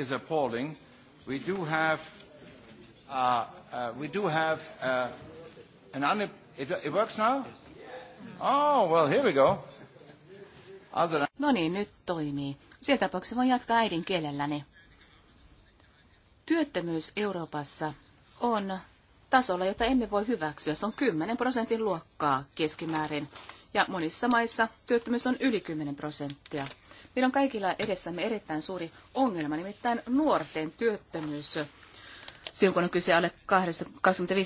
is appalling. We do have, uh, uh, uh, an un. It, it works now. Oh well, here we go. Other... No niin, nyt toimii. Siinä tapauksessa voin jatkaa äidinkielelläni. Työttömyys Euroopassa on tasolla, jota emme voi hyväksyä. Se on 10 prosentin luokkaa keskimäärin ja monissa maissa työttömyys on yli 10 prosenttia. Meillä on kaikilla edessämme erittäin suuri ongelma, nimittäin nuorten työttömyys. Silloin kun on kyse alle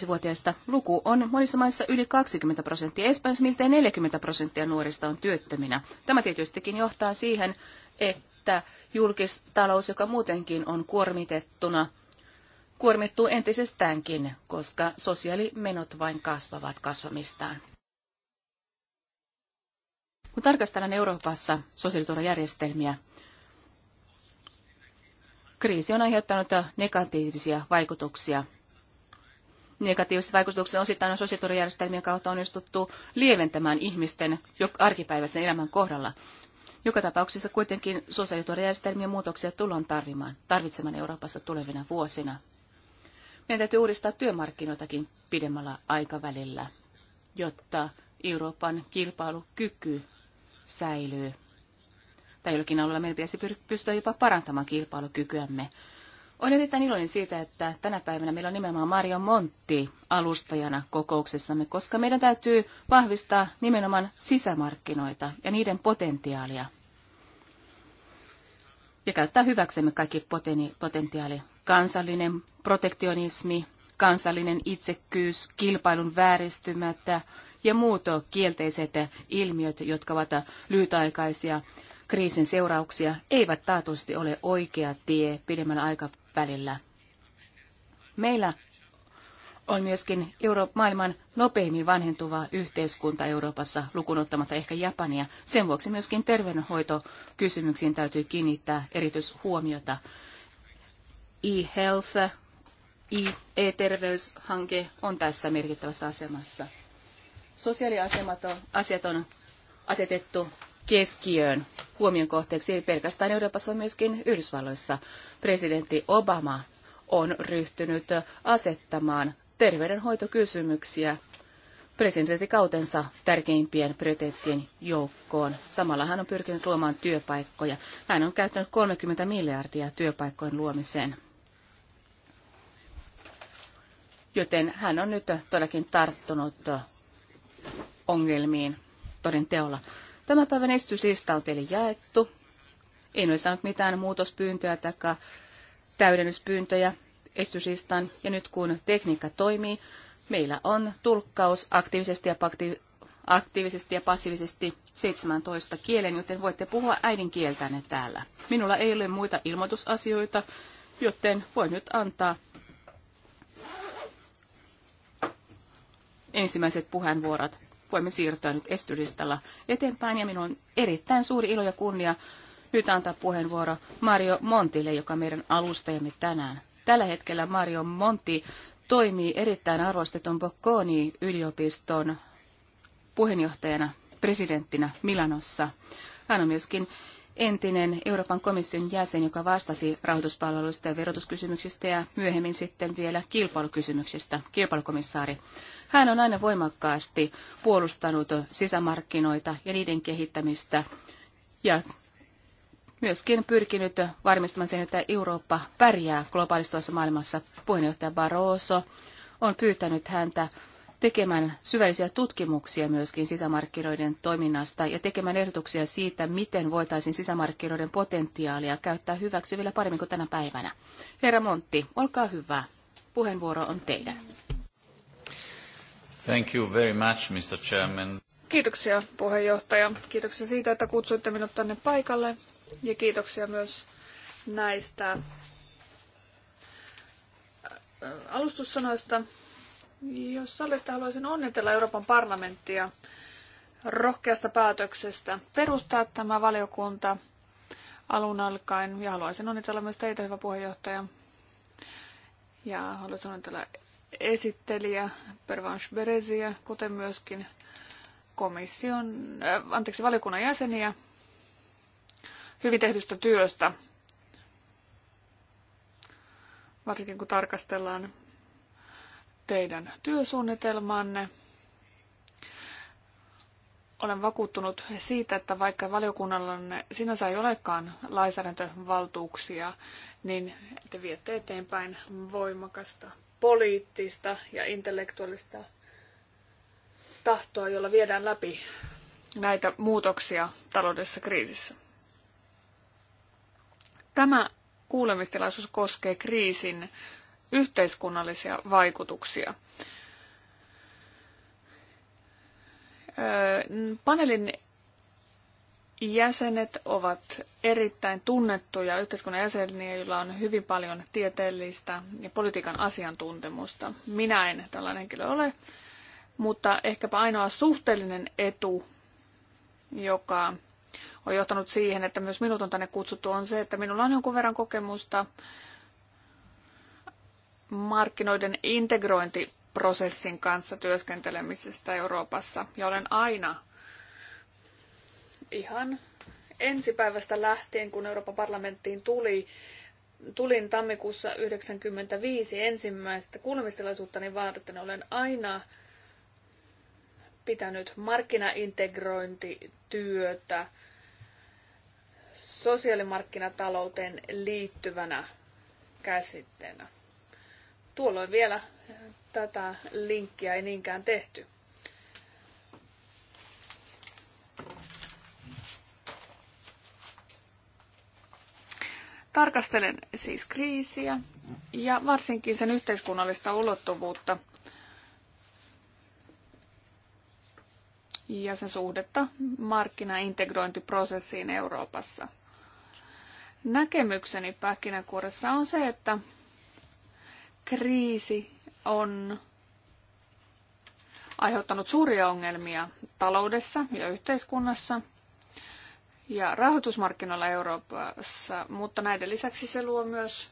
25-vuotiaista, luku on monissa maissa yli 20 prosenttia. Espanjassa miltei 40 prosenttia nuorista on työttöminä. Tämä tietystikin johtaa siihen, että julkistalous, joka muutenkin on kuormitettuna, kuormittuu entisestäänkin, koska sosiaalimenot vain kasvavat kasvamistaan. Kun tarkastellaan Euroopassa sosiaaliturvajärjestelmiä, kriisi on aiheuttanut negatiivisia vaikutuksia. Negatiiviset vaikutukset osittain on sosiaaliturvajärjestelmien kautta onnistuttu lieventämään ihmisten arkipäiväisen elämän kohdalla. Joka tapauksessa kuitenkin sosiaaliturvajärjestelmien muutoksia tullaan tarvimaan, tarvitsemaan Euroopassa tulevina vuosina. Meidän täytyy uudistaa työmarkkinoitakin pidemmällä aikavälillä, jotta Euroopan kilpailukyky säilyy. Tai jollakin alueella meidän pitäisi pystyä jopa parantamaan kilpailukykyämme. Olen erittäin iloinen siitä, että tänä päivänä meillä on nimenomaan Mario Montti alustajana kokouksessamme, koska meidän täytyy vahvistaa nimenomaan sisämarkkinoita ja niiden potentiaalia. Ja käyttää hyväksemme kaikki potentiaali. Kansallinen protektionismi, kansallinen itsekkyys, kilpailun vääristymättä, ja muut kielteiset ilmiöt, jotka ovat lyhytaikaisia kriisin seurauksia, eivät taatusti ole oikea tie pidemmällä aikavälillä. Meillä on myöskin Euro- maailman nopeimmin vanhentuva yhteiskunta Euroopassa, lukunottamatta ehkä Japania. Sen vuoksi myöskin terveydenhoitokysymyksiin täytyy kiinnittää erityishuomiota. E-health, e-terveyshanke on tässä merkittävässä asemassa. Sosiaaliasemat on asetettu keskiöön huomion kohteeksi ei pelkästään Euroopassa, vaan myöskin Yhdysvalloissa. Presidentti Obama on ryhtynyt asettamaan terveydenhoitokysymyksiä presidenttikautensa tärkeimpien prioriteettien joukkoon. Samalla hän on pyrkinyt luomaan työpaikkoja. Hän on käyttänyt 30 miljardia työpaikkojen luomiseen. Joten hän on nyt todellakin tarttunut ongelmiin toden teolla. Tämän päivän esityslista on teille jaettu. En ole saanut mitään muutospyyntöjä tai täydennyspyyntöjä esityslistan. Ja nyt kun tekniikka toimii, meillä on tulkkaus aktiivisesti ja, pakti- aktiivisesti ja passiivisesti 17 kielen, joten voitte puhua äidinkieltänne täällä. Minulla ei ole muita ilmoitusasioita, joten voin nyt antaa ensimmäiset puheenvuorot. Voimme siirtyä nyt estylistalla eteenpäin ja minun on erittäin suuri ilo ja kunnia nyt antaa puheenvuoro Mario Montille, joka on meidän alustajamme tänään. Tällä hetkellä Mario Monti toimii erittäin arvostetun Bocconi-yliopiston puheenjohtajana, presidenttinä Milanossa. Hän on myöskin entinen Euroopan komission jäsen, joka vastasi rahoituspalveluista ja verotuskysymyksistä ja myöhemmin sitten vielä kilpailukysymyksistä, kilpailukomissaari. Hän on aina voimakkaasti puolustanut sisämarkkinoita ja niiden kehittämistä ja myöskin pyrkinyt varmistamaan sen, että Eurooppa pärjää globaalistuvassa maailmassa. Puheenjohtaja Barroso on pyytänyt häntä tekemään syvällisiä tutkimuksia myöskin sisämarkkinoiden toiminnasta ja tekemään ehdotuksia siitä, miten voitaisiin sisämarkkinoiden potentiaalia käyttää hyväksi vielä paremmin kuin tänä päivänä. Herra Montti, olkaa hyvä. Puheenvuoro on teidän. Thank you very much, Mr. Chairman. Kiitoksia puheenjohtaja. Kiitoksia siitä, että kutsuitte minut tänne paikalle ja kiitoksia myös näistä äh, alustussanoista. Jos sallitte, haluaisin onnitella Euroopan parlamenttia rohkeasta päätöksestä perustaa tämä valiokunta alun alkaen. Ja haluaisin onnitella myös teitä, hyvä puheenjohtaja. Ja haluaisin onnitella esittelijä Pervanche Beresiä, kuten myöskin komission, äh, anteeksi, valiokunnan jäseniä hyvin tehdystä työstä. Varsinkin kun tarkastellaan teidän työsuunnitelmaanne. Olen vakuuttunut siitä, että vaikka valiokunnallanne sinänsä ei olekaan lainsäädäntövaltuuksia, niin te viette eteenpäin voimakasta poliittista ja intellektuaalista tahtoa, jolla viedään läpi näitä muutoksia taloudessa kriisissä. Tämä kuulemistilaisuus koskee kriisin yhteiskunnallisia vaikutuksia. Paneelin jäsenet ovat erittäin tunnettuja yhteiskunnan jäseniä, joilla on hyvin paljon tieteellistä ja politiikan asiantuntemusta. Minä en tällainen henkilö ole, mutta ehkäpä ainoa suhteellinen etu, joka on johtanut siihen, että myös minut on tänne kutsuttu, on se, että minulla on jonkun verran kokemusta markkinoiden integrointiprosessin kanssa työskentelemisestä Euroopassa. Ja olen aina ihan ensipäivästä lähtien, kun Euroopan parlamenttiin tuli, tulin tammikuussa 1995 ensimmäistä niin varten, olen aina pitänyt markkinaintegrointityötä sosiaalimarkkinatalouteen liittyvänä käsitteenä. Tuolloin vielä tätä linkkiä ei niinkään tehty. Tarkastelen siis kriisiä ja varsinkin sen yhteiskunnallista ulottuvuutta ja sen suhdetta markkinaintegrointiprosessiin Euroopassa. Näkemykseni pähkinänkuoressa on se, että kriisi on aiheuttanut suuria ongelmia taloudessa ja yhteiskunnassa ja rahoitusmarkkinoilla Euroopassa, mutta näiden lisäksi se luo myös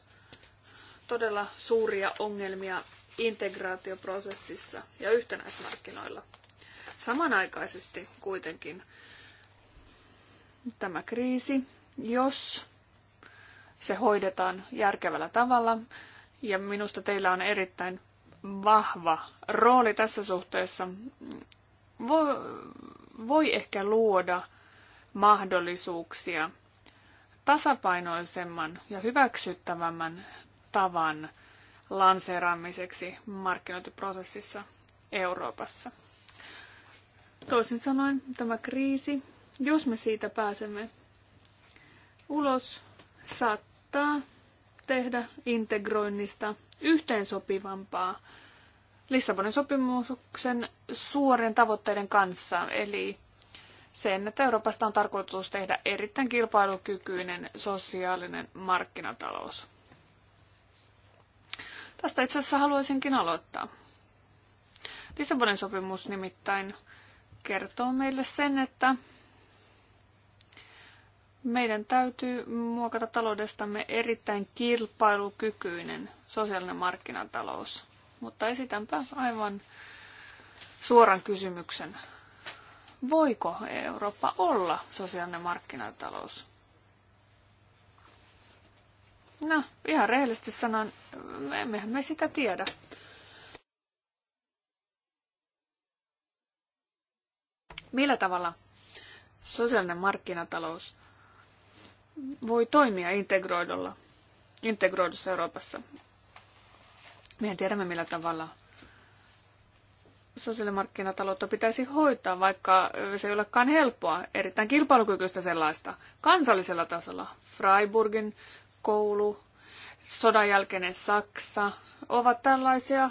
todella suuria ongelmia integraatioprosessissa ja yhtenäismarkkinoilla. Samanaikaisesti kuitenkin tämä kriisi, jos se hoidetaan järkevällä tavalla, ja minusta teillä on erittäin vahva rooli tässä suhteessa. Voi, voi ehkä luoda mahdollisuuksia tasapainoisemman ja hyväksyttävämmän tavan lanseeraamiseksi markkinointiprosessissa Euroopassa. Toisin sanoen tämä kriisi, jos me siitä pääsemme ulos, saattaa tehdä integroinnista yhteensopivampaa Lissabonin sopimuksen suorien tavoitteiden kanssa, eli sen, että Euroopasta on tarkoitus tehdä erittäin kilpailukykyinen sosiaalinen markkinatalous. Tästä itse asiassa haluaisinkin aloittaa. Lissabonin sopimus nimittäin kertoo meille sen, että meidän täytyy muokata taloudestamme erittäin kilpailukykyinen sosiaalinen markkinatalous. Mutta esitänpä aivan suoran kysymyksen. Voiko Eurooppa olla sosiaalinen markkinatalous? No, ihan rehellisesti sanon, emmehän me sitä tiedä. Millä tavalla sosiaalinen markkinatalous voi toimia integroidulla, integroidussa Euroopassa. Mehän tiedämme, millä tavalla sosiaalimarkkinataloutta pitäisi hoitaa, vaikka se ei olekaan helppoa, erittäin kilpailukykyistä sellaista, kansallisella tasolla. Freiburgin koulu, sodan jälkeinen Saksa ovat tällaisia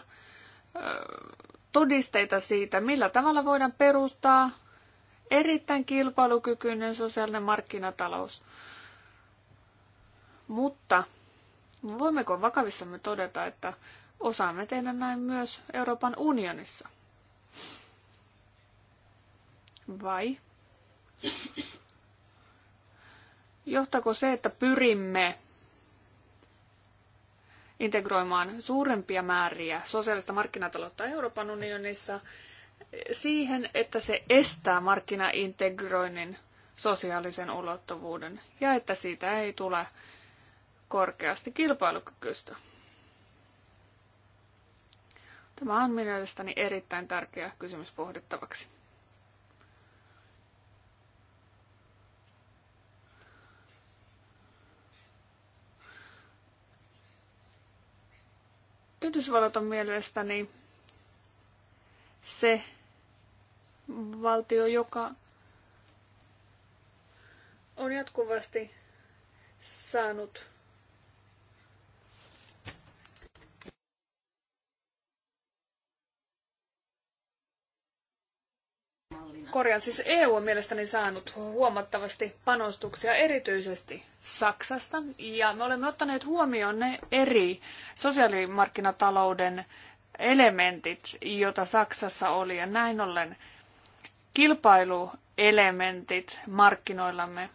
todisteita siitä, millä tavalla voidaan perustaa erittäin kilpailukykyinen sosiaalinen markkinatalous. Mutta voimmeko vakavissamme todeta, että osaamme tehdä näin myös Euroopan unionissa? Vai johtako se, että pyrimme integroimaan suurempia määriä sosiaalista markkinataloutta Euroopan unionissa siihen, että se estää markkinaintegroinnin sosiaalisen ulottuvuuden ja että siitä ei tule korkeasti kilpailukykyistä. Tämä on mielestäni erittäin tärkeä kysymys pohdittavaksi. Yhdysvallat on mielestäni se valtio, joka on jatkuvasti saanut korjaan siis EU on mielestäni saanut huomattavasti panostuksia erityisesti Saksasta ja me olemme ottaneet huomioon ne eri sosiaalimarkkinatalouden elementit, joita Saksassa oli ja näin ollen kilpailuelementit markkinoillamme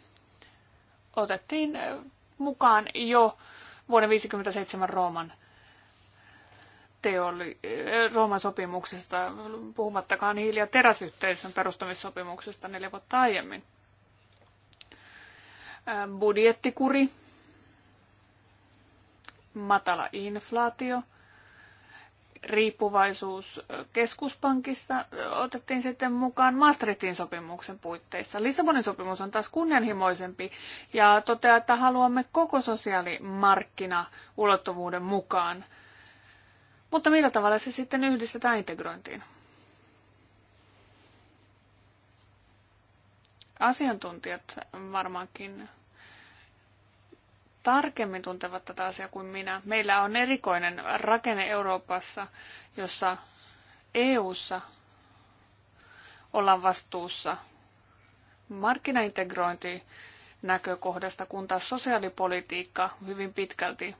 otettiin eh, mukaan jo vuoden 1957 Rooman teoli, eh, Rooman sopimuksesta, puhumattakaan hiili- ja teräsyhteisön perustamissopimuksesta neljä vuotta aiemmin. Budjettikuri, matala inflaatio, riippuvaisuus keskuspankista otettiin sitten mukaan Maastrichtin sopimuksen puitteissa. Lissabonin sopimus on taas kunnianhimoisempi ja toteaa, että haluamme koko ulottuvuuden mukaan – mutta millä tavalla se sitten yhdistetään integrointiin? Asiantuntijat varmaankin tarkemmin tuntevat tätä asiaa kuin minä. Meillä on erikoinen rakenne Euroopassa, jossa EU:ssa ollaan vastuussa markkinaintegrointi näkökohdasta, kun taas sosiaalipolitiikka hyvin pitkälti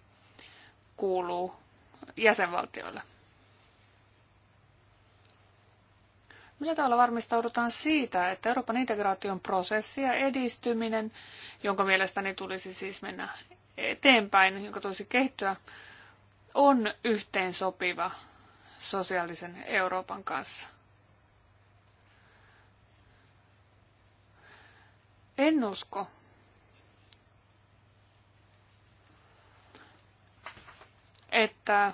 kuuluu jäsenvaltioille. Millä tavalla varmistaudutaan siitä, että Euroopan integraation prosessi ja edistyminen, jonka mielestäni tulisi siis mennä eteenpäin, jonka tulisi kehittyä, on yhteensopiva sosiaalisen Euroopan kanssa? En usko, että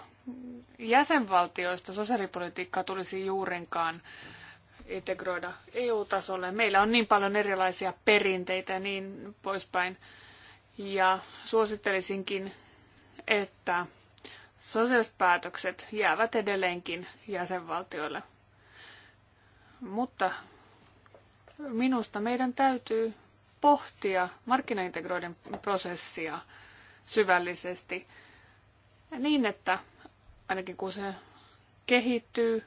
jäsenvaltioista sosiaalipolitiikkaa tulisi juurinkaan integroida EU-tasolle. Meillä on niin paljon erilaisia perinteitä ja niin poispäin. Ja suosittelisinkin, että sosiaaliset päätökset jäävät edelleenkin jäsenvaltioille. Mutta minusta meidän täytyy pohtia markkinaintegroiden prosessia syvällisesti – niin, että ainakin kun se kehittyy,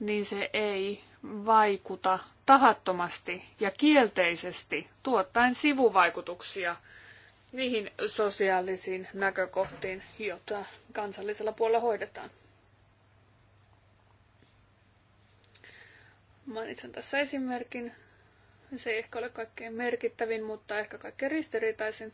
niin se ei vaikuta tahattomasti ja kielteisesti tuottaen sivuvaikutuksia niihin sosiaalisiin näkökohtiin, joita kansallisella puolella hoidetaan. Mainitsen tässä esimerkin. Se ei ehkä ole kaikkein merkittävin, mutta ehkä kaikkein ristiriitaisin.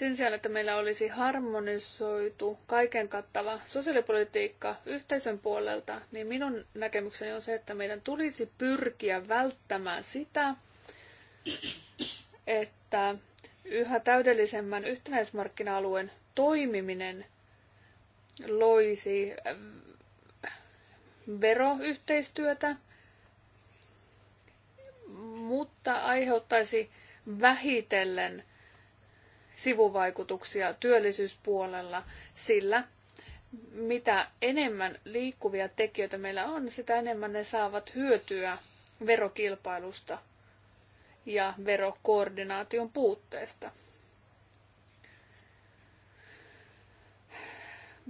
Sen sijaan, että meillä olisi harmonisoitu kaiken kattava sosiaalipolitiikka yhteisön puolelta, niin minun näkemykseni on se, että meidän tulisi pyrkiä välttämään sitä, että yhä täydellisemmän yhtenäismarkkina-alueen toimiminen loisi äh, veroyhteistyötä, mutta aiheuttaisi vähitellen sivuvaikutuksia työllisyyspuolella, sillä mitä enemmän liikkuvia tekijöitä meillä on, sitä enemmän ne saavat hyötyä verokilpailusta ja verokoordinaation puutteesta.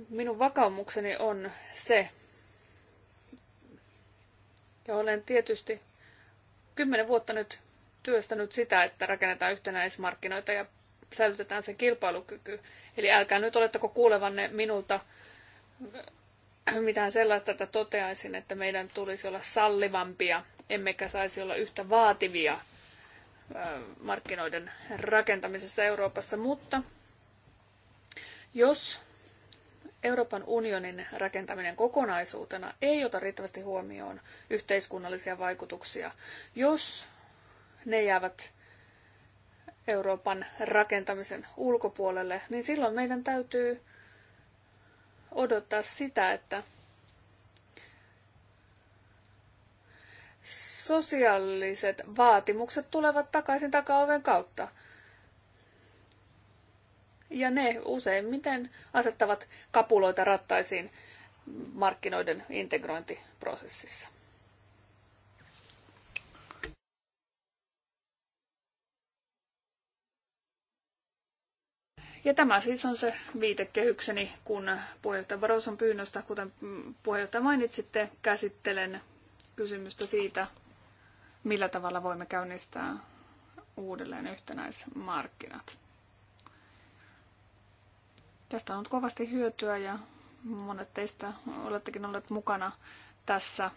Minun vakaumukseni on se, ja olen tietysti kymmenen vuotta nyt työstänyt sitä, että rakennetaan yhtenäismarkkinoita ja säilytetään se kilpailukyky. Eli älkää nyt oletteko kuulevanne minulta mitään sellaista, että toteaisin, että meidän tulisi olla sallivampia, emmekä saisi olla yhtä vaativia markkinoiden rakentamisessa Euroopassa, mutta jos Euroopan unionin rakentaminen kokonaisuutena ei ota riittävästi huomioon yhteiskunnallisia vaikutuksia, jos ne jäävät Euroopan rakentamisen ulkopuolelle, niin silloin meidän täytyy odottaa sitä, että sosiaaliset vaatimukset tulevat takaisin takaoven kautta. Ja ne useimmiten asettavat kapuloita rattaisiin markkinoiden integrointiprosessissa. Ja tämä siis on se viitekehykseni, kun puheenjohtaja Baroson pyynnöstä, kuten puheenjohtaja mainitsitte, käsittelen kysymystä siitä, millä tavalla voimme käynnistää uudelleen yhtenäismarkkinat. Tästä on ollut kovasti hyötyä ja monet teistä olettekin olleet mukana tässä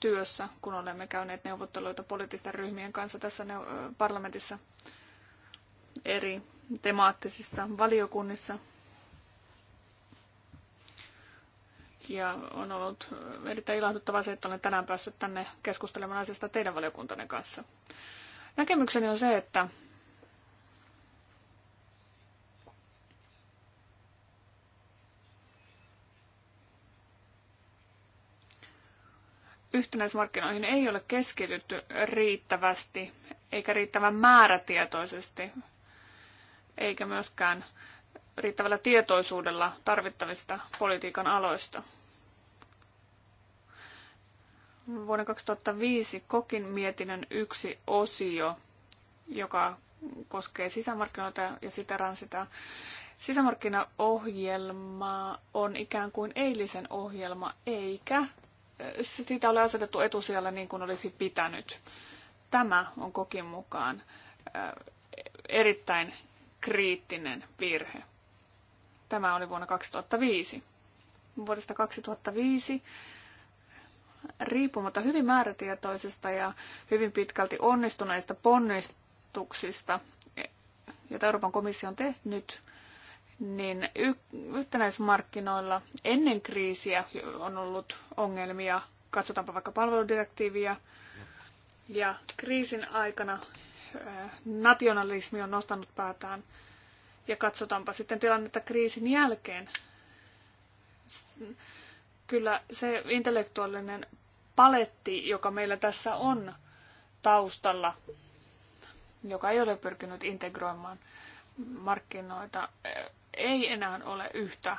työssä, kun olemme käyneet neuvotteluita poliittisten ryhmien kanssa tässä parlamentissa eri temaattisissa valiokunnissa. Ja on ollut erittäin ilahduttavaa se, että olen tänään päässyt tänne keskustelemaan asiasta teidän valiokuntanne kanssa. Näkemykseni on se, että yhtenäismarkkinoihin ei ole keskitytty riittävästi eikä riittävän määrätietoisesti eikä myöskään riittävällä tietoisuudella tarvittavista politiikan aloista. Vuonna 2005 kokin mietinnön yksi osio, joka koskee sisämarkkinoita ja sitä ransitaan. sisämarkkinaohjelma on ikään kuin eilisen ohjelma, eikä sitä ole asetettu etusijalle niin kuin olisi pitänyt. Tämä on kokin mukaan erittäin kriittinen virhe. Tämä oli vuonna 2005. Vuodesta 2005 riippumatta hyvin määrätietoisista ja hyvin pitkälti onnistuneista ponnistuksista, joita Euroopan komissio on tehnyt, niin yhtenäismarkkinoilla ennen kriisiä on ollut ongelmia. Katsotaanpa vaikka palveludirektiiviä. Ja kriisin aikana nationalismi on nostanut päätään. Ja katsotaanpa sitten tilannetta kriisin jälkeen. Kyllä se intellektuaalinen paletti, joka meillä tässä on taustalla, joka ei ole pyrkinyt integroimaan markkinoita, ei enää ole yhtä.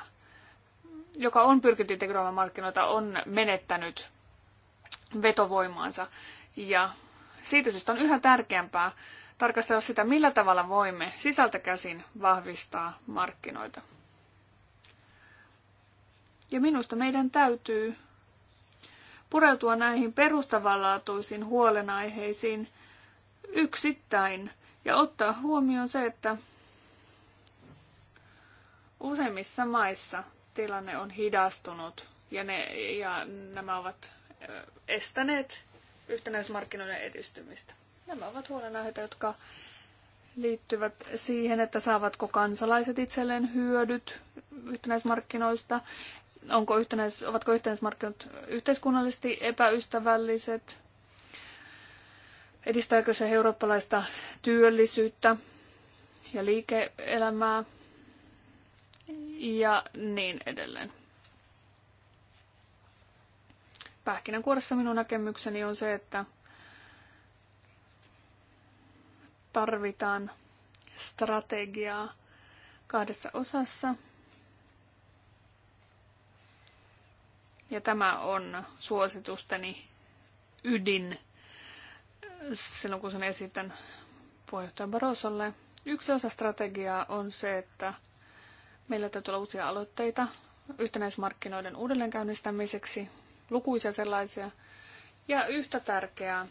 Joka on pyrkinyt integroimaan markkinoita, on menettänyt vetovoimaansa. Ja siitä syystä on yhä tärkeämpää tarkastella sitä, millä tavalla voimme sisältä käsin vahvistaa markkinoita. Ja minusta meidän täytyy pureutua näihin perustavanlaatuisiin huolenaiheisiin yksittäin ja ottaa huomioon se, että useimmissa maissa tilanne on hidastunut ja, ne, ja nämä ovat estäneet yhtenäismarkkinoiden edistymistä. Nämä ovat huolenaiheita, jotka liittyvät siihen, että saavatko kansalaiset itselleen hyödyt yhtenäismarkkinoista, onko yhtenäis, ovatko yhtenäismarkkinat yhteiskunnallisesti epäystävälliset, edistääkö se eurooppalaista työllisyyttä ja liike-elämää ja niin edelleen. Pähkinänkuoressa minun näkemykseni on se, että tarvitaan strategiaa kahdessa osassa. Ja tämä on suositusteni ydin äh, silloin, kun sen esitän puheenjohtaja Barosolle. Yksi osa strategiaa on se, että meillä täytyy olla uusia aloitteita yhtenäismarkkinoiden uudelleenkäynnistämiseksi lukuisia sellaisia. Ja yhtä tärkeää,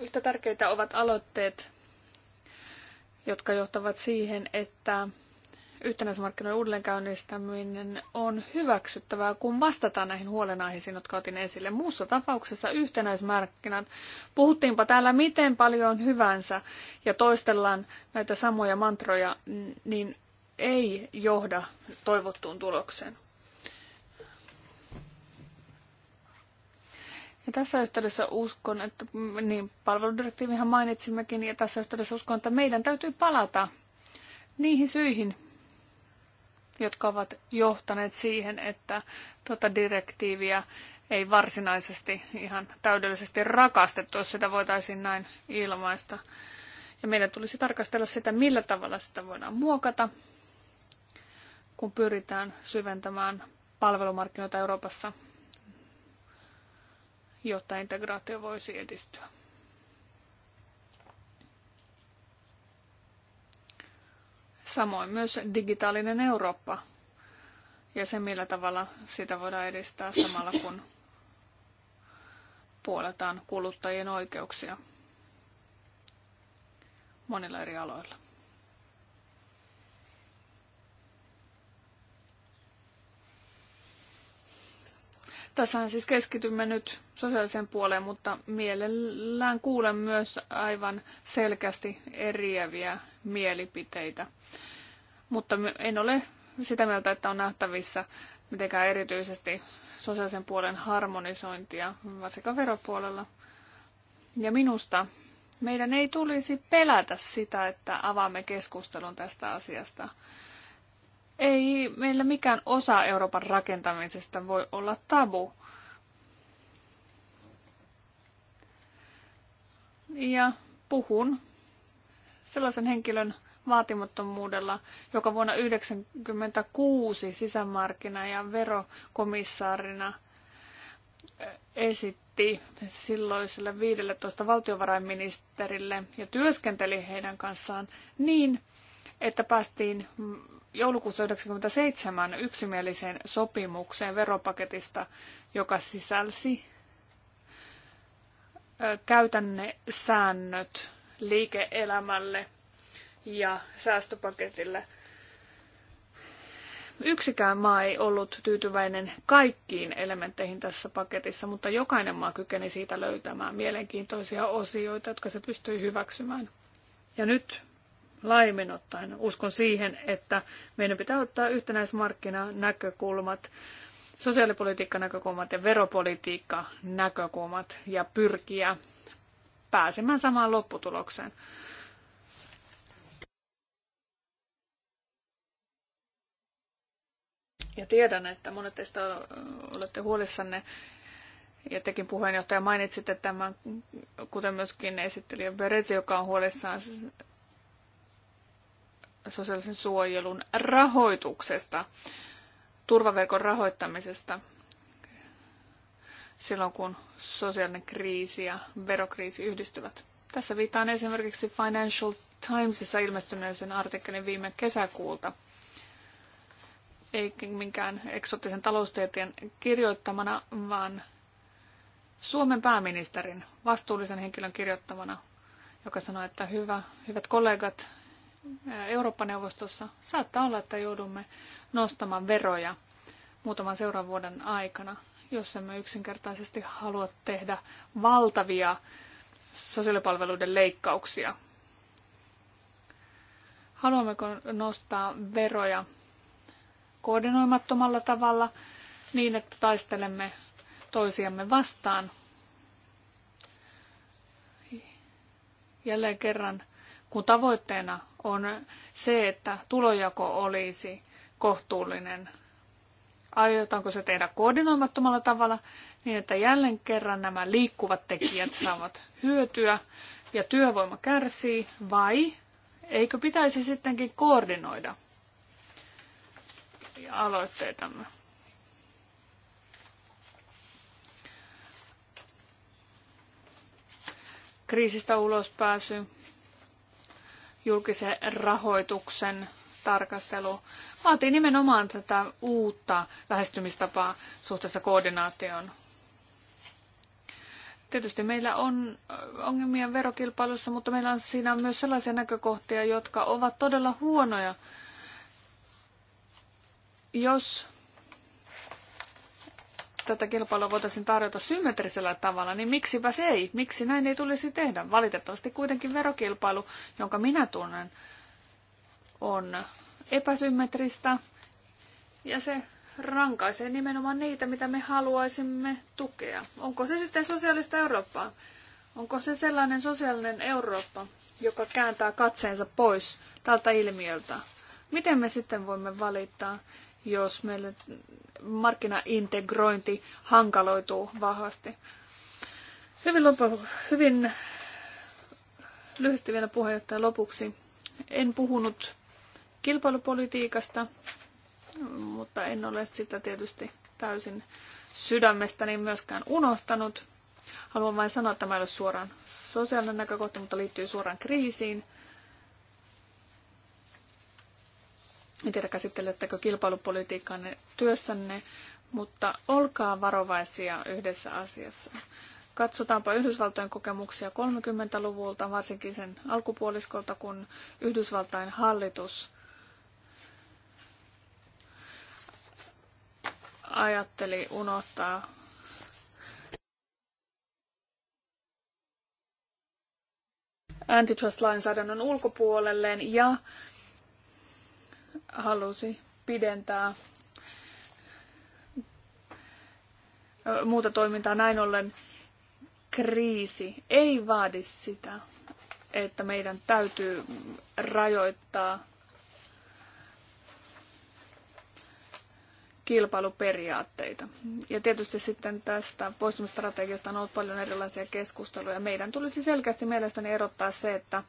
yhtä tärkeitä ovat aloitteet, jotka johtavat siihen, että yhtenäismarkkinoiden uudelleenkäynnistäminen on hyväksyttävää, kun vastataan näihin huolenaiheisiin, jotka otin esille. Muussa tapauksessa yhtenäismarkkinat, puhuttiinpa täällä miten paljon hyvänsä ja toistellaan näitä samoja mantroja, niin ei johda toivottuun tulokseen. Ja tässä yhteydessä uskon, että niin, palveludirektiivihan mainitsimmekin, ja tässä yhteydessä uskon, että meidän täytyy palata niihin syihin, jotka ovat johtaneet siihen, että tuota direktiiviä ei varsinaisesti ihan täydellisesti rakastettu, jos sitä voitaisiin näin ilmaista. Ja meidän tulisi tarkastella sitä, millä tavalla sitä voidaan muokata, kun pyritään syventämään palvelumarkkinoita Euroopassa, jotta integraatio voisi edistyä. Samoin myös digitaalinen Eurooppa ja se, millä tavalla sitä voidaan edistää samalla, kun puoletaan kuluttajien oikeuksia monilla eri aloilla. Tässähän siis keskitymme nyt sosiaaliseen puoleen, mutta mielellään kuulen myös aivan selkeästi eriäviä mielipiteitä. Mutta en ole sitä mieltä, että on nähtävissä mitenkään erityisesti sosiaalisen puolen harmonisointia, varsinkaan veropuolella. Ja minusta meidän ei tulisi pelätä sitä, että avaamme keskustelun tästä asiasta ei meillä mikään osa Euroopan rakentamisesta voi olla tabu. Ja puhun sellaisen henkilön vaatimattomuudella, joka vuonna 1996 sisämarkkina- ja verokomissaarina eh, esitti silloiselle 15 valtiovarainministerille ja työskenteli heidän kanssaan niin, että päästiin joulukuussa 1997 yksimieliseen sopimukseen veropaketista, joka sisälsi käytänne säännöt liike-elämälle ja säästöpaketille. Yksikään maa ei ollut tyytyväinen kaikkiin elementteihin tässä paketissa, mutta jokainen maa kykeni siitä löytämään mielenkiintoisia osioita, jotka se pystyi hyväksymään. Ja nyt laajemmin ottaen. Uskon siihen, että meidän pitää ottaa yhtenäismarkkinanäkökulmat, sosiaalipolitiikan näkökulmat ja veropolitiikka näkökulmat ja pyrkiä pääsemään samaan lopputulokseen. Ja tiedän, että monet teistä olette huolissanne ja tekin puheenjohtaja mainitsitte tämän, kuten myöskin esittelijä Berezi, joka on huolissaan sosiaalisen suojelun rahoituksesta, turvaverkon rahoittamisesta silloin, kun sosiaalinen kriisi ja verokriisi yhdistyvät. Tässä viittaan esimerkiksi Financial Timesissa ilmestyneeseen artikkelin viime kesäkuulta. Ei minkään eksoottisen taloustieteen kirjoittamana, vaan Suomen pääministerin vastuullisen henkilön kirjoittamana, joka sanoi, että hyvä, hyvät kollegat, Eurooppa-neuvostossa saattaa olla, että joudumme nostamaan veroja muutaman seuraavan vuoden aikana, jos emme yksinkertaisesti halua tehdä valtavia sosiaalipalveluiden leikkauksia. Haluammeko nostaa veroja koordinoimattomalla tavalla niin, että taistelemme toisiamme vastaan? Jälleen kerran kun tavoitteena on se, että tulojako olisi kohtuullinen. Aiotaanko se tehdä koordinoimattomalla tavalla niin, että jälleen kerran nämä liikkuvat tekijät saavat hyötyä ja työvoima kärsii, vai eikö pitäisi sittenkin koordinoida aloitteitamme? Kriisistä ulospääsy, julkisen rahoituksen tarkastelu vaatii nimenomaan tätä uutta lähestymistapaa suhteessa koordinaatioon. Tietysti meillä on äh, ongelmia verokilpailussa, mutta meillä on siinä myös sellaisia näkökohtia, jotka ovat todella huonoja. Jos tätä kilpailua voitaisiin tarjota symmetrisellä tavalla, niin miksipä se ei? Miksi näin ei tulisi tehdä? Valitettavasti kuitenkin verokilpailu, jonka minä tunnen, on epäsymmetristä ja se rankaisee nimenomaan niitä, mitä me haluaisimme tukea. Onko se sitten sosiaalista Eurooppaa? Onko se sellainen sosiaalinen Eurooppa, joka kääntää katseensa pois tältä ilmiöltä? Miten me sitten voimme valittaa jos meillä markkinaintegrointi hankaloituu vahvasti. Hyvin, lopu, hyvin lyhyesti vielä puheenjohtaja lopuksi. En puhunut kilpailupolitiikasta, mutta en ole sitä tietysti täysin sydämestäni myöskään unohtanut. Haluan vain sanoa, että tämä ei ole suoraan sosiaalinen näkökohta, mutta liittyy suoraan kriisiin. En tiedä, käsittelettekö kilpailupolitiikkaanne työssänne, mutta olkaa varovaisia yhdessä asiassa. Katsotaanpa Yhdysvaltojen kokemuksia 30-luvulta, varsinkin sen alkupuoliskolta, kun Yhdysvaltain hallitus ajatteli unohtaa antitrust-lainsäädännön ulkopuolelleen ja halusi pidentää muuta toimintaa. Näin ollen kriisi ei vaadi sitä, että meidän täytyy rajoittaa kilpailuperiaatteita. Ja tietysti sitten tästä poistumistrategiasta on ollut paljon erilaisia keskusteluja. Meidän tulisi selkeästi mielestäni erottaa se, että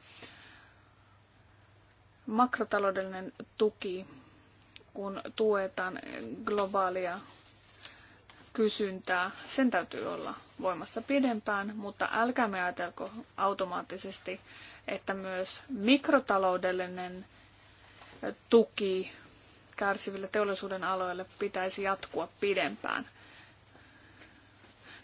makrotaloudellinen tuki, kun tuetaan globaalia kysyntää, sen täytyy olla voimassa pidempään, mutta älkäämme ajatelko automaattisesti, että myös mikrotaloudellinen tuki kärsiville teollisuuden aloille pitäisi jatkua pidempään.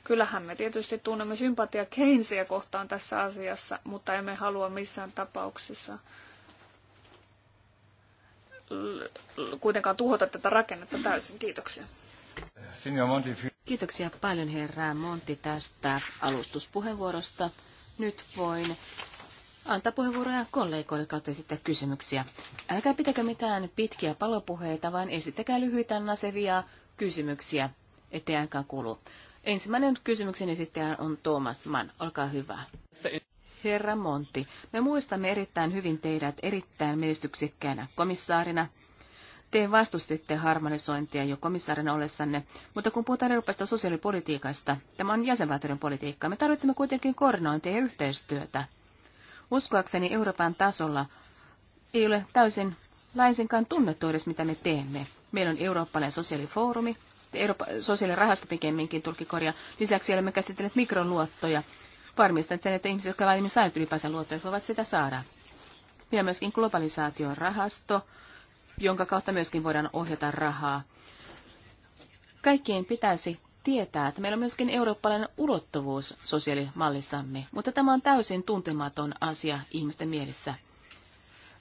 Kyllähän me tietysti tunnemme sympatia Keynesia kohtaan tässä asiassa, mutta emme halua missään tapauksessa kuitenkaan tuhota tätä rakennetta täysin. Kiitoksia. Kiitoksia paljon herra Monti tästä alustuspuheenvuorosta. Nyt voin antaa puheenvuoroja kollegoille kautta esittää kysymyksiä. Älkää pitäkö mitään pitkiä palopuheita, vaan esittäkää lyhyitä nasevia kysymyksiä, ettei aikaa kulu. Ensimmäinen kysymyksen esittäjä on Thomas Mann. Olkaa hyvä. Herra Monti, me muistamme erittäin hyvin teidät erittäin menestyksekkäänä komissaarina. Te vastustitte harmonisointia jo komissaarina ollessanne, mutta kun puhutaan Euroopasta sosiaalipolitiikasta, tämä on jäsenvaltioiden politiikkaa. Me tarvitsemme kuitenkin koordinointia ja yhteistyötä. Uskoakseni Euroopan tasolla ei ole täysin laisinkaan tunnettu edes, mitä me teemme. Meillä on eurooppalainen sosiaalifoorumi, Euroopan sosiaalirahasto pikemminkin tulkikorja. Lisäksi olemme käsitelleet mikroluottoja varmistat sen, että ihmiset, jotka ovat aiemmin saaneet ylipäänsä luottoja, voivat sitä saada. Ja myöskin globalisaation rahasto, jonka kautta myöskin voidaan ohjata rahaa. Kaikkien pitäisi tietää, että meillä on myöskin eurooppalainen ulottuvuus sosiaalimallissamme, mutta tämä on täysin tuntematon asia ihmisten mielessä.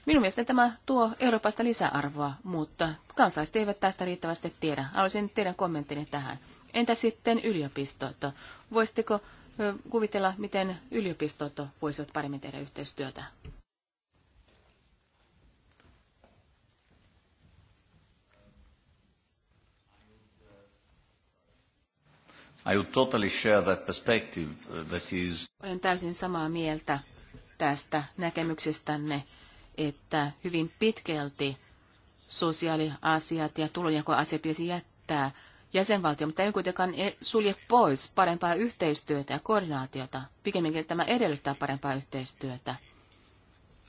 Minun mielestäni tämä tuo Euroopasta lisäarvoa, mutta kansalaiset eivät tästä riittävästi tiedä. Haluaisin teidän kommenttinne tähän. Entä sitten yliopistot? Voisitteko kuvitella, miten yliopistot voisivat paremmin tehdä yhteistyötä? I would totally share that perspective uh, that is... Olen täysin samaa mieltä tästä näkemyksestänne, että hyvin pitkälti sosiaaliasiat ja tulonjakoasiat pitäisi jättää jäsenvaltio, mutta ei kuitenkaan e- sulje pois parempaa yhteistyötä ja koordinaatiota. Pikemminkin tämä edellyttää parempaa yhteistyötä.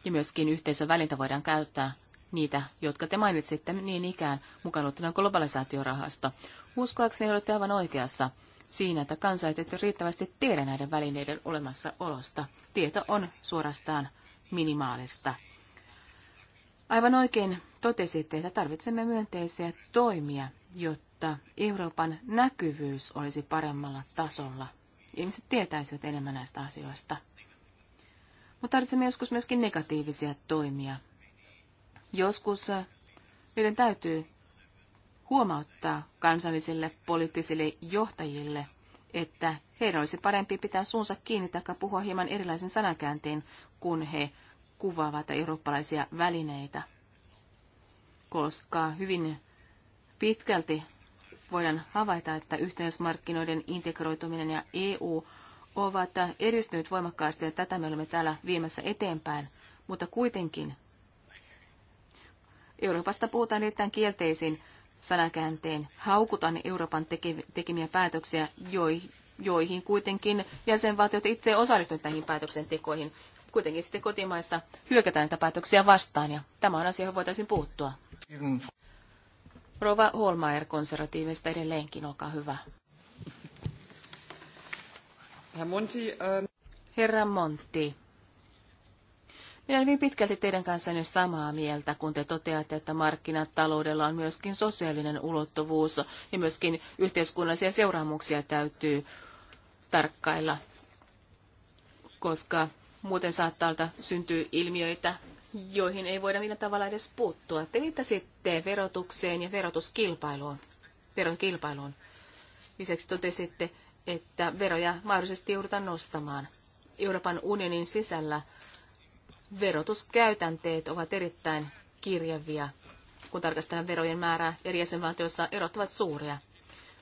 Ja myöskin yhteisön välintä voidaan käyttää niitä, jotka te mainitsitte niin ikään, mukaan luettuna globalisaatiorahasto. Uskoakseni olette aivan oikeassa siinä, että kansalaiset ette riittävästi tiedä näiden välineiden olemassaolosta. Tieto on suorastaan minimaalista. Aivan oikein totesitte, että tarvitsemme myönteisiä toimia, jotta jotta Euroopan näkyvyys olisi paremmalla tasolla. Ihmiset tietäisivät enemmän näistä asioista. Mutta tarvitsemme joskus myöskin negatiivisia toimia. Joskus äh, meidän täytyy huomauttaa kansallisille poliittisille johtajille, että heidän olisi parempi pitää suunsa kiinni tai puhua hieman erilaisen sanakääntein, kun he kuvaavat eurooppalaisia välineitä. Koska hyvin pitkälti voidaan havaita, että yhteismarkkinoiden integroituminen ja EU ovat edistyneet voimakkaasti ja tätä me olemme täällä viemässä eteenpäin. Mutta kuitenkin Euroopasta puhutaan erittäin kielteisin sanakääntein. Haukutaan Euroopan tekemiä päätöksiä, joihin kuitenkin jäsenvaltiot itse osallistuneet näihin päätöksentekoihin. Kuitenkin sitten kotimaissa hyökätään näitä päätöksiä vastaan ja tämä on asia, johon voitaisiin puuttua. Rova Holmaer konservatiivista edelleenkin, olkaa hyvä. Ähm, Herra Montti, Herra minä olen hyvin pitkälti teidän kanssanne samaa mieltä, kun te toteatte, että markkinataloudella on myöskin sosiaalinen ulottuvuus ja myöskin yhteiskunnallisia seuraamuksia täytyy tarkkailla, koska muuten saattaa syntyä ilmiöitä, joihin ei voida millään tavalla edes puuttua. Te viittasitte verotukseen ja verotuskilpailuun. Verokilpailuun. Lisäksi totesitte, että veroja mahdollisesti joudutaan nostamaan. Euroopan unionin sisällä verotuskäytänteet ovat erittäin kirjavia, kun tarkastellaan verojen määrää eri jäsenvaltioissa erot ovat suuria.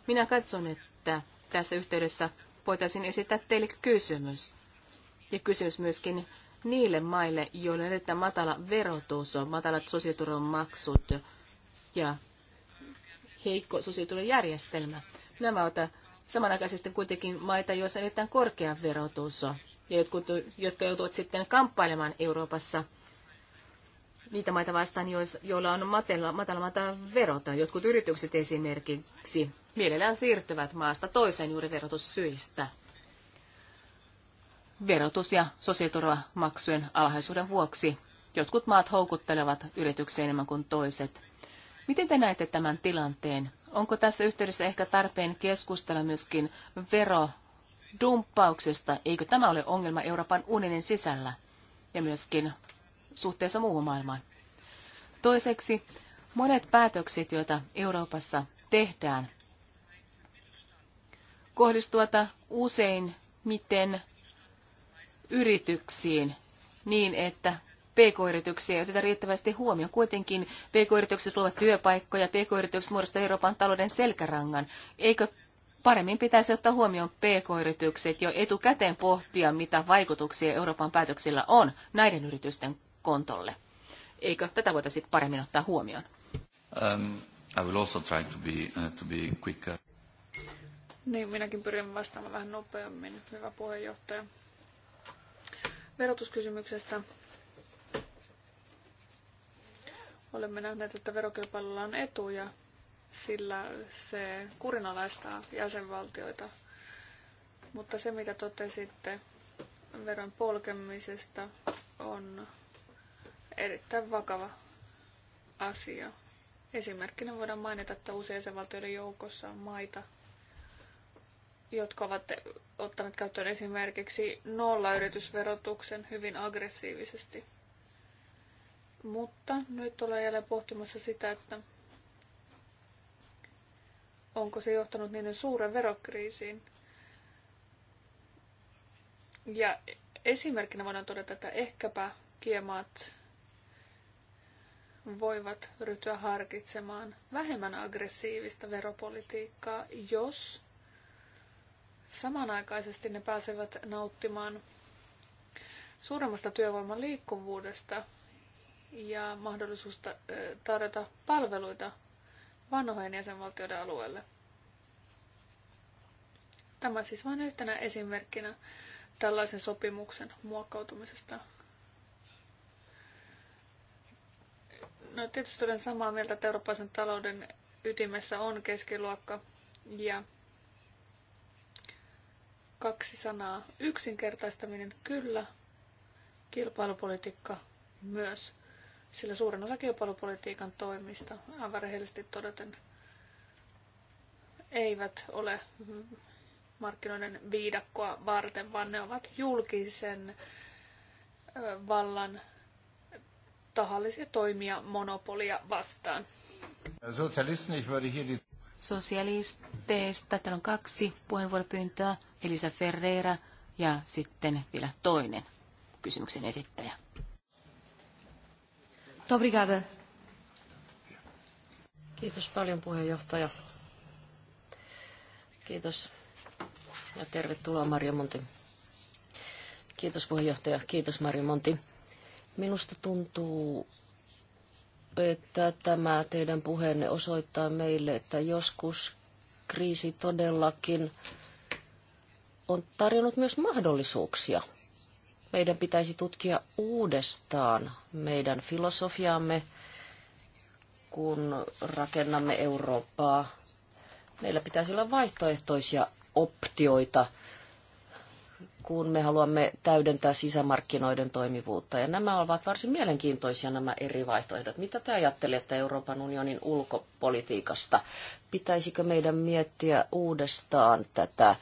Minä katson, että tässä yhteydessä voitaisiin esittää teille kysymys. Ja kysymys myöskin niille maille, joille on erittäin matala verotus, matalat sosiaaliturvan maksut ja heikko sosiaaliturvajärjestelmä. Nämä ovat samanaikaisesti kuitenkin maita, joissa on erittäin korkea verotus ja jotkut, jotka joutuvat sitten kamppailemaan Euroopassa niitä maita vastaan, joilla on matala, matala verota. Jotkut yritykset esimerkiksi mielellään siirtyvät maasta toiseen juuri verotussyistä verotus- ja sosiaaliturvamaksujen alhaisuuden vuoksi. Jotkut maat houkuttelevat yrityksiä enemmän kuin toiset. Miten te näette tämän tilanteen? Onko tässä yhteydessä ehkä tarpeen keskustella myöskin verodumppauksesta? Eikö tämä ole ongelma Euroopan unionin sisällä ja myöskin suhteessa muuhun maailmaan? Toiseksi, monet päätökset, joita Euroopassa tehdään, kohdistuvat usein miten yrityksiin niin, että PK-yrityksiä ei oteta riittävästi huomioon. Kuitenkin PK-yritykset luovat työpaikkoja, PK-yritykset muodostavat Euroopan talouden selkärangan. Eikö paremmin pitäisi ottaa huomioon PK-yritykset jo etukäteen pohtia, mitä vaikutuksia Euroopan päätöksillä on näiden yritysten kontolle? Eikö tätä voitaisi paremmin ottaa huomioon? Um, I will also try to be, uh, to be quicker. Niin, minäkin pyrin vastaamaan vähän nopeammin, hyvä puheenjohtaja verotuskysymyksestä. Olemme nähneet, että verokilpailulla on etuja, sillä se kurinalaistaa jäsenvaltioita. Mutta se, mitä totesitte veron polkemisesta, on erittäin vakava asia. Esimerkkinä voidaan mainita, että usein jäsenvaltioiden joukossa on maita, jotka ovat ottaneet käyttöön esimerkiksi nollayritysverotuksen hyvin aggressiivisesti. Mutta nyt olen jälleen pohtimassa sitä, että onko se johtanut niiden suuren verokriisiin. Ja esimerkkinä voidaan todeta, että ehkäpä kiemaat voivat ryhtyä harkitsemaan vähemmän aggressiivista veropolitiikkaa, jos Samanaikaisesti ne pääsevät nauttimaan suuremmasta työvoiman liikkuvuudesta ja mahdollisuus tarjota palveluita vanhojen jäsenvaltioiden alueelle. Tämä siis vain yhtenä esimerkkinä tällaisen sopimuksen muokkautumisesta. No tietysti olen samaa mieltä, että eurooppalaisen talouden ytimessä on keskiluokka ja Kaksi sanaa. Yksinkertaistaminen kyllä, kilpailupolitiikka myös, sillä suurin osa kilpailupolitiikan toimista, aivan rehellisesti todeten, eivät ole markkinoiden viidakkoa varten, vaan ne ovat julkisen vallan tahallisia toimia monopolia vastaan. Sosialisteista täällä on kaksi puheenvuoropyyntöä. Elisa Ferreira ja sitten vielä toinen kysymyksen esittäjä. Obrigada. Kiitos paljon puheenjohtaja. Kiitos ja tervetuloa Marja Monti. Kiitos puheenjohtaja, kiitos Marja Monti. Minusta tuntuu, että tämä teidän puheenne osoittaa meille, että joskus kriisi todellakin on tarjonnut myös mahdollisuuksia. Meidän pitäisi tutkia uudestaan meidän filosofiamme, kun rakennamme Eurooppaa. Meillä pitäisi olla vaihtoehtoisia optioita, kun me haluamme täydentää sisämarkkinoiden toimivuutta. Ja nämä ovat varsin mielenkiintoisia nämä eri vaihtoehdot. Mitä te ajattelette Euroopan unionin ulkopolitiikasta? Pitäisikö meidän miettiä uudestaan tätä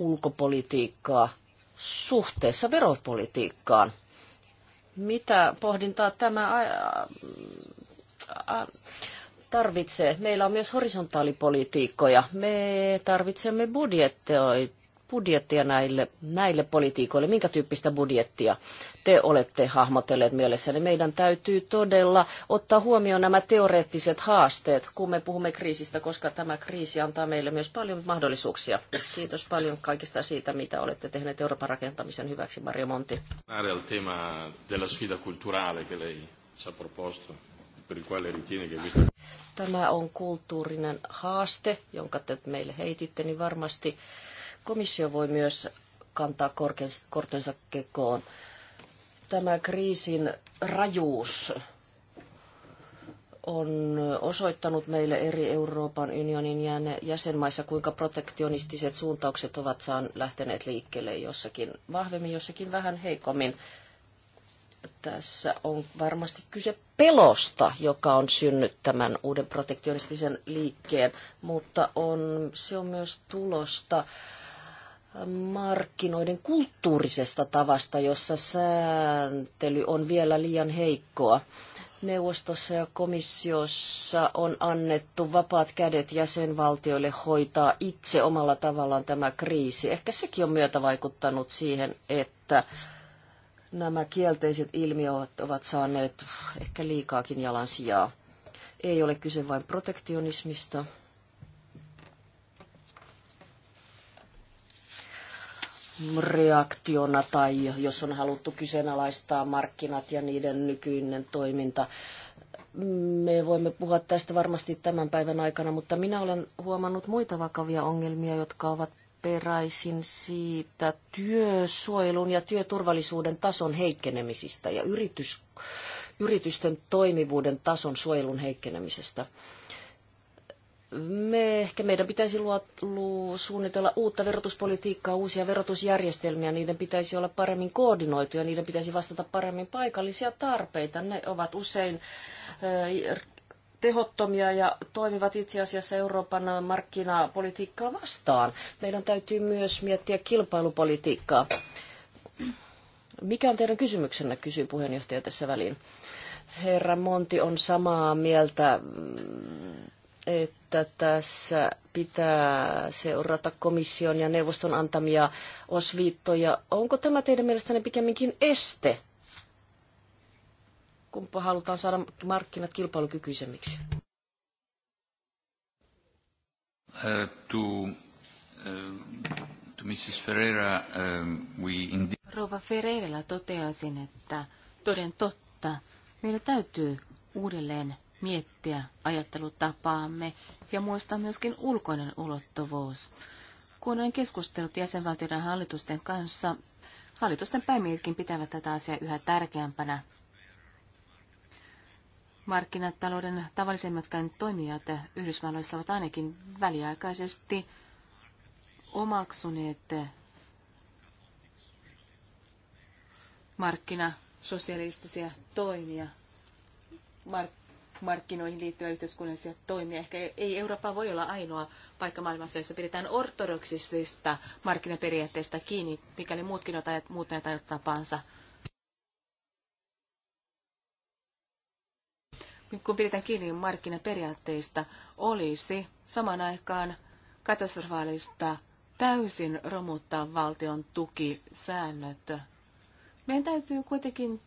ulkopolitiikkaa suhteessa veropolitiikkaan. Mitä pohdintaa tämä tarvitsee? Meillä on myös horisontaalipolitiikkoja. Me tarvitsemme budjetteja budjettia näille, näille politiikoille? Minkä tyyppistä budjettia te olette hahmotelleet mielessäni? Meidän täytyy todella ottaa huomioon nämä teoreettiset haasteet, kun me puhumme kriisistä, koska tämä kriisi antaa meille myös paljon mahdollisuuksia. Kiitos paljon kaikista siitä, mitä olette tehneet Euroopan rakentamisen hyväksi, Mario Monti. Tämä on kulttuurinen haaste, jonka te meille heititte, niin varmasti Komissio voi myös kantaa kortensa kekoon. Tämä kriisin rajuus on osoittanut meille eri Euroopan unionin jäsenmaissa, kuinka protektionistiset suuntaukset ovat saan lähteneet liikkeelle jossakin vahvemmin, jossakin vähän heikommin. Tässä on varmasti kyse pelosta, joka on synnyt tämän uuden protektionistisen liikkeen, mutta on, se on myös tulosta äh, markkinoiden kulttuurisesta tavasta, jossa sääntely on vielä liian heikkoa. Neuvostossa ja komissiossa on annettu vapaat kädet jäsenvaltioille hoitaa itse omalla tavallaan tämä kriisi. Ehkä sekin on myötä vaikuttanut siihen, että nämä kielteiset ilmiöt ovat saaneet ehkä liikaakin jalan sijaa. Ei ole kyse vain protektionismista, reaktiona tai jos on haluttu kyseenalaistaa markkinat ja niiden nykyinen toiminta. Me voimme puhua tästä varmasti tämän päivän aikana, mutta minä olen huomannut muita vakavia ongelmia, jotka ovat peräisin siitä työsuojelun ja työturvallisuuden tason heikkenemisistä ja yritys, yritysten toimivuuden tason suojelun heikkenemisestä me ehkä meidän pitäisi luo, suunnitella uutta verotuspolitiikkaa, uusia verotusjärjestelmiä. Niiden pitäisi olla paremmin koordinoituja, niiden pitäisi vastata paremmin paikallisia tarpeita. Ne ovat usein tehottomia ja toimivat itse asiassa Euroopan markkinapolitiikkaa vastaan. Meidän täytyy myös miettiä kilpailupolitiikkaa. Mikä on teidän kysymyksenne, kysyy puheenjohtaja tässä väliin. Herra Monti on samaa mieltä mm, että tässä pitää seurata komission ja neuvoston antamia osviittoja. Onko tämä teidän mielestänne pikemminkin este, kun halutaan saada markkinat kilpailukykyisemmiksi? Rova uh, to, uh, to Mrs. Ferreira, um, we indeed... toteaisin, että toden totta, meidän täytyy uudelleen miettiä ajattelutapaamme ja muistaa myöskin ulkoinen ulottuvuus. Kun olen keskustellut jäsenvaltioiden hallitusten kanssa, hallitusten päämiehetkin pitävät tätä asiaa yhä tärkeämpänä. Markkinatalouden tavallisemmatkaan toimijat Yhdysvalloissa ovat ainakin väliaikaisesti omaksuneet markkinasosialistisia toimia. Mark- markkinoihin liittyviä yhteiskunnallisia toimia. Ehkä ei Eurooppa voi olla ainoa paikka maailmassa, jossa pidetään ortodoksisista markkinaperiaatteista kiinni, mikäli muutkin ottajat muut näitä tapansa. Kun pidetään kiinni markkinaperiaatteista, olisi saman aikaan katastrofaalista täysin romuttaa valtion tukisäännöt. Meidän täytyy kuitenkin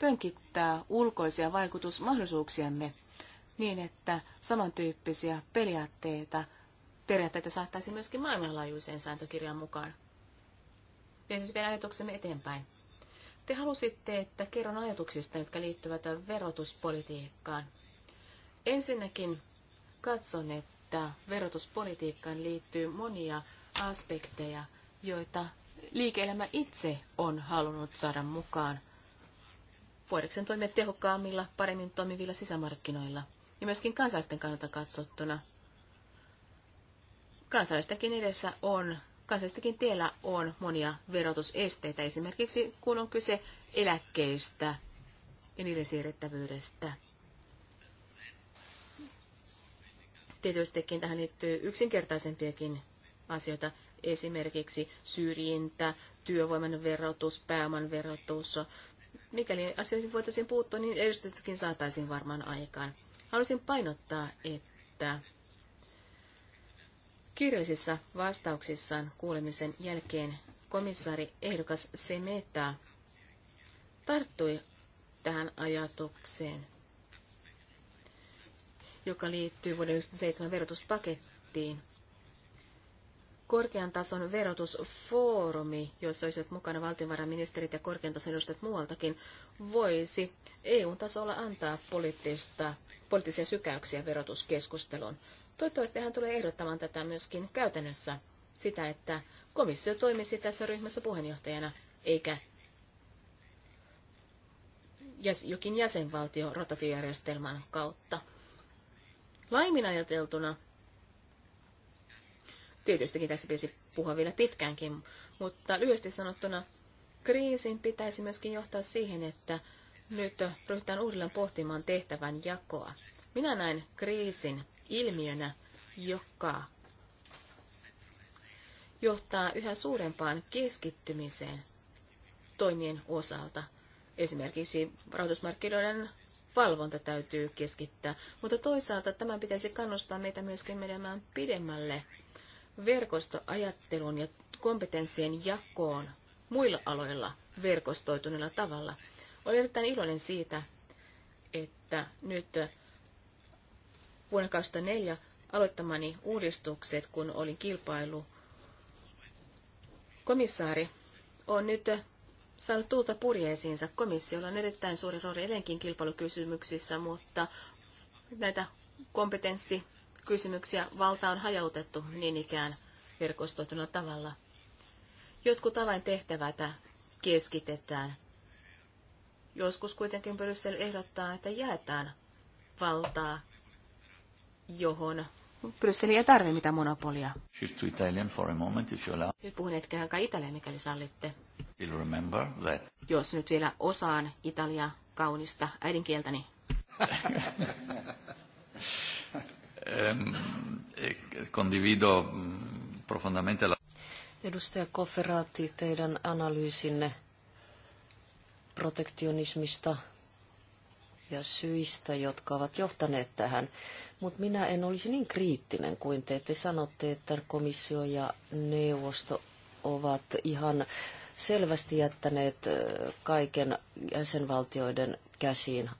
pönkittää ulkoisia vaikutusmahdollisuuksiamme niin, että samantyyppisiä periaatteita, periaatteita saattaisi myöskin maailmanlaajuiseen sääntökirjaan mukaan. Vien nyt siis vielä ajatuksemme eteenpäin. Te halusitte, että kerron ajatuksista, jotka liittyvät verotuspolitiikkaan. Ensinnäkin katson, että verotuspolitiikkaan liittyy monia aspekteja, joita liike-elämä itse on halunnut saada mukaan voidakseen toimia tehokkaammilla, paremmin toimivilla sisämarkkinoilla ja myöskin kansalaisten kannalta katsottuna. Kansalaistenkin edessä on, kansalaistenkin tiellä on monia verotusesteitä, esimerkiksi kun on kyse eläkkeistä ja niiden siirrettävyydestä. Tietystikin tähän liittyy yksinkertaisempiakin asioita, esimerkiksi syrjintä, työvoiman verotus, pääoman verotus, Mikäli asioihin voitaisiin puuttua, niin edistystäkin saataisiin varmaan aikaan. Haluaisin painottaa, että kirjallisissa vastauksissaan kuulemisen jälkeen komissaari ehdokas Semeta tarttui tähän ajatukseen, joka liittyy vuoden 1997 verotuspakettiin korkean tason verotusfoorumi, jossa olisivat mukana valtiovarainministerit ja korkean tason edustajat muualtakin, voisi EU-tasolla antaa poliittista, poliittisia sykäyksiä verotuskeskusteluun. Toivottavasti hän tulee ehdottamaan tätä myöskin käytännössä sitä, että komissio toimisi tässä ryhmässä puheenjohtajana, eikä jokin jäsenvaltio rotatiojärjestelmän kautta. Laimin ajateltuna Tietystikin tässä pitäisi puhua vielä pitkäänkin, mutta lyhyesti sanottuna kriisin pitäisi myöskin johtaa siihen, että nyt ryhdytään uudelleen pohtimaan tehtävän jakoa. Minä näen kriisin ilmiönä, joka johtaa yhä suurempaan keskittymiseen toimien osalta. Esimerkiksi rahoitusmarkkinoiden valvonta täytyy keskittää, mutta toisaalta tämä pitäisi kannustaa meitä myöskin menemään pidemmälle Verkostoajattelun ja kompetenssien jakoon muilla aloilla verkostoituneella tavalla. Olen erittäin iloinen siitä, että nyt vuonna 2004 aloittamani uudistukset, kun olin kilpailu komissaari, on nyt saanut tuulta purjeisiinsa. Komissiolla on erittäin suuri rooli edelleenkin kilpailukysymyksissä, mutta näitä kompetenssi- kysymyksiä. Valta on hajautettu niin ikään verkostoituna tavalla. Jotkut avaintehtävät keskitetään. Joskus kuitenkin Bryssel ehdottaa, että jäätään valtaa, johon Brysseli ei tarvitse mitään monopolia. moment, Nyt puhun hetken aikaa mikäli sallitte. that. Jos nyt vielä osaan Italia kaunista äidinkieltäni. Ehm, e condivido mm, profondamente la... Edustaja Koferaati, teidän analyysinne protektionismista ja syistä, jotka ovat johtaneet tähän. Mutta minä en olisi niin kriittinen kuin te. Te sanotte, että komissio ja neuvosto ovat ihan selvästi jättäneet kaiken jäsenvaltioiden käsiin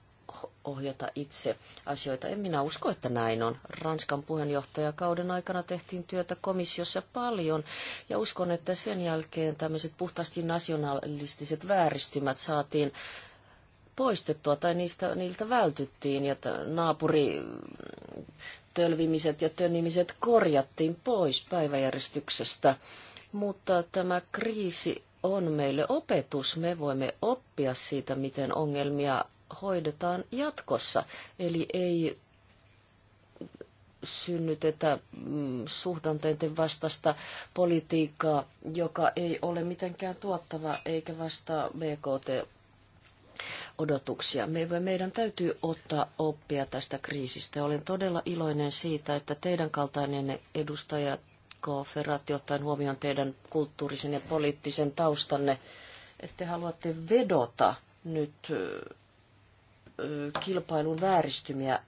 ohjata itse asioita. En minä usko, että näin on. Ranskan puheenjohtajakauden aikana tehtiin työtä komissiossa paljon ja uskon, että sen jälkeen tämmöiset puhtaasti nationalistiset vääristymät saatiin poistettua tai niistä, niiltä vältyttiin ja naapuri mm, tölvimiset ja tönimiset korjattiin pois päiväjärjestyksestä. Mutta tämä kriisi on meille opetus. Me voimme oppia siitä, miten ongelmia hoidetaan jatkossa. Eli ei synnytetä mm, suhdanteiden vastasta politiikkaa, joka ei ole mitenkään tuottava eikä vastaa BKT odotuksia. Meidän täytyy ottaa oppia tästä kriisistä. Olen todella iloinen siitä, että teidän kaltainen edustaja Koferat, ottaen huomioon teidän kulttuurisen ja poliittisen taustanne, että te haluatte vedota nyt kilpailun vääristymiä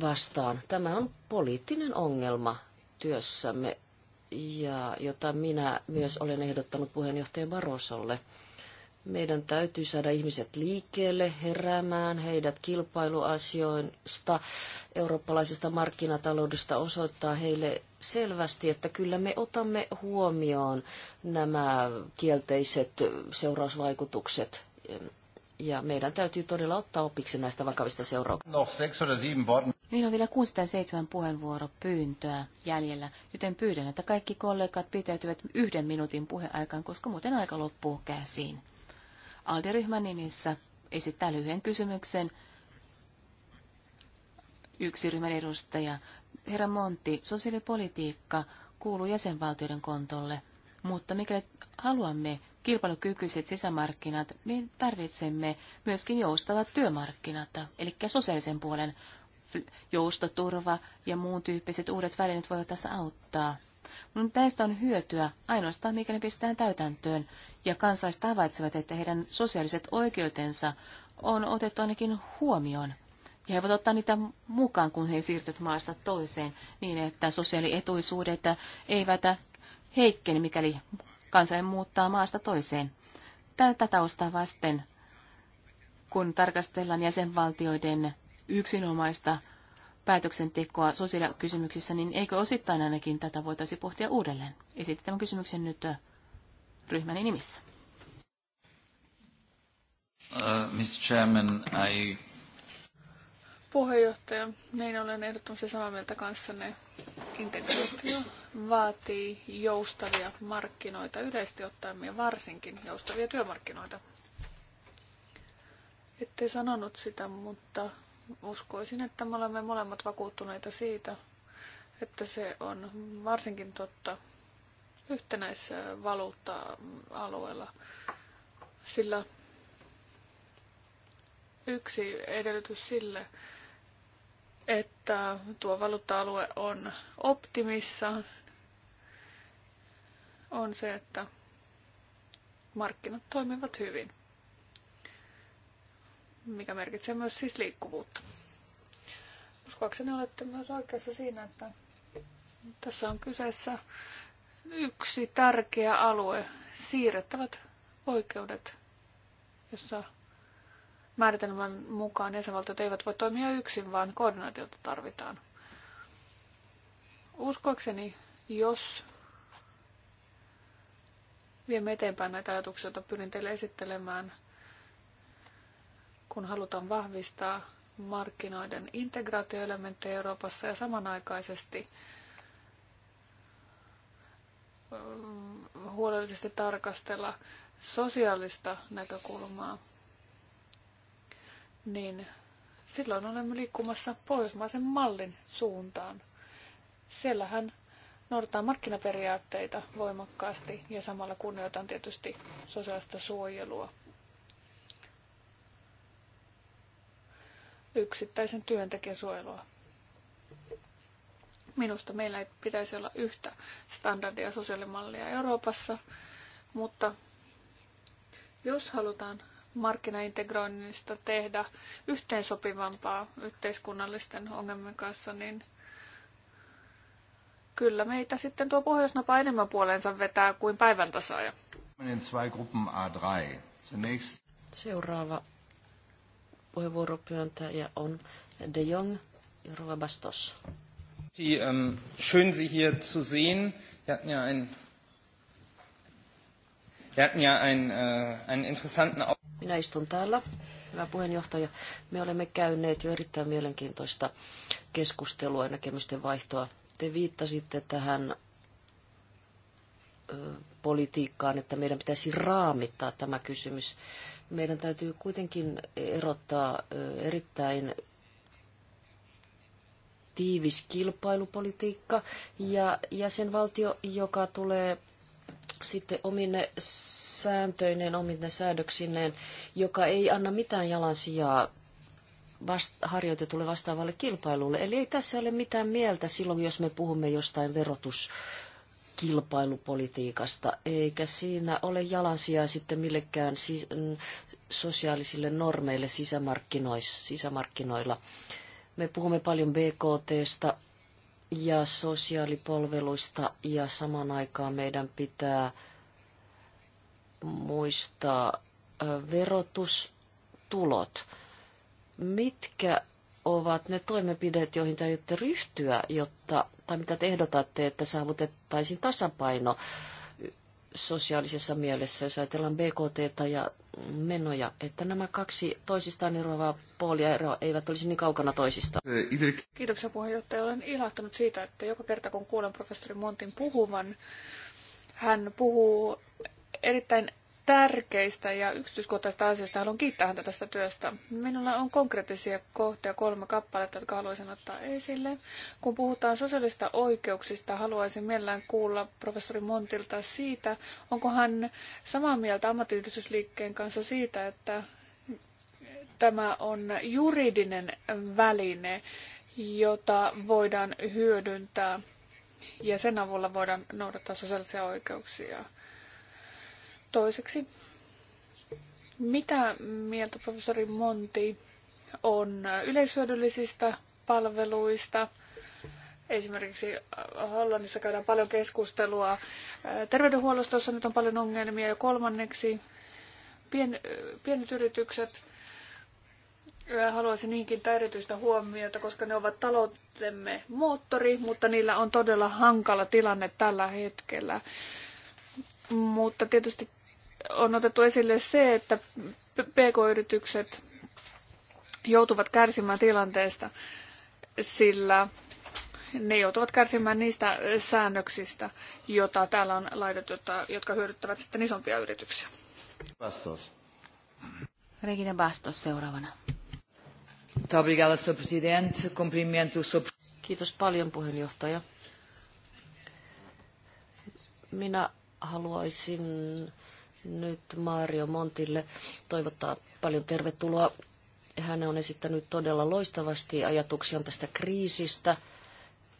vastaan. Tämä on poliittinen ongelma työssämme, ja jota minä myös olen ehdottanut puheenjohtaja Barosolle. Meidän täytyy saada ihmiset liikkeelle, heräämään heidät kilpailuasioista, eurooppalaisesta markkinataloudesta osoittaa heille selvästi, että kyllä me otamme huomioon nämä kielteiset seurausvaikutukset ja meidän täytyy todella ottaa opiksi näistä vakavista seurauksista. No, Meillä on vielä 607 puheenvuoropyyntöä jäljellä, joten pyydän, että kaikki kollegat pitäytyvät yhden minuutin puheaikaan, koska muuten aika loppuu käsiin. Alderyhmän nimissä esittää lyhyen kysymyksen yksi ryhmän edustaja. Herra Montti, sosiaalipolitiikka kuuluu jäsenvaltioiden kontolle, mutta mikäli haluamme kilpailukykyiset sisämarkkinat, me niin tarvitsemme myöskin joustavat työmarkkinat, eli sosiaalisen puolen joustoturva ja muun tyyppiset uudet välineet voivat tässä auttaa. Mutta näistä on hyötyä ainoastaan, mikä ne pistetään täytäntöön, ja kansalaiset havaitsevat, että heidän sosiaaliset oikeutensa on otettu ainakin huomioon. Ja he voivat ottaa niitä mukaan, kun he siirtyvät maasta toiseen, niin että sosiaalietuisuudet eivät heikkeni, mikäli kansalainen muuttaa maasta toiseen. Tätä taustaa vasten, kun tarkastellaan jäsenvaltioiden yksinomaista päätöksentekoa sosiaalikysymyksissä, niin eikö osittain ainakin tätä voitaisi pohtia uudelleen? Esitin tämän kysymyksen nyt ryhmäni nimissä. Uh, Mr. Chairman, I puheenjohtaja, niin olen ehdottomasti samaa mieltä kanssanne. Integraatio vaatii joustavia markkinoita yleisesti ottaen ja varsinkin joustavia työmarkkinoita. Ette sanonut sitä, mutta uskoisin, että me olemme molemmat vakuuttuneita siitä, että se on varsinkin totta yhtenäisvaluutta-alueella, sillä yksi edellytys sille, että tuo valuutta-alue on optimissa, on se, että markkinat toimivat hyvin, mikä merkitsee myös siis liikkuvuutta. Uskoakseni olette myös oikeassa siinä, että tässä on kyseessä yksi tärkeä alue, siirrettävät oikeudet, jossa Määritelmän mukaan jäsenvaltiot eivät voi toimia yksin, vaan koordinaatiota tarvitaan. Uskoakseni, jos viemme eteenpäin näitä ajatuksia, joita pyrin teille esittelemään, kun halutaan vahvistaa markkinoiden integraatioelementtejä Euroopassa ja samanaikaisesti huolellisesti tarkastella sosiaalista näkökulmaa niin silloin olemme liikkumassa pohjoismaisen mallin suuntaan. Siellähän noudatetaan markkinaperiaatteita voimakkaasti ja samalla kunnioitan tietysti sosiaalista suojelua. Yksittäisen työntekijän suojelua. Minusta meillä ei pitäisi olla yhtä standardia sosiaalimallia Euroopassa, mutta jos halutaan markkinaintegroinnista tehdä yhteensopivampaa yhteiskunnallisten ongelmien kanssa, niin kyllä meitä sitten tuo pohjoisnapa enemmän puoleensa vetää kuin päivän tasaaja. Seuraava puheenvuoropyöntäjä on De Jong ja Rova Bastos. Ähm, schön Sie hier zu sehen. Wir hatten ja einen, wir hatten ja einen, äh, einen interessanten Aufmerksamkeit. Minä istun täällä. Hyvä puheenjohtaja, me olemme käyneet jo erittäin mielenkiintoista keskustelua ja näkemysten vaihtoa. Te viittasitte tähän politiikkaan, että meidän pitäisi raamittaa tämä kysymys. Meidän täytyy kuitenkin erottaa erittäin tiivis kilpailupolitiikka ja jäsenvaltio, joka tulee sitten omine sääntöineen, omine säädöksineen, joka ei anna mitään jalansijaa vast, harjoitetulle vastaavalle kilpailulle. Eli ei tässä ole mitään mieltä silloin, jos me puhumme jostain verotuskilpailupolitiikasta, eikä siinä ole jalansijaa sitten millekään sosiaalisille normeille sisämarkkinoilla. Me puhumme paljon BKTsta, ja sosiaalipalveluista ja saman aikaan meidän pitää muistaa verotustulot. Mitkä ovat ne toimenpiteet, joihin te aiotte ryhtyä, jotta, tai mitä te ehdotatte, että saavutettaisiin tasapaino sosiaalisessa mielessä, jos ajatellaan BKT ja menoja, että nämä kaksi toisistaan eroavaa puolia eroa eivät olisi niin kaukana toisistaan. Kiitoksia puheenjohtaja. Olen ilahtunut siitä, että joka kerta kun kuulen professori Montin puhuvan, hän puhuu erittäin tärkeistä ja yksityiskohtaisista asioista. Haluan kiittää häntä tästä työstä. Minulla on konkreettisia kohtia kolme kappaletta, jotka haluaisin ottaa esille. Kun puhutaan sosiaalista oikeuksista, haluaisin mielellään kuulla professori Montilta siitä, onko hän samaa mieltä ammattiyhdistysliikkeen kanssa siitä, että tämä on juridinen väline, jota voidaan hyödyntää ja sen avulla voidaan noudattaa sosiaalisia oikeuksia Toiseksi, mitä mieltä professori Monti on yleishyödyllisistä palveluista? Esimerkiksi Hollannissa käydään paljon keskustelua terveydenhuollosta, jossa nyt on paljon ongelmia. Ja kolmanneksi, pien, pienet yritykset haluaisin niinkin erityistä huomiota, koska ne ovat taloutemme moottori, mutta niillä on todella hankala tilanne tällä hetkellä. Mutta tietysti on otettu esille se, että pk-yritykset joutuvat kärsimään tilanteesta, sillä ne joutuvat kärsimään niistä säännöksistä, joita täällä on laitettu, jotka hyödyttävät sitten isompia yrityksiä. Vastaus. Regina Bastos seuraavana. Kiitos paljon puheenjohtaja. Minä haluaisin nyt Mario Montille toivottaa paljon tervetuloa. Hän on esittänyt todella loistavasti ajatuksia tästä kriisistä,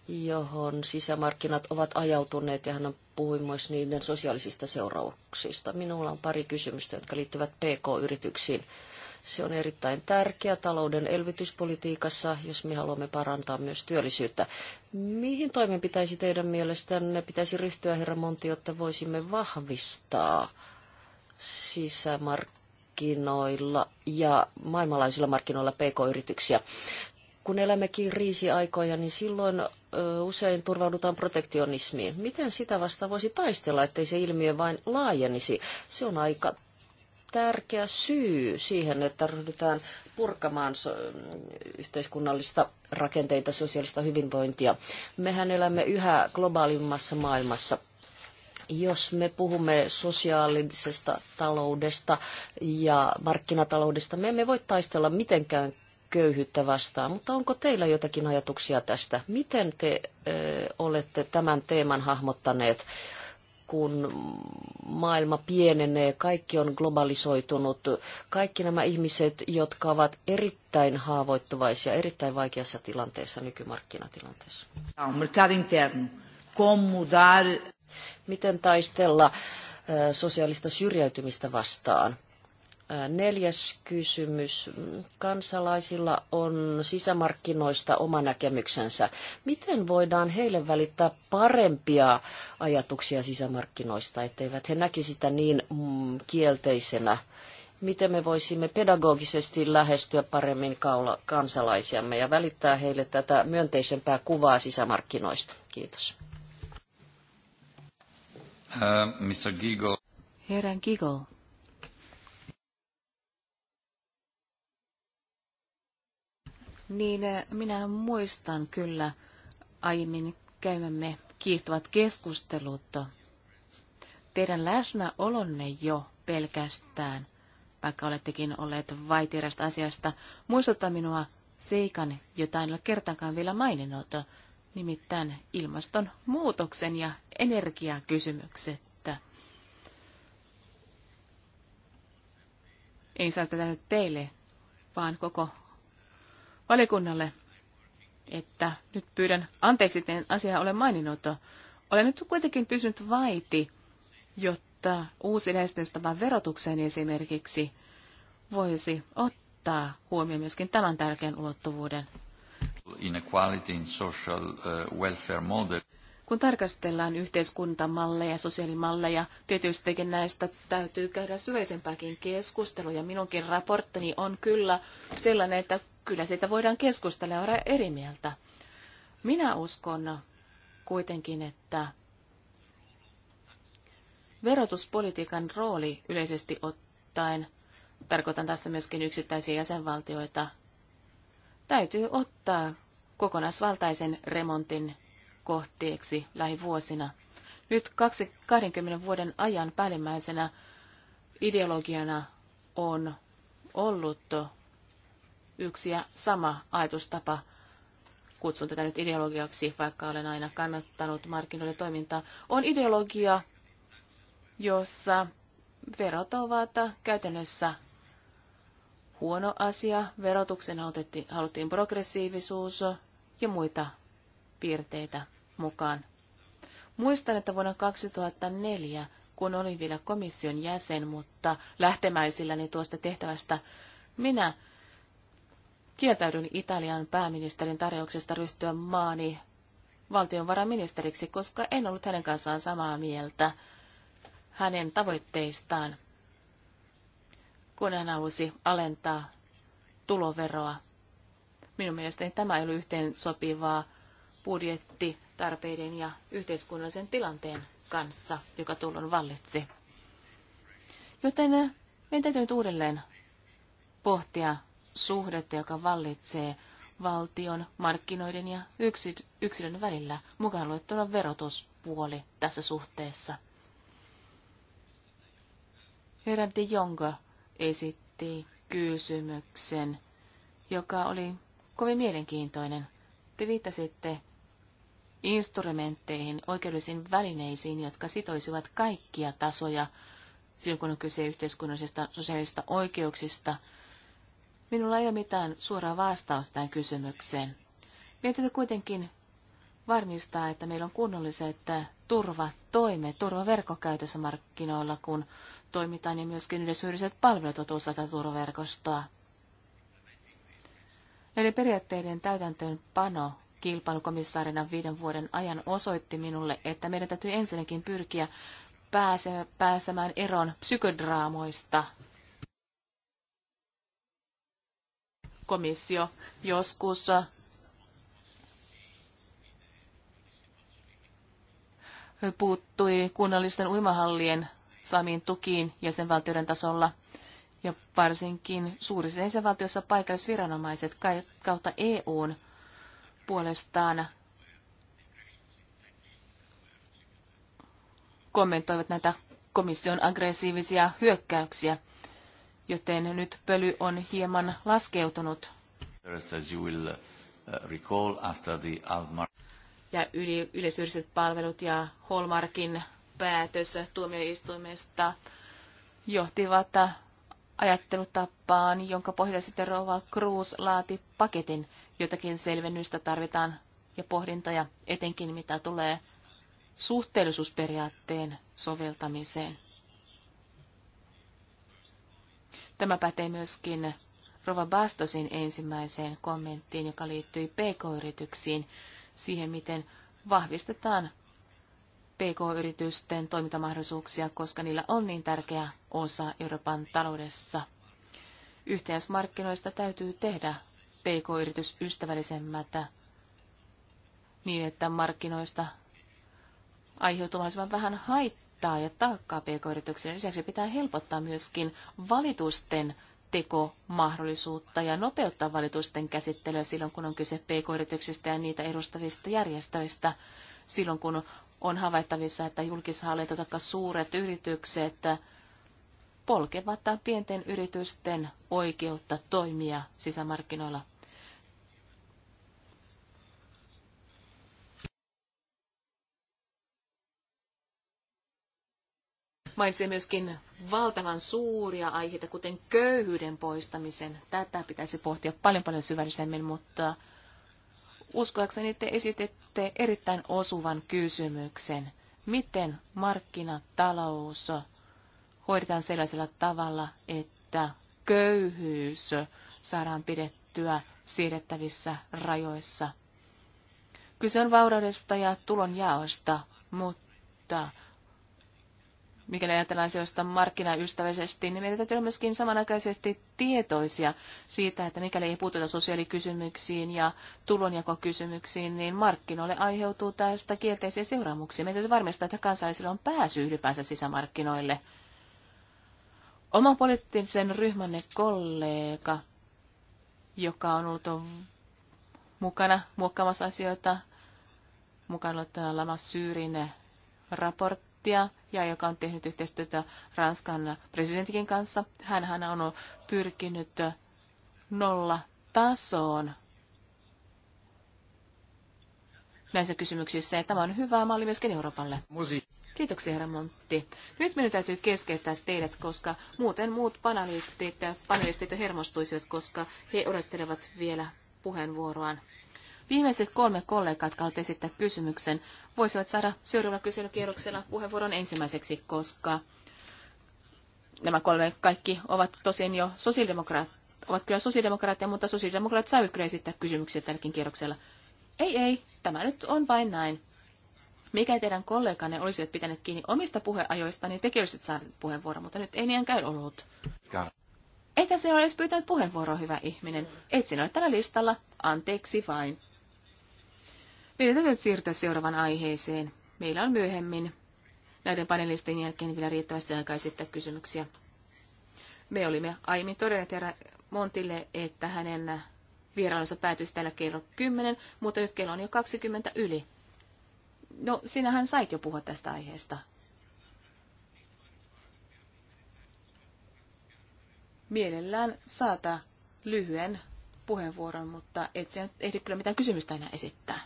johon sisämarkkinat ovat ajautuneet ja hän puhui myös niiden sosiaalisista seurauksista. Minulla on pari kysymystä, jotka liittyvät PK-yrityksiin. Se on erittäin tärkeä talouden elvytyspolitiikassa, jos me haluamme parantaa myös työllisyyttä. Mihin toimen pitäisi teidän mielestänne pitäisi ryhtyä, herra Monti, jotta voisimme vahvistaa sisämarkkinoilla ja maailmanlaajuisilla markkinoilla pk-yrityksiä. Kun elämme kriisiaikoja, niin silloin usein turvaudutaan protektionismiin. Miten sitä vasta voisi taistella, ettei se ilmiö vain laajenisi? Se on aika tärkeä syy siihen, että ryhdytään purkamaan yhteiskunnallista rakenteita, sosiaalista hyvinvointia. Mehän elämme yhä globaalimmassa maailmassa. Jos me puhumme sosiaalisesta taloudesta ja markkinataloudesta, me emme voi taistella mitenkään köyhyyttä vastaan, mutta onko teillä jotakin ajatuksia tästä? Miten te ö, olette tämän teeman hahmottaneet, kun maailma pienenee, kaikki on globalisoitunut, kaikki nämä ihmiset, jotka ovat erittäin haavoittuvaisia, erittäin vaikeassa tilanteessa nykymarkkinatilanteessa? On mercado interno. Como mudar... Miten taistella sosiaalista syrjäytymistä vastaan? Neljäs kysymys. Kansalaisilla on sisämarkkinoista oma näkemyksensä. Miten voidaan heille välittää parempia ajatuksia sisämarkkinoista, etteivät he näkisi sitä niin mm, kielteisenä? Miten me voisimme pedagogisesti lähestyä paremmin kansalaisiamme ja välittää heille tätä myönteisempää kuvaa sisämarkkinoista? Kiitos. Uh, Mr. Niin eh, minä muistan kyllä aiemmin käymämme kiihtuvat keskustelut. Teidän läsnäolonne jo pelkästään, vaikka olettekin olleet vaitiirasta asiasta, muistuttaa minua seikan, jota en ole kertaakaan vielä maininnut nimittäin ilmastonmuutoksen ja energiakysymykset. Ei saa tätä nyt teille, vaan koko valikunnalle, että nyt pyydän anteeksi, että en asiaa ole maininnut. Olen nyt kuitenkin pysynyt vaiti, jotta uusi lähestymistapa verotukseen esimerkiksi voisi ottaa huomioon myöskin tämän tärkeän ulottuvuuden inequality in social uh, welfare model. Kun tarkastellaan yhteiskuntamalleja, sosiaalimalleja, tietystikin näistä täytyy käydä syveisempääkin keskustelua. Ja minunkin raporttini on kyllä sellainen, että kyllä siitä voidaan keskustella ja olla eri mieltä. Minä uskon kuitenkin, että verotuspolitiikan rooli yleisesti ottaen, tarkoitan tässä myöskin yksittäisiä jäsenvaltioita täytyy ottaa kokonaisvaltaisen remontin kohteeksi lähivuosina. Nyt 20 vuoden ajan päällimmäisenä ideologiana on ollut yksi ja sama ajatustapa. Kutsun tätä nyt ideologiaksi, vaikka olen aina kannattanut markkinoiden toimintaa. On ideologia, jossa verot ovat käytännössä huono asia. Verotuksen haluttiin, haluttiin progressiivisuus ja muita piirteitä mukaan. Muistan, että vuonna 2004, kun olin vielä komission jäsen, mutta lähtemäisilläni niin tuosta tehtävästä, minä kieltäydyn Italian pääministerin tarjouksesta ryhtyä maani valtionvarainministeriksi, koska en ollut hänen kanssaan samaa mieltä hänen tavoitteistaan kun hän halusi alentaa tuloveroa. Minun mielestäni tämä ei ollut yhteen sopivaa budjettitarpeiden ja yhteiskunnallisen tilanteen kanssa, joka tullon vallitsi. Joten eh, meidän täytyy nyt uudelleen pohtia suhdetta, joka vallitsee valtion, markkinoiden ja yksilön välillä, mukaan luettuna verotuspuoli tässä suhteessa. Herra de Jonga esitti kysymyksen, joka oli kovin mielenkiintoinen. Te viittasitte instrumentteihin, oikeudellisiin välineisiin, jotka sitoisivat kaikkia tasoja silloin, kun on kyse yhteiskunnallisista sosiaalisista oikeuksista. Minulla ei ole mitään suoraa vastausta tähän kysymykseen. Mietitään kuitenkin varmistaa, että meillä on kunnolliset turvatoimet, turvaverkko käytössä markkinoilla, kun toimitaan, ja myöskin yleisyydessä palvelut ovat osa tätä turvaverkostoa. Eli periaatteiden täytäntöönpano kilpailukomissaarina viiden vuoden ajan osoitti minulle, että meidän täytyy ensinnäkin pyrkiä pääsemään eroon psykodraamoista. Komissio joskus puuttui kunnallisten uimahallien saamiin tukiin jäsenvaltioiden tasolla. Ja varsinkin suurissa jäsenvaltioissa paikallisviranomaiset kautta EUn puolestaan kommentoivat näitä komission aggressiivisia hyökkäyksiä, joten nyt pöly on hieman laskeutunut. Uh, ja yleisyhdiset palvelut ja Holmarkin päätös tuomioistuimesta johtivat ajattelutapaan, jonka pohjalta sitten Rova Cruz laati paketin. Jotakin selvennystä tarvitaan ja pohdintoja, etenkin mitä tulee suhteellisuusperiaatteen soveltamiseen. Tämä pätee myöskin Rova Bastosin ensimmäiseen kommenttiin, joka liittyi pk-yrityksiin siihen, miten vahvistetaan PK-yritysten toimintamahdollisuuksia, koska niillä on niin tärkeä osa Euroopan taloudessa. Yhteismarkkinoista täytyy tehdä PK-yritys ystävällisemmät niin, että markkinoista aiheutuu mahdollisimman vähän haittaa ja taakkaa pk-yrityksille. Lisäksi pitää helpottaa myöskin valitusten tekomahdollisuutta ja nopeuttaa valitusten käsittelyä silloin, kun on kyse pk-yrityksistä ja niitä edustavista järjestöistä, silloin kun on havaittavissa, että julkishallinto tai suuret yritykset polkevat pienten yritysten oikeutta toimia sisämarkkinoilla. mainitsee myöskin valtavan suuria aiheita, kuten köyhyyden poistamisen. Tätä pitäisi pohtia paljon paljon syvällisemmin, mutta uskoakseni te esitette erittäin osuvan kysymyksen. Miten markkinatalous hoidetaan sellaisella tavalla, että köyhyys saadaan pidettyä siirrettävissä rajoissa? Kyse on vauraudesta ja tulonjaosta, mutta mikäli ajatellaan asioista markkinaystävällisesti, niin meidän täytyy olla myöskin samanaikaisesti tietoisia siitä, että mikäli ei puututa sosiaalikysymyksiin ja tulonjakokysymyksiin, niin markkinoille aiheutuu tästä kielteisiä seuraamuksia. Meidän täytyy varmistaa, että kansalaisilla on pääsy ylipäänsä sisämarkkinoille. Oma poliittisen ryhmänne kollega, joka on ollut mukana muokkaamassa asioita, mukaan tämä Lama Syyrin raportti, parlamenttia ja joka on tehnyt yhteistyötä Ranskan presidentin kanssa. hän on pyrkinyt nolla tasoon näissä kysymyksissä. Ja tämä on hyvä malli myöskin Euroopalle. Musi. Kiitoksia, herra Montti. Nyt minun täytyy keskeyttää teidät, koska muuten muut panelistit, panelistit hermostuisivat, koska he odottelevat vielä puheenvuoroaan. Viimeiset kolme kollegaa, jotka haluavat esittää kysymyksen, voisivat saada seuraavalla kyselykierroksella puheenvuoron ensimmäiseksi, koska nämä kolme kaikki ovat tosin jo sosiaalidemokraatteja ovat kyllä sosiaalidemokraatteja, mutta sosiaalidemokraat saivat kyllä esittää kysymyksiä tälläkin kierroksella. Ei, ei, tämä nyt on vain näin. Mikä teidän kolleganne olisi pitäneet kiinni omista puheajoista, niin tekin olisitte saaneet puheenvuoron, mutta nyt ei niin käy ollut. Eikä se ole edes pyytänyt puheenvuoroa, hyvä ihminen. Et sinä ole tällä listalla. Anteeksi vain. Meidän täytyy siirtyä seuraavan aiheeseen. Meillä on myöhemmin näiden panelistien jälkeen vielä riittävästi aikaa esittää kysymyksiä. Me olimme aiemmin todenneet herra Montille, että hänen vierailunsa päätyisi täällä kello 10, mutta nyt kello on jo 20 yli. No, sinähän sait jo puhua tästä aiheesta. Mielellään saata lyhyen puheenvuoron, mutta et sen ehdi kyllä mitään kysymystä enää esittää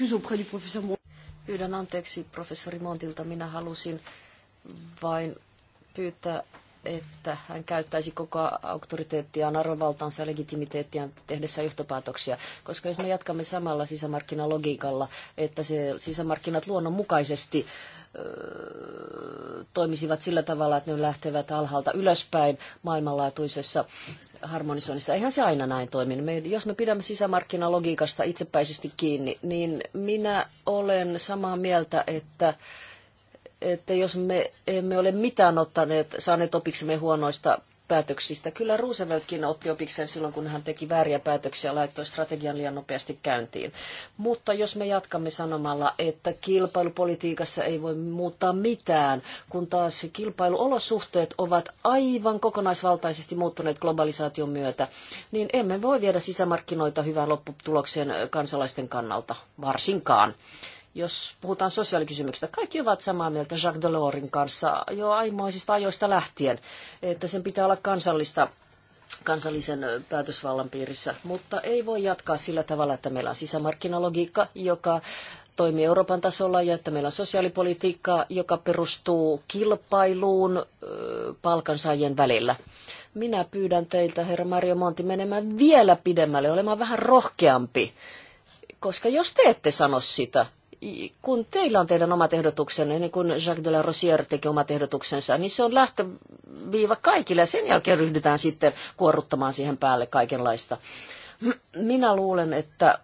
excuse Pyydän anteeksi professori Montilta. Minä halusin vain pyytää, että hän käyttäisi koko auktoriteettiaan, arvovaltaansa ja legitimiteettiaan tehdessä johtopäätöksiä. Koska jos me jatkamme samalla sisämarkkinalogiikalla, että se sisämarkkinat luonnonmukaisesti äh, toimisivat sillä tavalla, että ne lähtevät alhaalta ylöspäin maailmanlaatuisessa harmonisoinnissa. Eihän se aina näin toimi. Me, jos me pidämme sisämarkkinalogiikasta itsepäisesti kiinni, niin minä olen samaa mieltä, että että jos me emme ole mitään ottaneet, saaneet opiksemme huonoista päätöksistä. Kyllä Rooseveltkin otti opikseen silloin, kun hän teki vääriä päätöksiä ja laittoi strategian liian nopeasti käyntiin. Mutta jos me jatkamme sanomalla, että kilpailupolitiikassa ei voi muuttaa mitään, kun taas kilpailuolosuhteet ovat aivan kokonaisvaltaisesti muuttuneet globalisaation myötä, niin emme voi viedä sisämarkkinoita hyvään lopputulokseen kansalaisten kannalta varsinkaan jos puhutaan sosiaalikysymyksistä, kaikki ovat samaa mieltä Jacques Delorsin kanssa jo aimoisista ajoista lähtien, että sen pitää olla kansallista kansallisen päätösvallan piirissä, mutta ei voi jatkaa sillä tavalla, että meillä on sisämarkkinalogiikka, joka toimii Euroopan tasolla ja että meillä on sosiaalipolitiikka, joka perustuu kilpailuun palkansaajien välillä. Minä pyydän teiltä, herra Mario Monti, menemään vielä pidemmälle, olemaan vähän rohkeampi, koska jos te ette sano sitä, kun teillä on teidän omat ehdotuksenne, niin kuin Jacques de la Rosière teki omat ehdotuksensa, niin se on lähtöviiva kaikille ja sen jälkeen ryhdytään sitten kuorruttamaan siihen päälle kaikenlaista. Minä luulen, että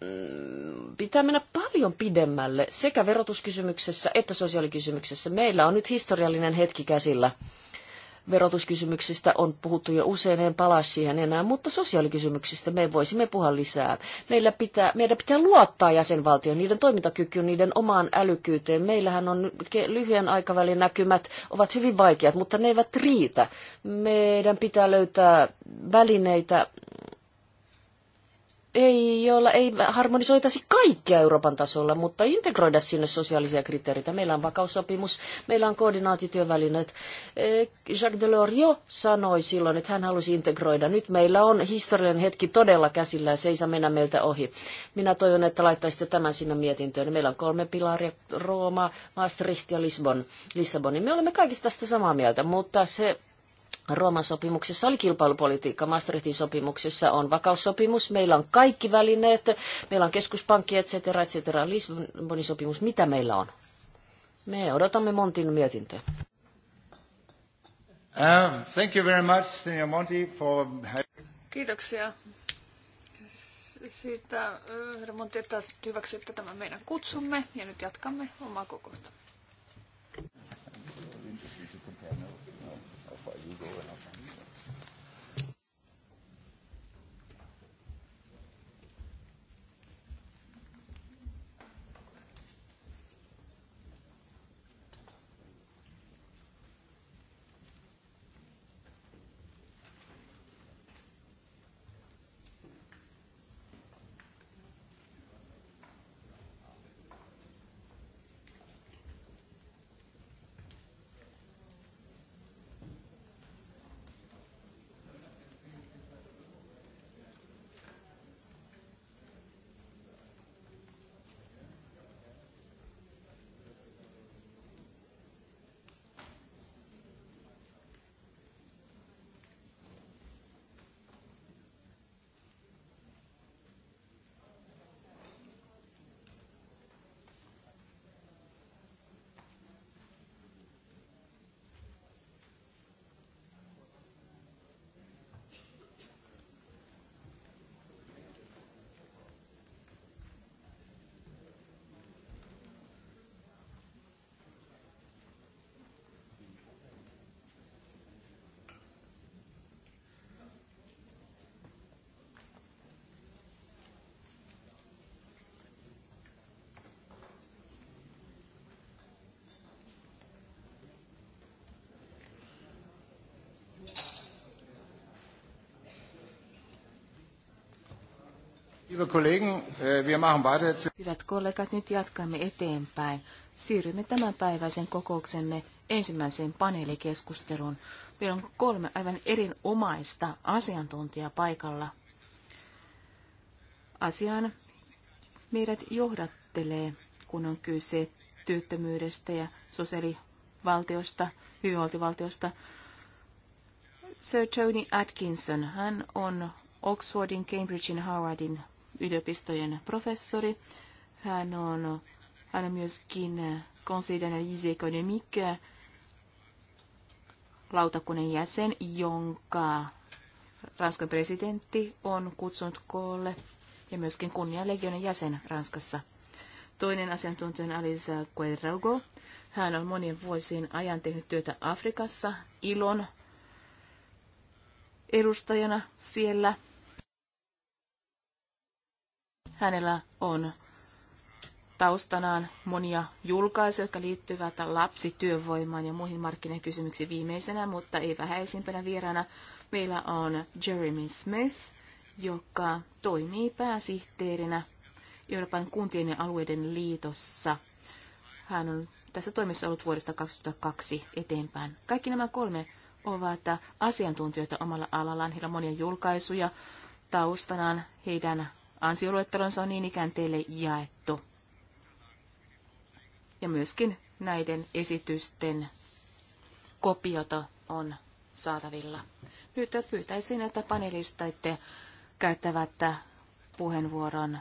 mm, pitää mennä paljon pidemmälle sekä verotuskysymyksessä että sosiaalikysymyksessä. Meillä on nyt historiallinen hetki käsillä. Verotuskysymyksistä on puhuttu jo usein, en palaa siihen enää, mutta sosiaalikysymyksistä me voisimme puhua lisää. Meillä pitää, meidän pitää luottaa jäsenvaltioon, niiden toimintakykyyn, niiden omaan älykkyyteen. Meillähän on lyhyen aikavälin näkymät, ovat hyvin vaikeat, mutta ne eivät riitä. Meidän pitää löytää välineitä ei, jolla ei harmonisoitaisi kaikkia Euroopan tasolla, mutta integroida sinne sosiaalisia kriteereitä. Meillä on vakaussopimus, meillä on koordinaatityövälineet. Eh, Jacques Delors jo sanoi silloin, että hän halusi integroida. Nyt meillä on historiallinen hetki todella käsillä ja se ei saa mennä meiltä ohi. Minä toivon, että laittaisitte tämän sinne mietintöön. Meillä on kolme pilaria, Rooma, Maastricht ja Lisbon, Lissabon. Me olemme kaikista tästä samaa mieltä, mutta se Rooman sopimuksessa oli kilpailupolitiikka, Maastrichtin sopimuksessa on vakaussopimus, meillä on kaikki välineet, meillä on keskuspankki, etc., etc., Lisbonin sopimus, mitä meillä on? Me odotamme Montin mietintöä. Uh, thank you very much, Senior Monti, for... Kiitoksia siitä, uh, herra Monti, että hyväksytte tämän meidän kutsumme ja nyt jatkamme omaa kokousta. Äh, Hyvät kollegat, nyt jatkamme eteenpäin. Siirrymme tämänpäiväisen kokouksemme ensimmäiseen paneelikeskusteluun. Meillä on kolme aivan erinomaista asiantuntijaa paikalla. Asiaan meidät johdattelee, kun on kyse työttömyydestä ja sosiaalivaltiosta, hyvinvointivaltiosta. Sir Tony Atkinson, hän on Oxfordin, Cambridgein, Harvardin yliopistojen professori. Hän on, hän on myöskin Conseil d'analyse économique lautakunnan jäsen, jonka Ranskan presidentti on kutsunut koolle ja myöskin kunnianlegionin jäsen Ranskassa. Toinen asiantuntija on Alisa Guerrero. Hän on monien vuosien ajan tehnyt työtä Afrikassa ilon edustajana siellä. Hänellä on taustanaan monia julkaisuja, jotka liittyvät lapsityövoimaan ja muihin markkinakysymyksiin viimeisenä, mutta ei vähäisimpänä vieraana. Meillä on Jeremy Smith, joka toimii pääsihteerinä Euroopan kuntien ja alueiden liitossa. Hän on tässä toimissa ollut vuodesta 2002 eteenpäin. Kaikki nämä kolme ovat asiantuntijoita omalla alallaan. Heillä on monia julkaisuja taustanaan. Heidän Ansioluettelonsa on niin ikään teille jaettu. Ja myöskin näiden esitysten kopiota on saatavilla. Nyt pyytäisin, että panelistaitte käyttävät puheenvuoron.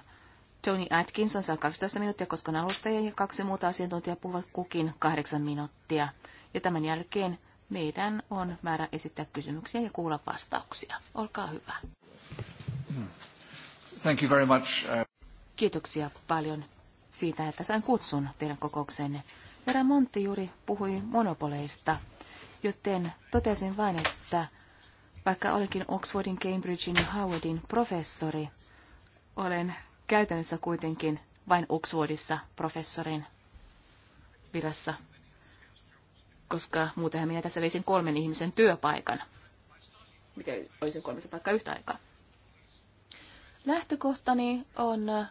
Tony Atkinson saa 12 minuuttia, koska on ja kaksi muuta asiantuntijaa puhuvat kukin 8 minuuttia. Ja tämän jälkeen meidän on määrä esittää kysymyksiä ja kuulla vastauksia. Olkaa hyvä. Hmm. Thank you very much. Uh, Kiitoksia paljon siitä, että sain kutsun teidän kokoukseenne. Herra Montti juuri puhui monopoleista, joten totesin vain, että vaikka olenkin Oxfordin, Cambridgein ja Howardin professori, olen käytännössä kuitenkin vain Oxfordissa professorin virassa, koska muutenhan minä tässä veisin kolmen ihmisen työpaikan, mikä olisi kolmessa paikkaa yhtä aikaa. Lähtökohtani on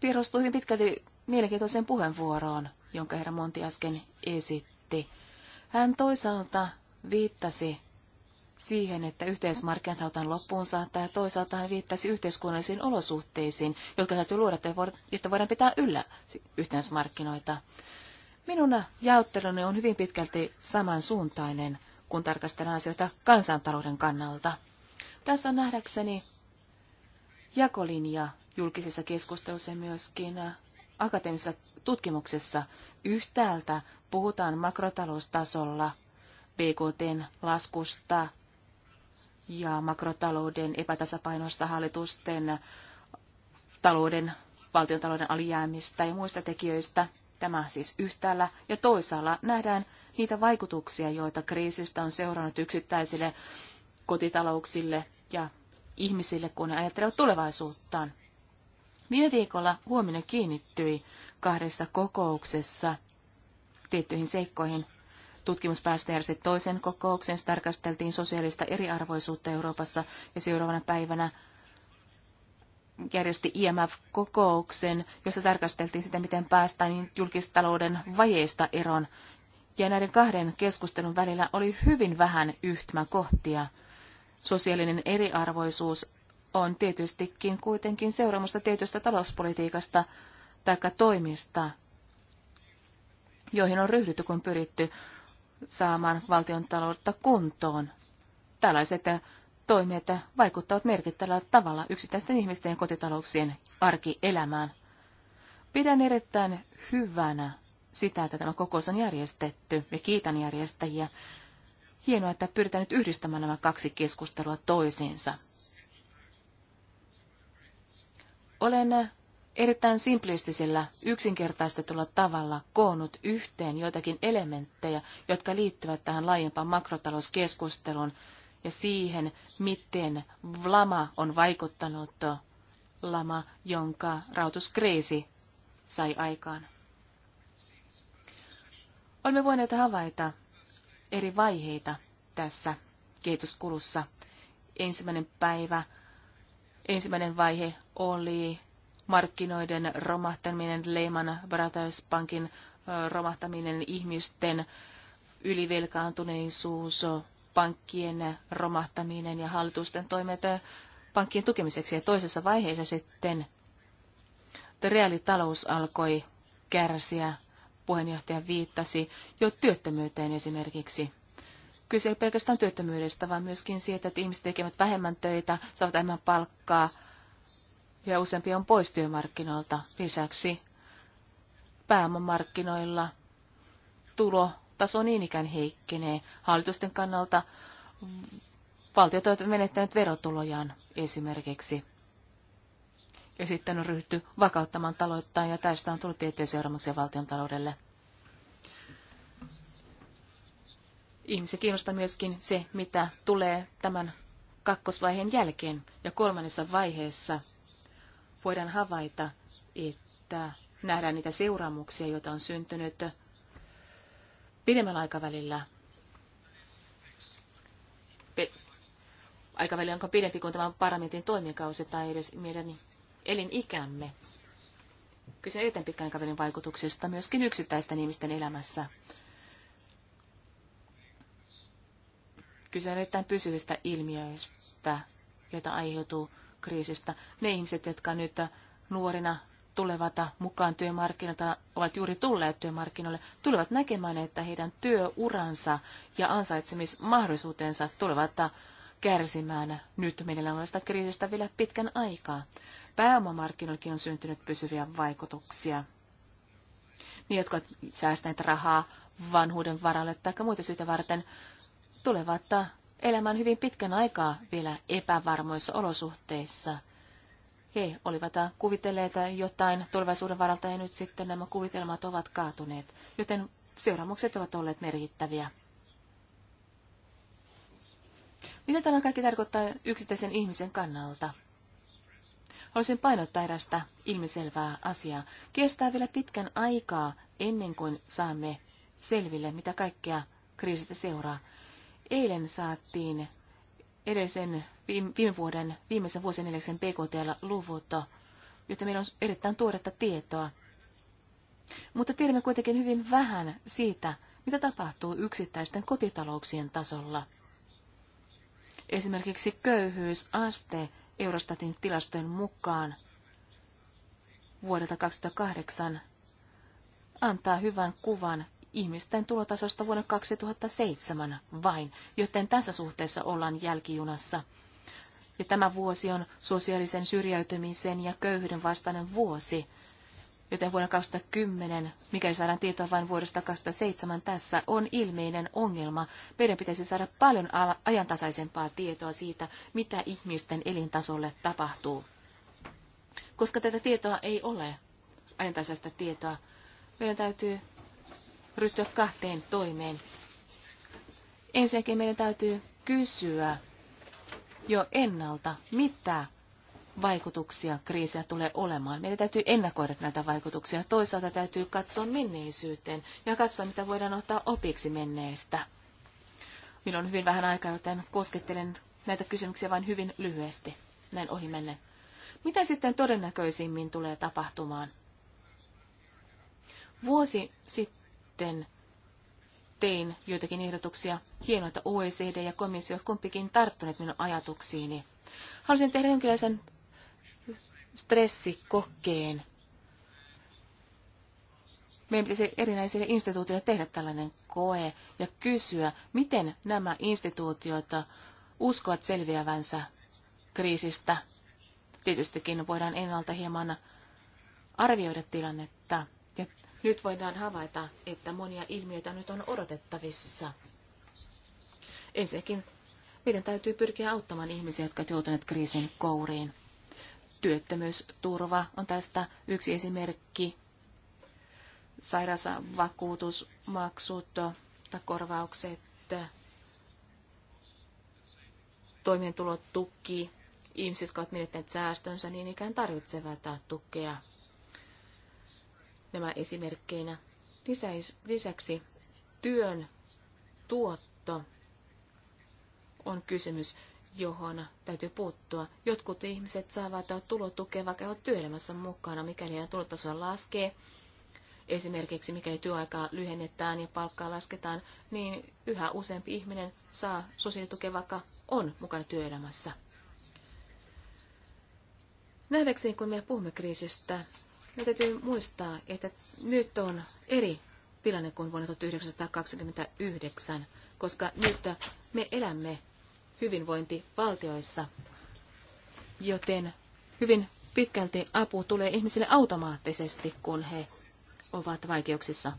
perustuu hyvin pitkälti mielenkiintoiseen puheenvuoroon, jonka herra Monti äsken esitti. Hän toisaalta viittasi siihen, että yhteismarkkinat halutaan loppuun saattaa, ja toisaalta hän viittasi yhteiskunnallisiin olosuhteisiin, jotka täytyy luoda, että voidaan pitää yllä yhteismarkkinoita. Minun jaotteluni on hyvin pitkälti samansuuntainen, kun tarkastellaan asioita kansantalouden kannalta. Tässä on nähdäkseni jakolinja julkisessa keskustelussa ja myöskin äh, akateemisessa tutkimuksessa. Yhtäältä puhutaan makrotaloustasolla BKTn laskusta ja makrotalouden epätasapainosta hallitusten talouden, valtiontalouden alijäämistä ja muista tekijöistä. Tämä siis yhtäällä ja toisaalla nähdään niitä vaikutuksia, joita kriisistä on seurannut yksittäisille kotitalouksille ja ihmisille, kun ne ajattelevat tulevaisuuttaan. Viime viikolla huominen kiinnittyi kahdessa kokouksessa tiettyihin seikkoihin. Tutkimuspäästö järjesti toisen kokouksen, tarkasteltiin sosiaalista eriarvoisuutta Euroopassa ja seuraavana päivänä järjesti IMF-kokouksen, jossa tarkasteltiin sitä, miten päästään julkistalouden vajeista eroon. Ja näiden kahden keskustelun välillä oli hyvin vähän yhtymäkohtia. Sosiaalinen eriarvoisuus on tietystikin kuitenkin seuraamusta tietystä talouspolitiikasta tai toimista, joihin on ryhdytty, kun pyritty saamaan valtion taloutta kuntoon. Tällaiset toimet vaikuttavat merkittävällä tavalla yksittäisten ihmisten ja kotitalouksien arkielämään. Pidän erittäin hyvänä sitä, että tämä kokous on järjestetty ja kiitän järjestäjiä. Hienoa, että pyritään nyt yhdistämään nämä kaksi keskustelua toisiinsa. Olen erittäin simplistisellä, yksinkertaistetulla tavalla koonnut yhteen joitakin elementtejä, jotka liittyvät tähän laajempaan makrotalouskeskusteluun ja siihen, miten lama on vaikuttanut lama, jonka rautuskriisi sai aikaan. Olemme voineet havaita, eri vaiheita tässä kehityskulussa. Ensimmäinen päivä, ensimmäinen vaihe oli markkinoiden romahtaminen, Lehman Brothers Bankin romahtaminen, ihmisten ylivelkaantuneisuus, pankkien romahtaminen ja hallitusten toimet pankkien tukemiseksi. Ja toisessa vaiheessa sitten reaalitalous alkoi kärsiä puheenjohtaja viittasi jo työttömyyteen esimerkiksi. Kyse ei pelkästään työttömyydestä, vaan myöskin siitä, että ihmiset tekevät vähemmän töitä, saavat enemmän palkkaa ja useampi on pois työmarkkinoilta. Lisäksi pääomamarkkinoilla tulotaso niin ikään heikkenee. Hallitusten kannalta valtiot ovat menettäneet verotulojaan esimerkiksi ja sitten on ryhty vakauttamaan talouttaan ja tästä on tullut tieteen seuraamuksia valtion taloudelle. Ihmisiä kiinnostaa myöskin se, mitä tulee tämän kakkosvaiheen jälkeen ja kolmannessa vaiheessa voidaan havaita, että nähdään niitä seuraamuksia, joita on syntynyt pidemmällä aikavälillä. Pe- Aikaväli onko pidempi kuin tämän parlamentin toimikausi tai edes meidän elinikämme. Kyse ei tämän pitkän aikavälin vaikutuksista myöskin yksittäisten ihmisten elämässä. Kyse on erittäin pysyvistä ilmiöistä, joita aiheutuu kriisistä. Ne ihmiset, jotka nyt nuorina tulevat mukaan työmarkkinoilta, ovat juuri tulleet työmarkkinoille, tulevat näkemään, että heidän työuransa ja ansaitsemismahdollisuutensa tulevat kärsimään nyt meillä on sitä kriisistä vielä pitkän aikaa. Pääomamarkkinoillakin on syntynyt pysyviä vaikutuksia. Ne, jotka ovat säästäneet rahaa vanhuuden varalle tai muita syitä varten, tulevat elämään hyvin pitkän aikaa vielä epävarmoissa olosuhteissa. He olivat kuvitelleet jotain tulevaisuuden varalta ja nyt sitten nämä kuvitelmat ovat kaatuneet, joten seuraamukset ovat olleet merkittäviä. Mitä tämä kaikki tarkoittaa yksittäisen ihmisen kannalta? Haluaisin painottaa erästä ilmiselvää asiaa. Kestää vielä pitkän aikaa ennen kuin saamme selville, mitä kaikkea kriisistä seuraa. Eilen saatiin edellisen viime vuoden, viimeisen vuosineljäksen BKT-luvut, jotta meillä on erittäin tuoretta tietoa. Mutta tiedämme kuitenkin hyvin vähän siitä, mitä tapahtuu yksittäisten kotitalouksien tasolla – Esimerkiksi köyhyysaste Eurostatin tilastojen mukaan vuodelta 2008 antaa hyvän kuvan ihmisten tulotasosta vuonna 2007 vain, joten tässä suhteessa ollaan jälkijunassa. Ja tämä vuosi on sosiaalisen syrjäytymisen ja köyhyyden vastainen vuosi joten vuonna 2010, mikäli saadaan tietoa vain vuodesta 2007, tässä on ilmeinen ongelma. Meidän pitäisi saada paljon ajantasaisempaa tietoa siitä, mitä ihmisten elintasolle tapahtuu. Koska tätä tietoa ei ole, ajantasaista tietoa, meidän täytyy ryhtyä kahteen toimeen. Ensinnäkin meidän täytyy kysyä jo ennalta, mitä vaikutuksia kriisiä tulee olemaan. Meidän täytyy ennakoida näitä vaikutuksia. Toisaalta täytyy katsoa menneisyyteen ja katsoa, mitä voidaan ottaa opiksi menneestä. Minulla on hyvin vähän aikaa, joten koskettelen näitä kysymyksiä vain hyvin lyhyesti, näin ohi mennen. Mitä sitten todennäköisimmin tulee tapahtumaan? Vuosi sitten tein joitakin ehdotuksia. Hienoita OECD ja komissio kumpikin tarttuneet minun ajatuksiini. Halusin tehdä jonkinlaisen stressikokeen. Meidän pitäisi erinäisille instituutioille tehdä tällainen koe ja kysyä, miten nämä instituutioita uskovat selviävänsä kriisistä. Tietystikin voidaan ennalta hieman arvioida tilannetta. Ja nyt voidaan havaita, että monia ilmiöitä nyt on odotettavissa. Ensinnäkin meidän täytyy pyrkiä auttamaan ihmisiä, jotka ovat joutuneet kriisin kouriin. Työttömyysturva on tästä yksi esimerkki. Sairausvakuutusmaksut tai korvaukset, toimeentulotuki, ihmiset, jotka ovat menettäneet säästönsä, niin ikään tarvitsevat tukea nämä esimerkkeinä. Lisäksi työn tuotto on kysymys johon täytyy puuttua. Jotkut ihmiset saavat tulotukea, vaikka ovat työelämässä mukana, mikäli heidän tulotasoa laskee. Esimerkiksi mikäli työaikaa lyhennetään ja palkkaa lasketaan, niin yhä useampi ihminen saa sosiaalitukea, vaikka on mukana työelämässä. Nähdäkseni, kun me puhumme kriisistä, me täytyy muistaa, että nyt on eri tilanne kuin vuonna 1929, koska nyt me elämme hyvinvointivaltioissa, joten hyvin pitkälti apu tulee ihmisille automaattisesti, kun he ovat vaikeuksissa.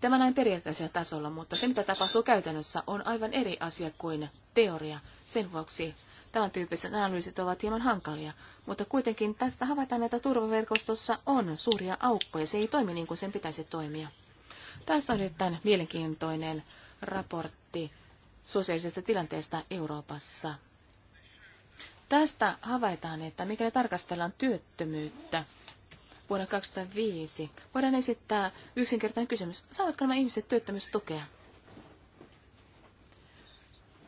Tämä näin periaatteessa tasolla, mutta se mitä tapahtuu käytännössä on aivan eri asia kuin teoria. Sen vuoksi tämän tyyppiset analyysit ovat hieman hankalia, mutta kuitenkin tästä havaitaan, että turvaverkostossa on suuria aukkoja. Se ei toimi niin kuin sen pitäisi toimia. Tässä on erittäin mielenkiintoinen raportti raportti sosiaalisesta tilanteesta Euroopassa. Tästä havaitaan, että mikäli tarkastellaan työttömyyttä vuonna 2005, voidaan esittää yksinkertainen kysymys. Saavatko nämä ihmiset työttömyystukea?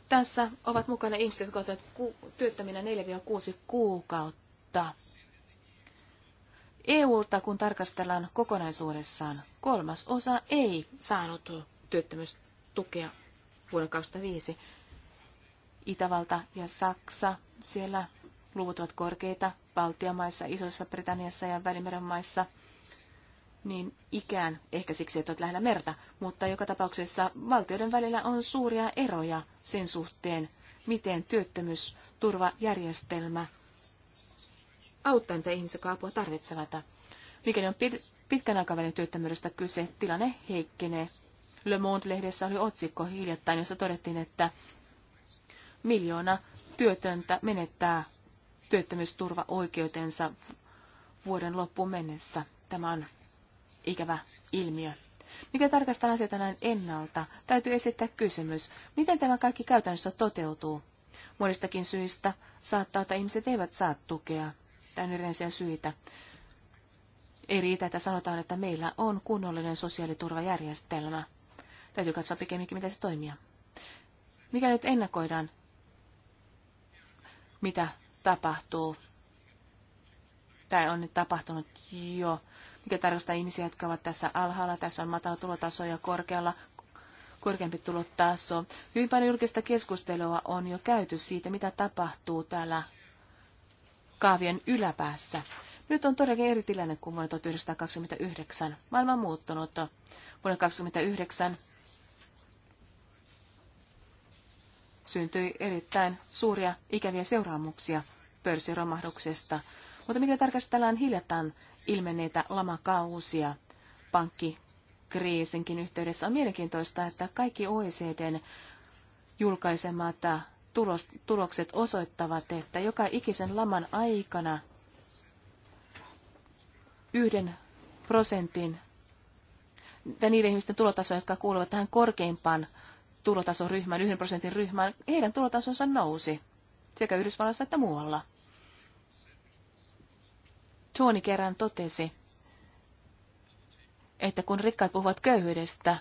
Tässä ovat mukana ihmiset, jotka ovat työttöminä 4-6 kuukautta. EU-ta, kun tarkastellaan kokonaisuudessaan, kolmas osa ei saanut työttömyystukea vuonna 2005. Itävalta ja Saksa, siellä luvut ovat korkeita, Baltian maissa, Isossa Britanniassa ja Välimeren maissa, niin ikään, ehkä siksi, että olet lähellä merta, mutta joka tapauksessa valtioiden välillä on suuria eroja sen suhteen, miten työttömyysturvajärjestelmä auttaa niitä ihmisiä, jotka apua tarvitsevat. Mikäli on pitkän aikavälin työttömyydestä kyse, tilanne heikkenee Le Monde-lehdessä oli otsikko hiljattain, jossa todettiin, että miljoona työtöntä menettää työttömyysturvaoikeutensa vuoden loppuun mennessä. Tämä on ikävä ilmiö. Mikä tarkastan asioita näin ennalta, täytyy esittää kysymys, miten tämä kaikki käytännössä toteutuu. Monistakin syistä saattaa, että ihmiset eivät saa tukea, tai yleisiä syitä. Ei riitä, että sanotaan, että meillä on kunnollinen sosiaaliturvajärjestelmä. Täytyy katsoa pikemminkin, miten se toimii. Mikä nyt ennakoidaan, mitä tapahtuu? Tämä on nyt tapahtunut jo, mikä tarkoittaa ihmisiä, jotka ovat tässä alhaalla. Tässä on matala tulotaso ja korkealla korkeampi tulotaso. Hyvin paljon julkista keskustelua on jo käyty siitä, mitä tapahtuu täällä kaavien yläpäässä. Nyt on todellakin eri tilanne kuin vuonna 1929. Maailma on muuttunut. Vuonna 1929 syntyi erittäin suuria ikäviä seuraamuksia pörssiromahduksesta. Mutta mitä tarkastellaan hiljattain ilmenneitä lamakausia pankkikriisinkin yhteydessä, on mielenkiintoista, että kaikki OECDn julkaisemat tulos, tulokset osoittavat, että joka ikisen laman aikana yhden prosentin tai niiden ihmisten tulotaso, jotka kuuluvat tähän korkeimpaan tulotasoryhmän, yhden prosentin ryhmään, heidän tulotasonsa nousi sekä Yhdysvalloissa että muualla. Tuoni kerran totesi, että kun rikkaat puhuvat köyhyydestä,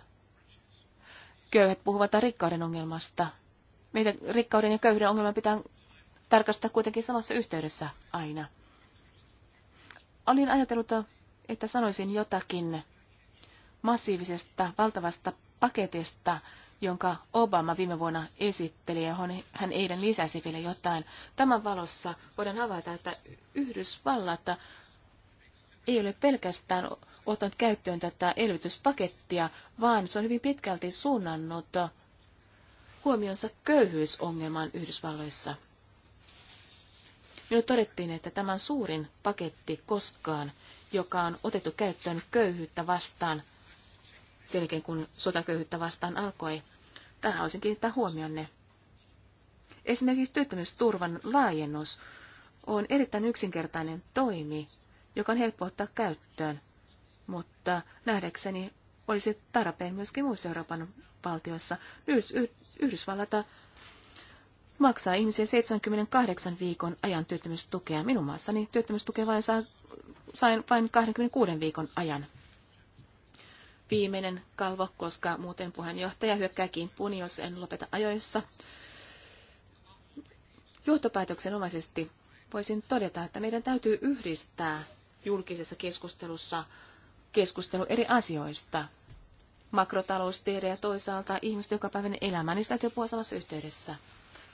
köyhät puhuvat rikkauden ongelmasta. Meitä rikkauden ja köyhyyden ongelman pitää tarkastaa kuitenkin samassa yhteydessä aina. Olin ajatellut, että sanoisin jotakin massiivisesta, valtavasta paketista, jonka Obama viime vuonna esitteli, ja hän eilen lisäsi vielä jotain. Tämän valossa voidaan havaita, että Yhdysvallat ei ole pelkästään ottanut käyttöön tätä elvytyspakettia, vaan se on hyvin pitkälti suunnannut huomionsa köyhyysongelmaan Yhdysvalloissa. Minulle todettiin, että tämän suurin paketti koskaan, joka on otettu käyttöön köyhyyttä vastaan – sen jälkeen, kun sotaköyhyyttä vastaan alkoi. Tähän haluaisin kiinnittää huomionne. Esimerkiksi työttömyysturvan laajennus on erittäin yksinkertainen toimi, joka on helppo ottaa käyttöön, mutta nähdäkseni olisi tarpeen myöskin muissa Euroopan valtioissa. Yhdysvallat maksaa ihmisiä 78 viikon ajan työttömyystukea. Minun maassani työttömyystukea vain saa, sain vain 26 viikon ajan viimeinen kalvo, koska muuten puheenjohtaja hyökkää kimppuun, jos en lopeta ajoissa. omaisesti voisin todeta, että meidän täytyy yhdistää julkisessa keskustelussa keskustelu eri asioista. Makrotaloustiede ja toisaalta ihmisten jokapäiväinen elämä, niistä täytyy puhua samassa yhteydessä.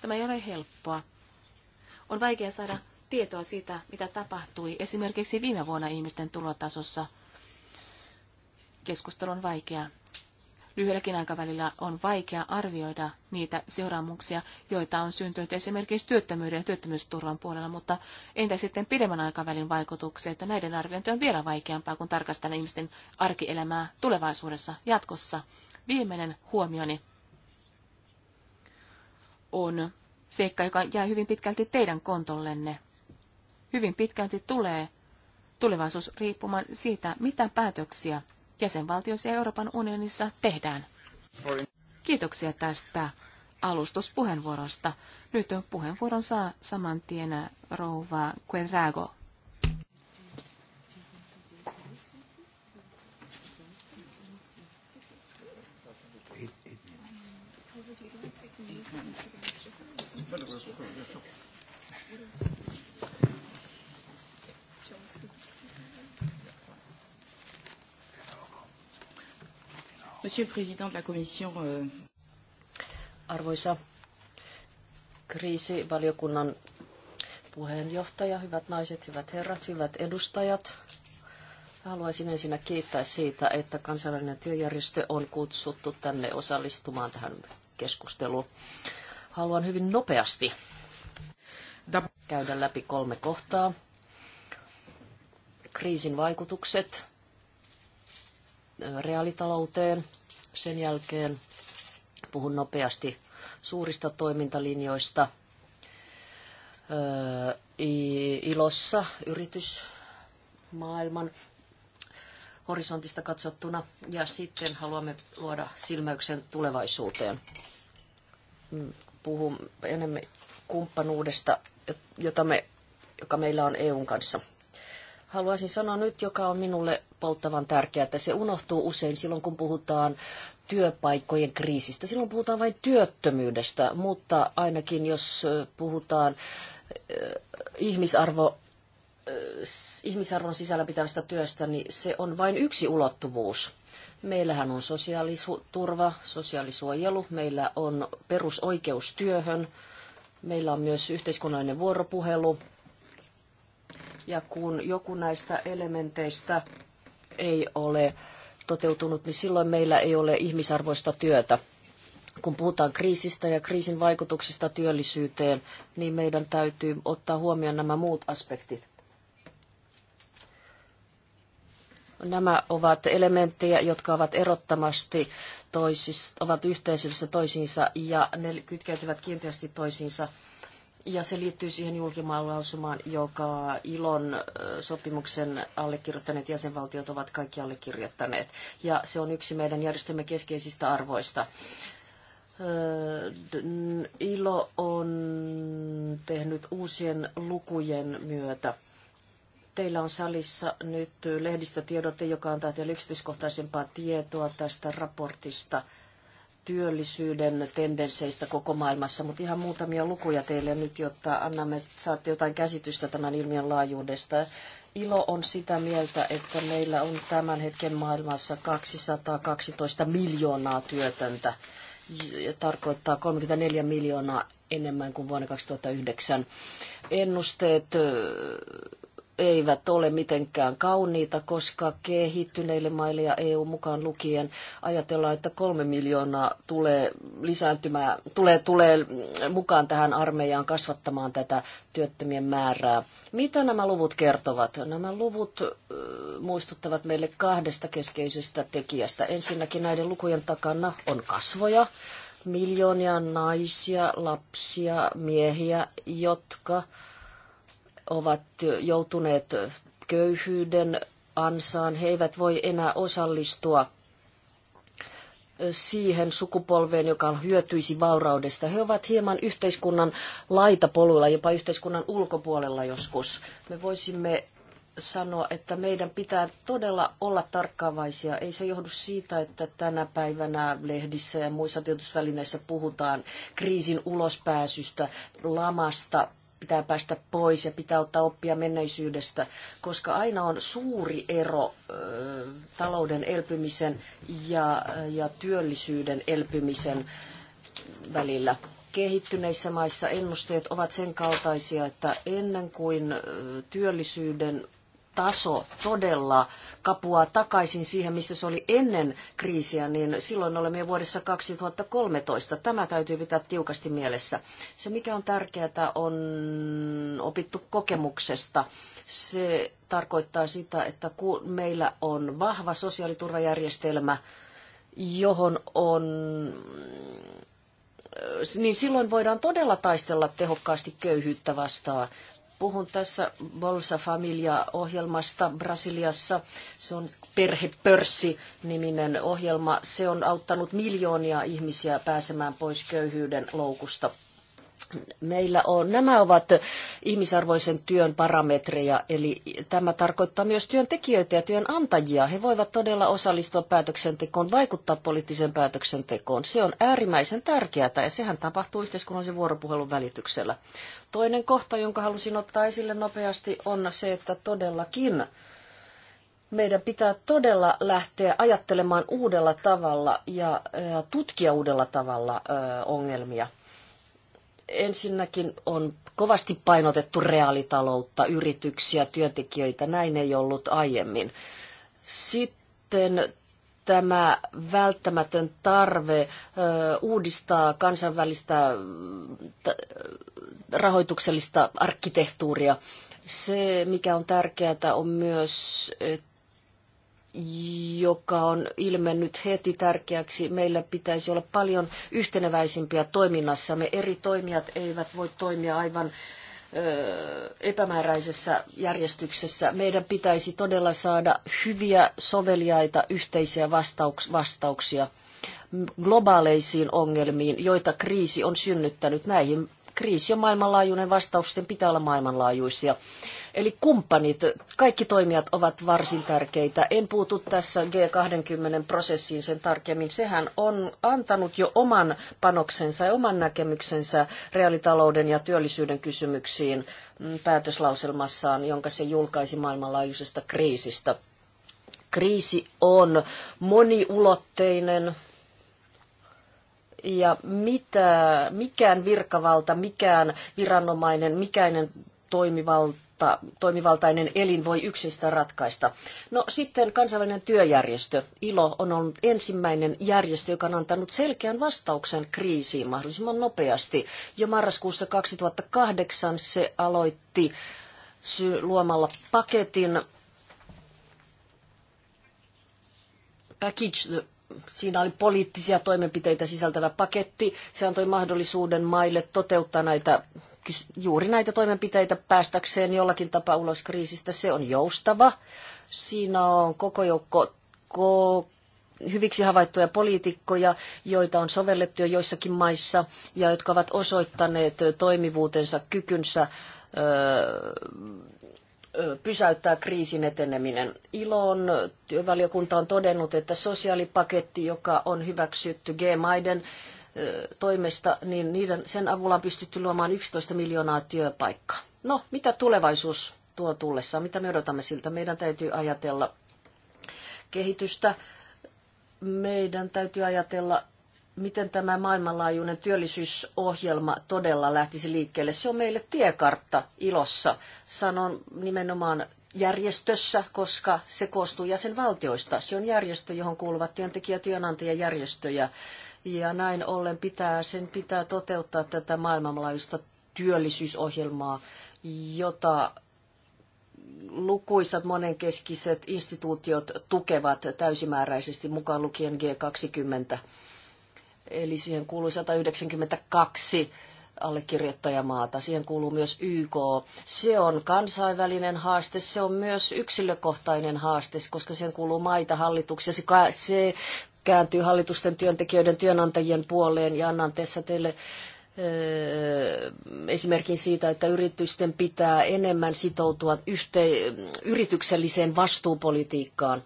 Tämä ei ole helppoa. On vaikea saada tietoa siitä, mitä tapahtui esimerkiksi viime vuonna ihmisten tulotasossa – Keskustelu on vaikeaa. Lyhyelläkin aikavälillä on vaikea arvioida niitä seuraamuksia, joita on syntynyt esimerkiksi työttömyyden ja työttömyysturvan puolella, mutta entä sitten pidemmän aikavälin vaikutuksia, että näiden arviointi on vielä vaikeampaa, kun tarkastella ihmisten arkielämää tulevaisuudessa, jatkossa. Viimeinen huomioni on seikka, joka jää hyvin pitkälti teidän kontollenne. Hyvin pitkälti tulee tulevaisuus riippumaan siitä, mitä päätöksiä jäsenvaltioissa ja Euroopan unionissa tehdään. Kiitoksia tästä alustuspuheenvuorosta. Nyt on puheenvuoron saa saman tien rouva Quedrago. Monsieur le Président de la Commission. Euh, Arvoisa kriisivaliokunnan puheenjohtaja, hyvät naiset, hyvät herrat, hyvät edustajat. Haluaisin ensinnä kiittää siitä, että kansainvälinen työjärjestö on kutsuttu tänne osallistumaan tähän keskusteluun. Haluan hyvin nopeasti käydä läpi kolme kohtaa. Kriisin vaikutukset reaalitalouteen. Sen jälkeen puhun nopeasti suurista toimintalinjoista. ilossa yritysmaailman horisontista katsottuna ja sitten haluamme luoda silmäyksen tulevaisuuteen. Mm, puhun enemmän kumppanuudesta, jota me, joka meillä on EUn kanssa – haluaisin sanoa nyt, joka on minulle polttavan tärkeää, että se unohtuu usein silloin, kun puhutaan työpaikkojen kriisistä. Silloin puhutaan vain työttömyydestä, mutta ainakin jos puhutaan ihmisarvo, ihmisarvon sisällä pitävästä työstä, niin se on vain yksi ulottuvuus. Meillähän on sosiaaliturva, sosiaalisuojelu, meillä on perusoikeus työhön, meillä on myös yhteiskunnallinen vuoropuhelu, ja kun joku näistä elementeistä ei ole toteutunut, niin silloin meillä ei ole ihmisarvoista työtä. Kun puhutaan kriisistä ja kriisin vaikutuksista työllisyyteen, niin meidän täytyy ottaa huomioon nämä muut aspektit. Nämä ovat elementtejä, jotka ovat erottamasti toisista, ovat yhteisöllisissä toisiinsa ja ne kytkeytyvät kiinteästi toisiinsa – ja se liittyy siihen lausumaan, joka ilon sopimuksen allekirjoittaneet jäsenvaltiot ovat kaikki allekirjoittaneet. Ja se on yksi meidän järjestömme keskeisistä arvoista. ILO on tehnyt uusien lukujen myötä. Teillä on salissa nyt lehdistötiedote, joka antaa teille yksityiskohtaisempaa tietoa tästä raportista – työllisyyden tendensseistä koko maailmassa, mutta ihan muutamia lukuja teille nyt, jotta annamme, saatte jotain käsitystä tämän ilmiön laajuudesta. Ilo on sitä mieltä, että meillä on tämän hetken maailmassa 212 miljoonaa työtöntä. Tarkoittaa 34 miljoonaa enemmän kuin vuonna 2009. Ennusteet eivät ole mitenkään kauniita, koska kehittyneille maille ja EU mukaan lukien ajatellaan, että kolme miljoonaa tulee lisääntymään, tulee, tulee mukaan tähän armeijaan kasvattamaan tätä työttömien määrää. Mitä nämä luvut kertovat? Nämä luvut muistuttavat meille kahdesta keskeisestä tekijästä. Ensinnäkin näiden lukujen takana on kasvoja, miljoonia naisia, lapsia, miehiä, jotka ovat joutuneet köyhyyden ansaan. He eivät voi enää osallistua siihen sukupolveen, joka hyötyisi vauraudesta. He ovat hieman yhteiskunnan laitapoluilla, jopa yhteiskunnan ulkopuolella joskus. Me voisimme sanoa, että meidän pitää todella olla tarkkaavaisia. Ei se johdu siitä, että tänä päivänä lehdissä ja muissa tietysvälineissä puhutaan kriisin ulospääsystä, lamasta, pitää päästä pois ja pitää ottaa oppia menneisyydestä, koska aina on suuri ero talouden elpymisen ja, ja työllisyyden elpymisen välillä. Kehittyneissä maissa ennusteet ovat sen kaltaisia, että ennen kuin työllisyyden taso todella kapuaa takaisin siihen, missä se oli ennen kriisiä, niin silloin olemme jo vuodessa 2013. Tämä täytyy pitää tiukasti mielessä. Se, mikä on tärkeää, on opittu kokemuksesta. Se tarkoittaa sitä, että kun meillä on vahva sosiaaliturvajärjestelmä, johon on niin silloin voidaan todella taistella tehokkaasti köyhyyttä vastaan. Puhun tässä Bolsa Familia-ohjelmasta Brasiliassa. Se on perhepörssi-niminen ohjelma. Se on auttanut miljoonia ihmisiä pääsemään pois köyhyyden loukusta. Meillä on, nämä ovat ihmisarvoisen työn parametreja, eli tämä tarkoittaa myös työntekijöitä ja työnantajia. He voivat todella osallistua päätöksentekoon, vaikuttaa poliittiseen päätöksentekoon. Se on äärimmäisen tärkeää ja sehän tapahtuu yhteiskunnallisen vuoropuhelun välityksellä. Toinen kohta, jonka halusin ottaa esille nopeasti, on se, että todellakin meidän pitää todella lähteä ajattelemaan uudella tavalla ja tutkia uudella tavalla ongelmia – Ensinnäkin on kovasti painotettu reaalitaloutta, yrityksiä, työntekijöitä. Näin ei ollut aiemmin. Sitten tämä välttämätön tarve uudistaa kansainvälistä rahoituksellista arkkitehtuuria. Se, mikä on tärkeää, on myös, että joka on ilmennyt heti tärkeäksi. Meillä pitäisi olla paljon yhteneväisimpiä toiminnassamme. Eri toimijat eivät voi toimia aivan epämääräisessä järjestyksessä. Meidän pitäisi todella saada hyviä, soveliaita, yhteisiä vastauksia globaaleisiin ongelmiin, joita kriisi on synnyttänyt. Näihin kriisi on maailmanlaajuinen, vastausten pitää olla maailmanlaajuisia. Eli kumppanit, kaikki toimijat ovat varsin tärkeitä. En puutu tässä G20-prosessiin sen tarkemmin. Sehän on antanut jo oman panoksensa ja oman näkemyksensä reaalitalouden ja työllisyyden kysymyksiin mm, päätöslauselmassaan, jonka se julkaisi maailmanlaajuisesta kriisistä. Kriisi on moniulotteinen, ja mitä, mikään virkavalta, mikään viranomainen, mikäinen toimivalta, toimivaltainen elin voi yksistä ratkaista. No sitten kansainvälinen työjärjestö, ILO, on ollut ensimmäinen järjestö, joka on antanut selkeän vastauksen kriisiin mahdollisimman nopeasti. Jo marraskuussa 2008 se aloitti luomalla paketin package siinä oli poliittisia toimenpiteitä sisältävä paketti. Se antoi mahdollisuuden maille toteuttaa näitä juuri näitä toimenpiteitä päästäkseen jollakin tapaa ulos kriisistä. Se on joustava. Siinä on koko joukko ko- hyviksi havaittuja poliitikkoja, joita on sovellettu jo joissakin maissa ja jotka ovat osoittaneet toimivuutensa, kykynsä pysäyttää kriisin eteneminen. Ilon työvaliokunta on todennut, että sosiaalipaketti, joka on hyväksytty G-maiden toimesta, niin niiden, sen avulla on pystytty luomaan 11 miljoonaa työpaikkaa. No, mitä tulevaisuus tuo tullessaan? Mitä me odotamme siltä? Meidän täytyy ajatella kehitystä. Meidän täytyy ajatella miten tämä maailmanlaajuinen työllisyysohjelma todella lähtisi liikkeelle. Se on meille tiekartta ilossa, sanon nimenomaan järjestössä, koska se koostuu jäsenvaltioista. Se on järjestö, johon kuuluvat työntekijä- ja työnantajajärjestöjä. Ja näin ollen pitää, sen pitää toteuttaa tätä maailmanlaajuista työllisyysohjelmaa, jota lukuisat monenkeskiset instituutiot tukevat täysimääräisesti mukaan lukien G20 eli siihen kuuluu 192 allekirjoittajamaata. Siihen kuuluu myös YK. Se on kansainvälinen haaste, se on myös yksilökohtainen haaste, koska siihen kuuluu maita, hallituksia. Se, se kääntyy hallitusten työntekijöiden työnantajien puoleen ja annan tässä teille öö, esimerkin siitä, että yritysten pitää enemmän sitoutua yhte, yritykselliseen vastuupolitiikkaan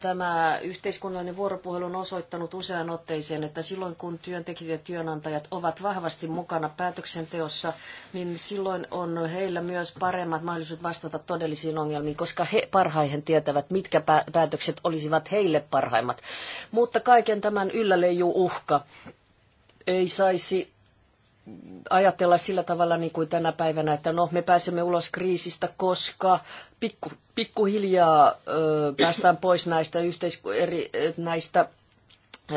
Tämä yhteiskunnallinen vuoropuhelu on osoittanut useaan otteeseen, että silloin kun työntekijät ja työnantajat ovat vahvasti mukana päätöksenteossa, niin silloin on heillä myös paremmat mahdollisuudet vastata todellisiin ongelmiin, koska he parhaiten tietävät, mitkä päätökset olisivat heille parhaimmat. Mutta kaiken tämän yllä leijuu uhka. Ei saisi ajatella sillä tavalla niin kuin tänä päivänä, että no me pääsemme ulos kriisistä, koska pikku, pikkuhiljaa ö, päästään pois näistä, yhteisku- eri, näistä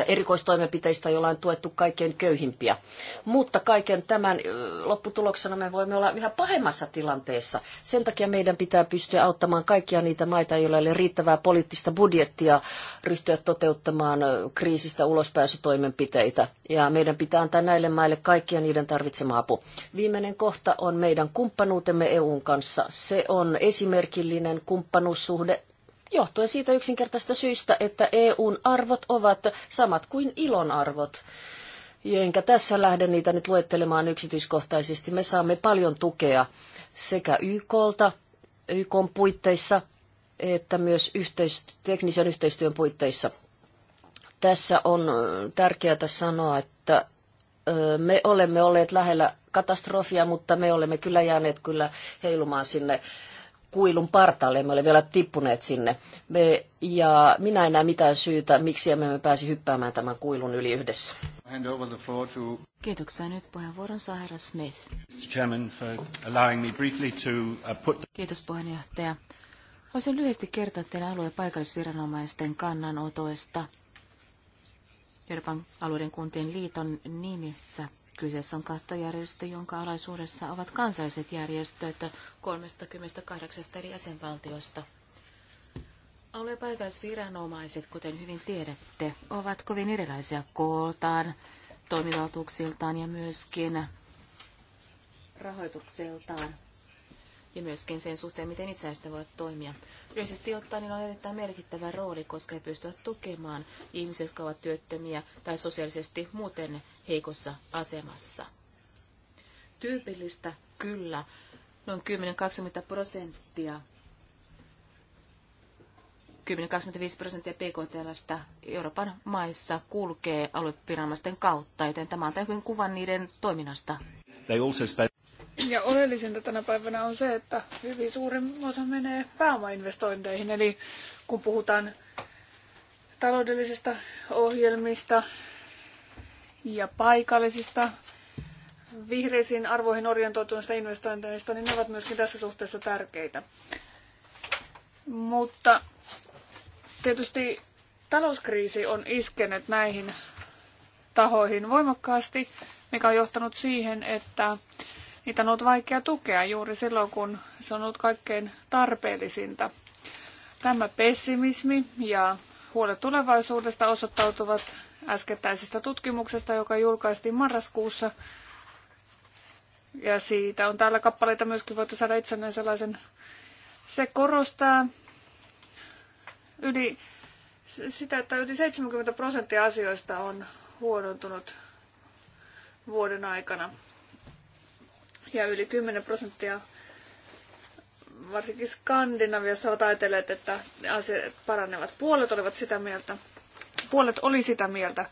erikoistoimenpiteistä, joilla on tuettu kaikkein köyhimpiä. Mutta kaiken tämän lopputuloksena me voimme olla yhä pahemmassa tilanteessa. Sen takia meidän pitää pystyä auttamaan kaikkia niitä maita, joilla ei ole riittävää poliittista budjettia ryhtyä toteuttamaan kriisistä ulospääsytoimenpiteitä. Ja meidän pitää antaa näille maille kaikkia niiden tarvitsema apu. Viimeinen kohta on meidän kumppanuutemme EUn kanssa. Se on esimerkillinen kumppanuussuhde johtuen siitä yksinkertaisesta syystä, että EUn arvot ovat samat kuin ilon arvot. Enkä tässä lähde niitä nyt luettelemaan yksityiskohtaisesti. Me saamme paljon tukea sekä YKlta, YKn puitteissa, että myös yhteistyö, teknisen yhteistyön puitteissa. Tässä on äh, tärkeää sanoa, että äh, me olemme olleet lähellä katastrofia, mutta me olemme kyllä jääneet kyllä heilumaan sinne kuilun partaalle, emme ole vielä tippuneet sinne. Me, ja minä en näe mitään syytä, miksi emme pääsi hyppäämään tämän kuilun yli yhdessä. Hand over the floor to... Kiitoksia nyt puheenvuoron saa herra Smith. Mr. allowing me briefly to uh, put... Kiitos puheenjohtaja. Voisin lyhyesti kertoa teille alue- ja paikallisviranomaisten kannanotoista Euroopan alueiden kuntien liiton nimissä – Kyseessä on kattojärjestö, jonka alaisuudessa ovat kansalliset järjestöt 38 eri jäsenvaltiosta. Alue- paikallisviranomaiset, kuten hyvin tiedätte, ovat kovin erilaisia kooltaan, toimivaltuuksiltaan ja myöskin rahoitukseltaan ja myöskin sen suhteen, miten itsenäiset voivat toimia. Yleisesti ottaen niillä on erittäin merkittävä rooli, koska he pystyvät tukemaan ihmisiä, jotka ovat työttömiä tai sosiaalisesti muuten heikossa asemassa. Tyypillistä kyllä, noin 10-20 prosenttia 10-25 prosenttia PKTLstä Euroopan maissa kulkee alueviranomaisten kautta, joten tämä antaa kuvan niiden toiminnasta. They also spend... Ja oleellisinta tänä päivänä on se, että hyvin suurin osa menee pääomainvestointeihin. Eli kun puhutaan taloudellisista ohjelmista ja paikallisista vihreisiin arvoihin orientoituneista investointeista, niin ne ovat myöskin tässä suhteessa tärkeitä. Mutta tietysti talouskriisi on iskenyt näihin tahoihin voimakkaasti, mikä on johtanut siihen, että Niitä on ollut vaikea tukea juuri silloin, kun se on ollut kaikkein tarpeellisinta. Tämä pessimismi ja huolet tulevaisuudesta osoittautuvat äskettäisestä tutkimuksesta, joka julkaistiin marraskuussa. Ja siitä on täällä kappaleita myöskin voitu saada itselleen sellaisen. Se korostaa yli, sitä, että yli 70 prosenttia asioista on huonontunut vuoden aikana ja yli 10 prosenttia varsinkin Skandinaviassa ovat ajatelleet, että asiat paranevat. Puolet olivat sitä mieltä, puolet oli sitä mieltä,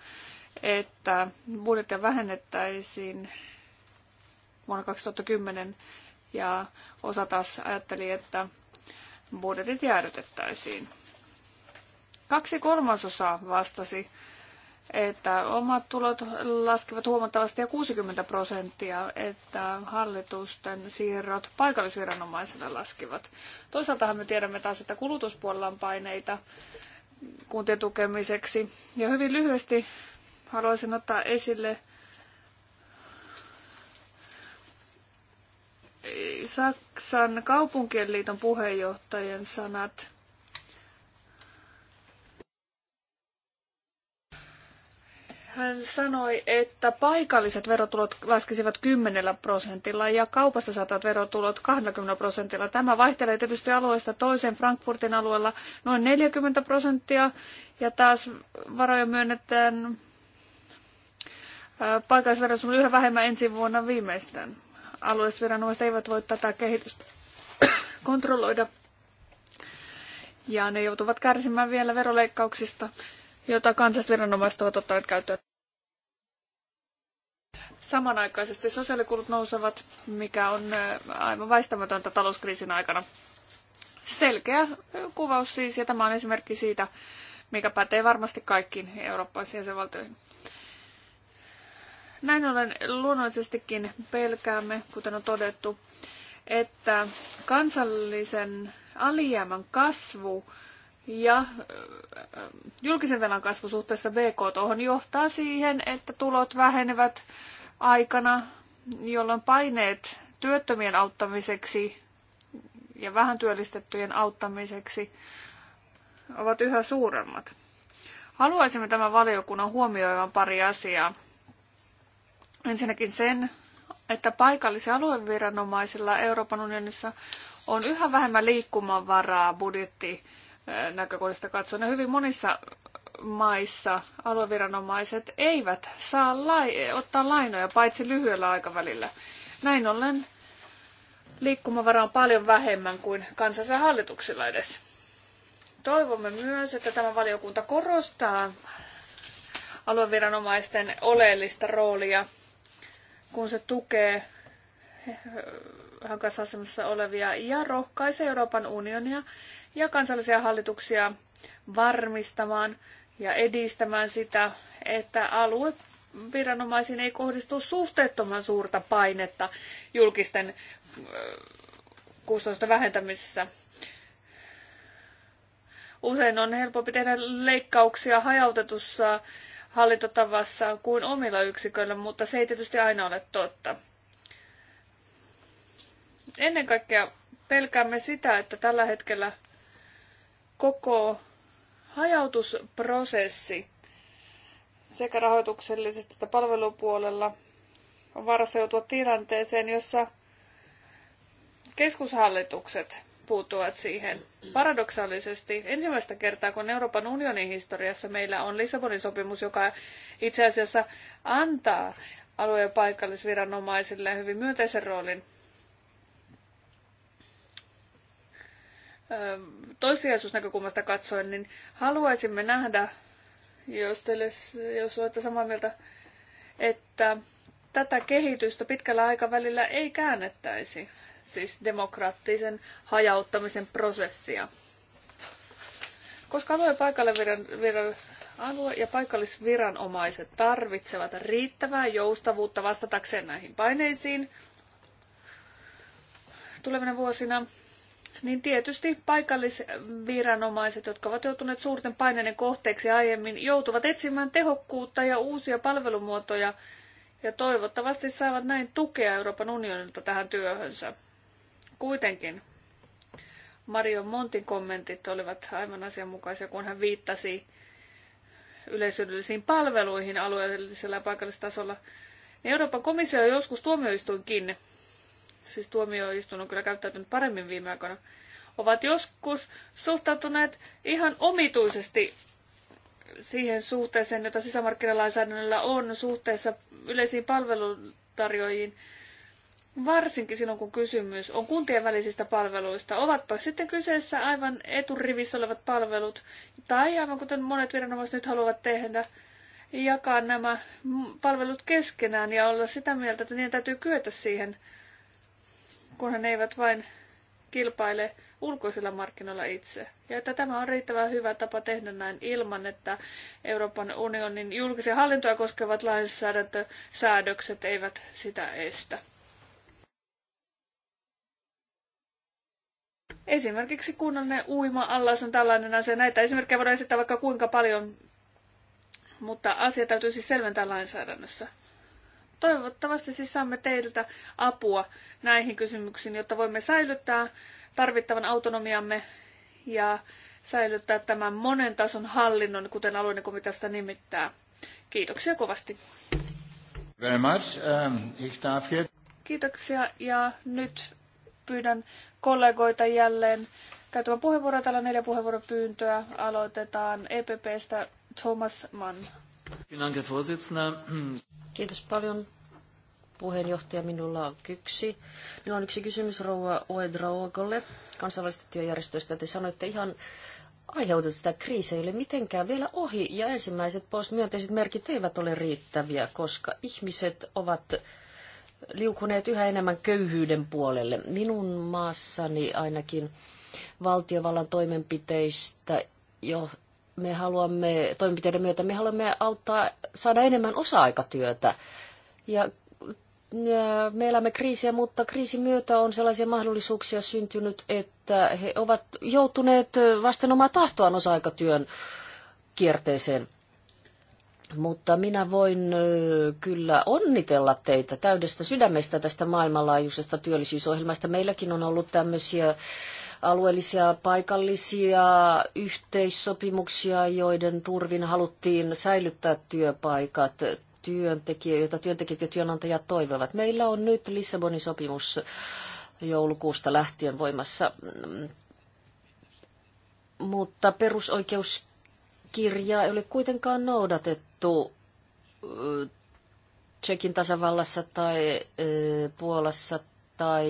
että budjettia vähennettäisiin vuonna 2010 ja osa taas ajatteli, että budjetit jäädytettäisiin. Kaksi kolmasosaa vastasi että omat tulot laskevat huomattavasti ja 60 prosenttia, että hallitusten siirrot paikallisviranomaisille laskivat. Toisaaltahan me tiedämme taas, että kulutuspuolella on paineita kuntien tukemiseksi. Ja hyvin lyhyesti haluaisin ottaa esille Saksan kaupunkien liiton puheenjohtajan sanat – Hän sanoi, että paikalliset verotulot laskisivat 10 prosentilla ja kaupassa saatavat verotulot 20 prosentilla. Tämä vaihtelee tietysti alueesta toiseen. Frankfurtin alueella noin 40 prosenttia ja taas varoja myönnetään paikallisverossa yhä vähemmän ensi vuonna viimeistään. Alueellisviranomaiset eivät voi tätä kehitystä kontrolloida ja ne joutuvat kärsimään vielä veroleikkauksista, joita viranomaiset ovat ottaneet käyttöön. Samanaikaisesti sosiaalikulut nousevat, mikä on aivan väistämätöntä talouskriisin aikana. Selkeä kuvaus siis, ja tämä on esimerkki siitä, mikä pätee varmasti kaikkiin eurooppalaisiin jäsenvaltioihin. Näin ollen luonnollisestikin pelkäämme, kuten on todettu, että kansallisen alijäämän kasvu ja julkisen velan kasvu suhteessa BKT johtaa siihen, että tulot vähenevät aikana, jolloin paineet työttömien auttamiseksi ja vähän työllistettyjen auttamiseksi ovat yhä suuremmat. Haluaisimme tämän valiokunnan huomioivan pari asiaa. Ensinnäkin sen, että paikallis- ja alueviranomaisilla Euroopan unionissa on yhä vähemmän liikkumavaraa budjetti näkökulmasta katsoen. Ja hyvin monissa maissa alueviranomaiset eivät saa lai- ottaa lainoja paitsi lyhyellä aikavälillä. Näin ollen liikkumavara on paljon vähemmän kuin kansansa hallituksilla edes. Toivomme myös, että tämä valiokunta korostaa alueviranomaisten oleellista roolia, kun se tukee hankasasemassa olevia ja rohkaisee Euroopan unionia ja kansallisia hallituksia varmistamaan ja edistämään sitä, että alue viranomaisiin ei kohdistu suhteettoman suurta painetta julkisten kustannusten vähentämisessä. Usein on helpompi tehdä leikkauksia hajautetussa hallintotavassa kuin omilla yksiköillä, mutta se ei tietysti aina ole totta. Ennen kaikkea pelkäämme sitä, että tällä hetkellä koko hajautusprosessi sekä rahoituksellisesti että palvelupuolella on vaarassa joutua tilanteeseen, jossa keskushallitukset puuttuvat siihen. Paradoksaalisesti ensimmäistä kertaa, kun Euroopan unionin historiassa meillä on Lissabonin sopimus, joka itse asiassa antaa alue- ja paikallisviranomaisille hyvin myönteisen roolin toissijaisuusnäkökulmasta katsoen, niin haluaisimme nähdä, jos, teille, jos olette samaa mieltä, että tätä kehitystä pitkällä aikavälillä ei käännettäisi, siis demokraattisen hajauttamisen prosessia. Koska alue, viran, viran, alue ja paikallisviranomaiset tarvitsevat riittävää joustavuutta vastatakseen näihin paineisiin tulevina vuosina, niin tietysti paikallisviranomaiset, jotka ovat joutuneet suurten paineiden kohteeksi aiemmin, joutuvat etsimään tehokkuutta ja uusia palvelumuotoja ja toivottavasti saavat näin tukea Euroopan unionilta tähän työhönsä. Kuitenkin Mario Montin kommentit olivat aivan asianmukaisia, kun hän viittasi yleishyödyllisiin palveluihin alueellisella ja paikallistasolla. Niin Euroopan komissio on joskus tuomioistuinkin siis tuomioistuin on kyllä käyttäytynyt paremmin viime aikoina, ovat joskus suhtautuneet ihan omituisesti siihen suhteeseen, jota sisämarkkinalainsäädännöllä on suhteessa yleisiin palveluntarjoajiin, varsinkin silloin kun kysymys on kuntien välisistä palveluista, ovatpa sitten kyseessä aivan eturivissä olevat palvelut, tai aivan kuten monet viranomaiset nyt haluavat tehdä, jakaa nämä palvelut keskenään ja olla sitä mieltä, että niiden täytyy kyetä siihen kunhan he eivät vain kilpaile ulkoisilla markkinoilla itse. Ja että tämä on riittävän hyvä tapa tehdä näin ilman, että Euroopan unionin julkisen hallintoa koskevat lainsäädäntösäädökset eivät sitä estä. Esimerkiksi kunnallinen uima-allas on tällainen asia. Näitä esimerkkejä voidaan esittää vaikka kuinka paljon, mutta asia täytyy siis selventää lainsäädännössä. Toivottavasti siis saamme teiltä apua näihin kysymyksiin, jotta voimme säilyttää tarvittavan autonomiamme ja säilyttää tämän monen tason hallinnon, kuten alueen komiteasta nimittää. Kiitoksia kovasti. Very much. Um, ich darf jetzt... Kiitoksia ja nyt pyydän kollegoita jälleen käytämään puheenvuoroa. Täällä neljä puheenvuoropyyntöä. Aloitetaan EPPstä Thomas Mann. Vielen Dank, Herr Vorsitzender. Kiitos paljon puheenjohtaja. Minulla on yksi, minulla on yksi kysymys rouva Oedraogolle kansainvälisestä työjärjestöstä. Te sanoitte ihan aiheutettu tämä kriisi ei ole mitenkään vielä ohi ja ensimmäiset pois myönteiset merkit eivät ole riittäviä, koska ihmiset ovat liukuneet yhä enemmän köyhyyden puolelle. Minun maassani ainakin valtiovallan toimenpiteistä jo me haluamme toimenpiteiden myötä, me haluamme auttaa saada enemmän osa-aikatyötä. Ja me elämme kriisiä, mutta kriisin myötä on sellaisia mahdollisuuksia syntynyt, että he ovat joutuneet vasten omaa tahtoaan osa-aikatyön kierteeseen. Mutta minä voin kyllä onnitella teitä täydestä sydämestä tästä maailmanlaajuisesta työllisyysohjelmasta. Meilläkin on ollut tämmöisiä alueellisia paikallisia yhteissopimuksia, joiden turvin haluttiin säilyttää työpaikat työntekijöitä, joita työntekijät ja työnantajat toivovat. Meillä on nyt Lissabonin sopimus joulukuusta lähtien voimassa, mutta perusoikeuskirjaa ei ole kuitenkaan noudatettu Tsekin tasavallassa tai Puolassa tai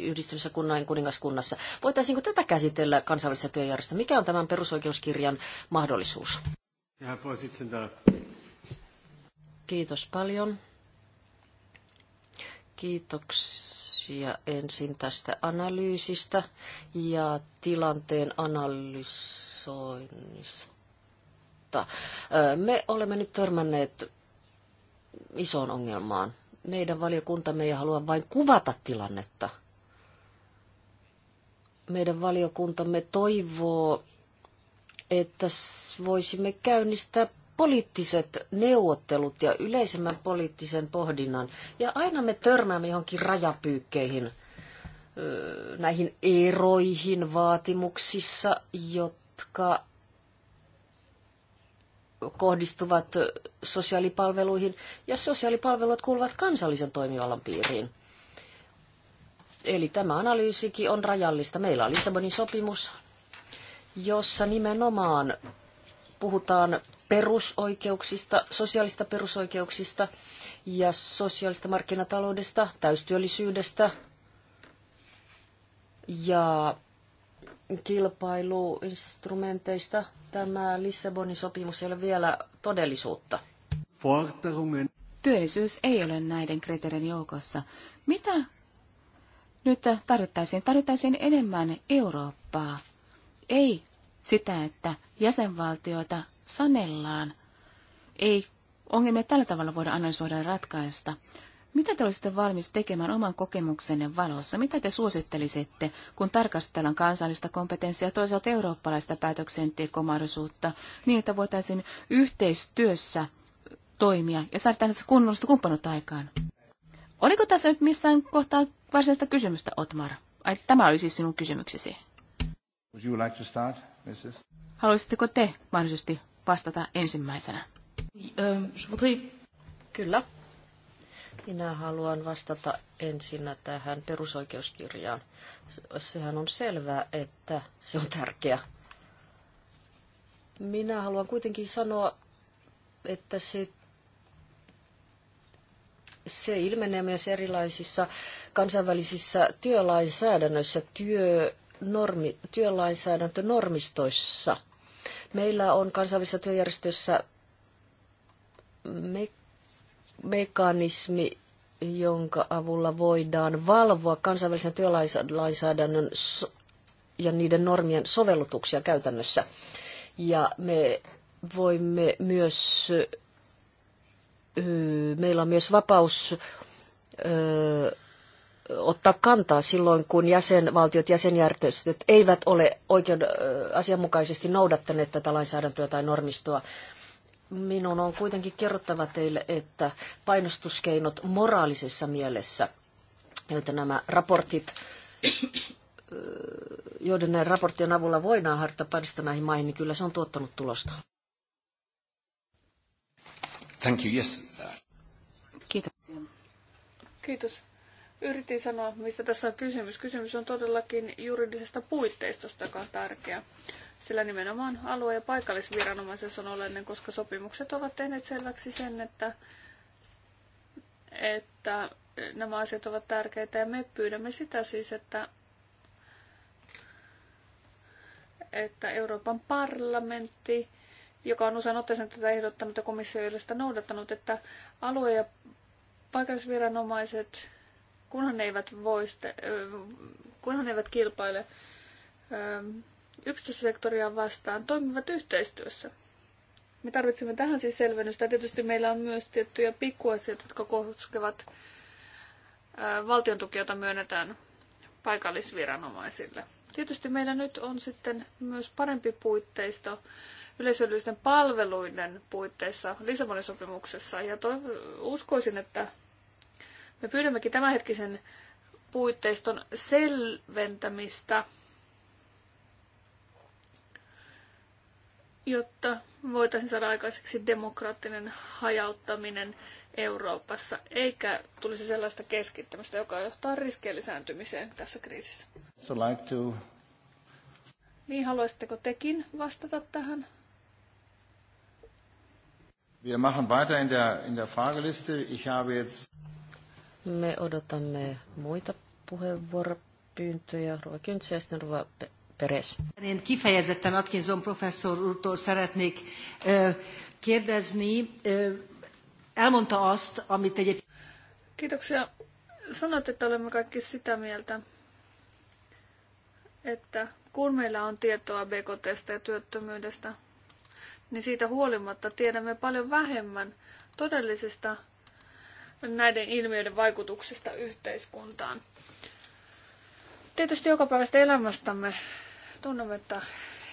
yhdistyneessä kunnan kuningaskunnassa. Voitaisiinko tätä käsitellä kansainvälisessä työjärjestössä? Mikä on tämän perusoikeuskirjan mahdollisuus? Kiitos paljon. Kiitoksia ensin tästä analyysistä ja tilanteen analysoinnista. Me olemme nyt törmänneet isoon ongelmaan meidän valiokuntamme ei halua vain kuvata tilannetta. Meidän valiokuntamme toivoo, että voisimme käynnistää poliittiset neuvottelut ja yleisemmän poliittisen pohdinnan. Ja aina me törmäämme johonkin rajapyykkeihin, näihin eroihin vaatimuksissa, jotka kohdistuvat sosiaalipalveluihin, ja sosiaalipalvelut kuuluvat kansallisen toimialan piiriin. Eli tämä analyysikin on rajallista. Meillä on Lissabonin sopimus, jossa nimenomaan puhutaan perusoikeuksista, sosiaalista perusoikeuksista ja sosiaalista markkinataloudesta, täystyöllisyydestä ja kilpailuinstrumenteista. Tämä Lissabonin sopimus ei ole vielä todellisuutta. Työllisyys ei ole näiden kriteerien joukossa. Mitä nyt tarvittaisiin? Tarvittaisiin enemmän Eurooppaa. Ei sitä, että jäsenvaltioita sanellaan. Ei ongelmia tällä tavalla voida analysoida ja ratkaista. Mitä te olisitte valmis tekemään oman kokemuksenne valossa? Mitä te suosittelisitte, kun tarkastellaan kansallista kompetenssia ja toisaalta eurooppalaista päätöksentekomahdollisuutta, niin että voitaisiin yhteistyössä toimia ja saada tänne kunnollista kumppanuutta aikaan? Oliko tässä nyt missään kohtaa varsinaista kysymystä, Otmar? Ai, tämä oli siis sinun kysymyksesi. Would you like to start, Mrs. Haluaisitteko te mahdollisesti vastata ensimmäisenä? Niin, Kyllä. Minä haluan vastata ensin tähän perusoikeuskirjaan. Sehän on selvää, että se on tärkeä. Minä haluan kuitenkin sanoa, että se, se ilmenee myös erilaisissa kansainvälisissä työlainsäädännöissä, työnormi, työlainsäädäntönormistoissa. Meillä on kansainvälisessä työjärjestössä me mekanismi, jonka avulla voidaan valvoa kansainvälisen työlainsäädännön ja niiden normien sovellutuksia käytännössä. Ja me voimme myös, meillä on myös vapaus ottaa kantaa silloin, kun jäsenvaltiot, jäsenjärjestöt eivät ole oikein asianmukaisesti noudattaneet tätä lainsäädäntöä tai normistoa minun on kuitenkin kerrottava teille, että painostuskeinot moraalisessa mielessä, joita nämä raportit joiden näiden raporttien avulla voidaan harjoittaa painosta näihin maihin, niin kyllä se on tuottanut tulosta. Thank you, yes. Kiitos. Kiitos. Yritin sanoa, mistä tässä on kysymys. Kysymys on todellakin juridisesta puitteistosta, joka on tärkeä sillä nimenomaan alue- ja paikallisviranomaisessa on olennainen, koska sopimukset ovat tehneet selväksi sen, että, että nämä asiat ovat tärkeitä ja me pyydämme sitä siis, että, että Euroopan parlamentti, joka on usein otteeseen tätä ehdottanut ja komissio ei sitä noudattanut, että alue- ja paikallisviranomaiset, kunhan ne eivät, voiste, kunhan ne eivät kilpaile, ähm, yksityissektoria vastaan toimivat yhteistyössä. Me tarvitsemme tähän siis selvennystä. Tietysti meillä on myös tiettyjä pikkuasioita, jotka koskevat valtion tuki, jota myönnetään paikallisviranomaisille. Tietysti meillä nyt on sitten myös parempi puitteisto yleisöllisten palveluiden puitteissa Lissabonin sopimuksessa. Ja toi, uskoisin, että me pyydämmekin tämänhetkisen puitteiston selventämistä – jotta voitaisiin saada aikaiseksi demokraattinen hajauttaminen Euroopassa, eikä tulisi sellaista keskittämistä, joka johtaa riskien lisääntymiseen tässä kriisissä. So like to... Niin, haluaisitteko tekin vastata tähän? Wir machen weiter in der, in der Frageliste. Ich habe jetzt... Me odotamme muita puheenvuoropyyntöjä. Ruva Kyntsi ja sitten Ruva Perez. Én kifejezetten Atkinson professzor úrtól szeretnék kérdezni. Elmondta azt, amit egyébként... Kiitoksia. Sanoit, että olemme kaikki sitä mieltä, että kun meillä on tietoa BKTstä ja työttömyydestä, niin siitä huolimatta tiedämme paljon vähemmän todellisista näiden ilmiöiden vaikutuksista yhteiskuntaan. Tietysti jokapäiväistä elämästämme tunnemme, että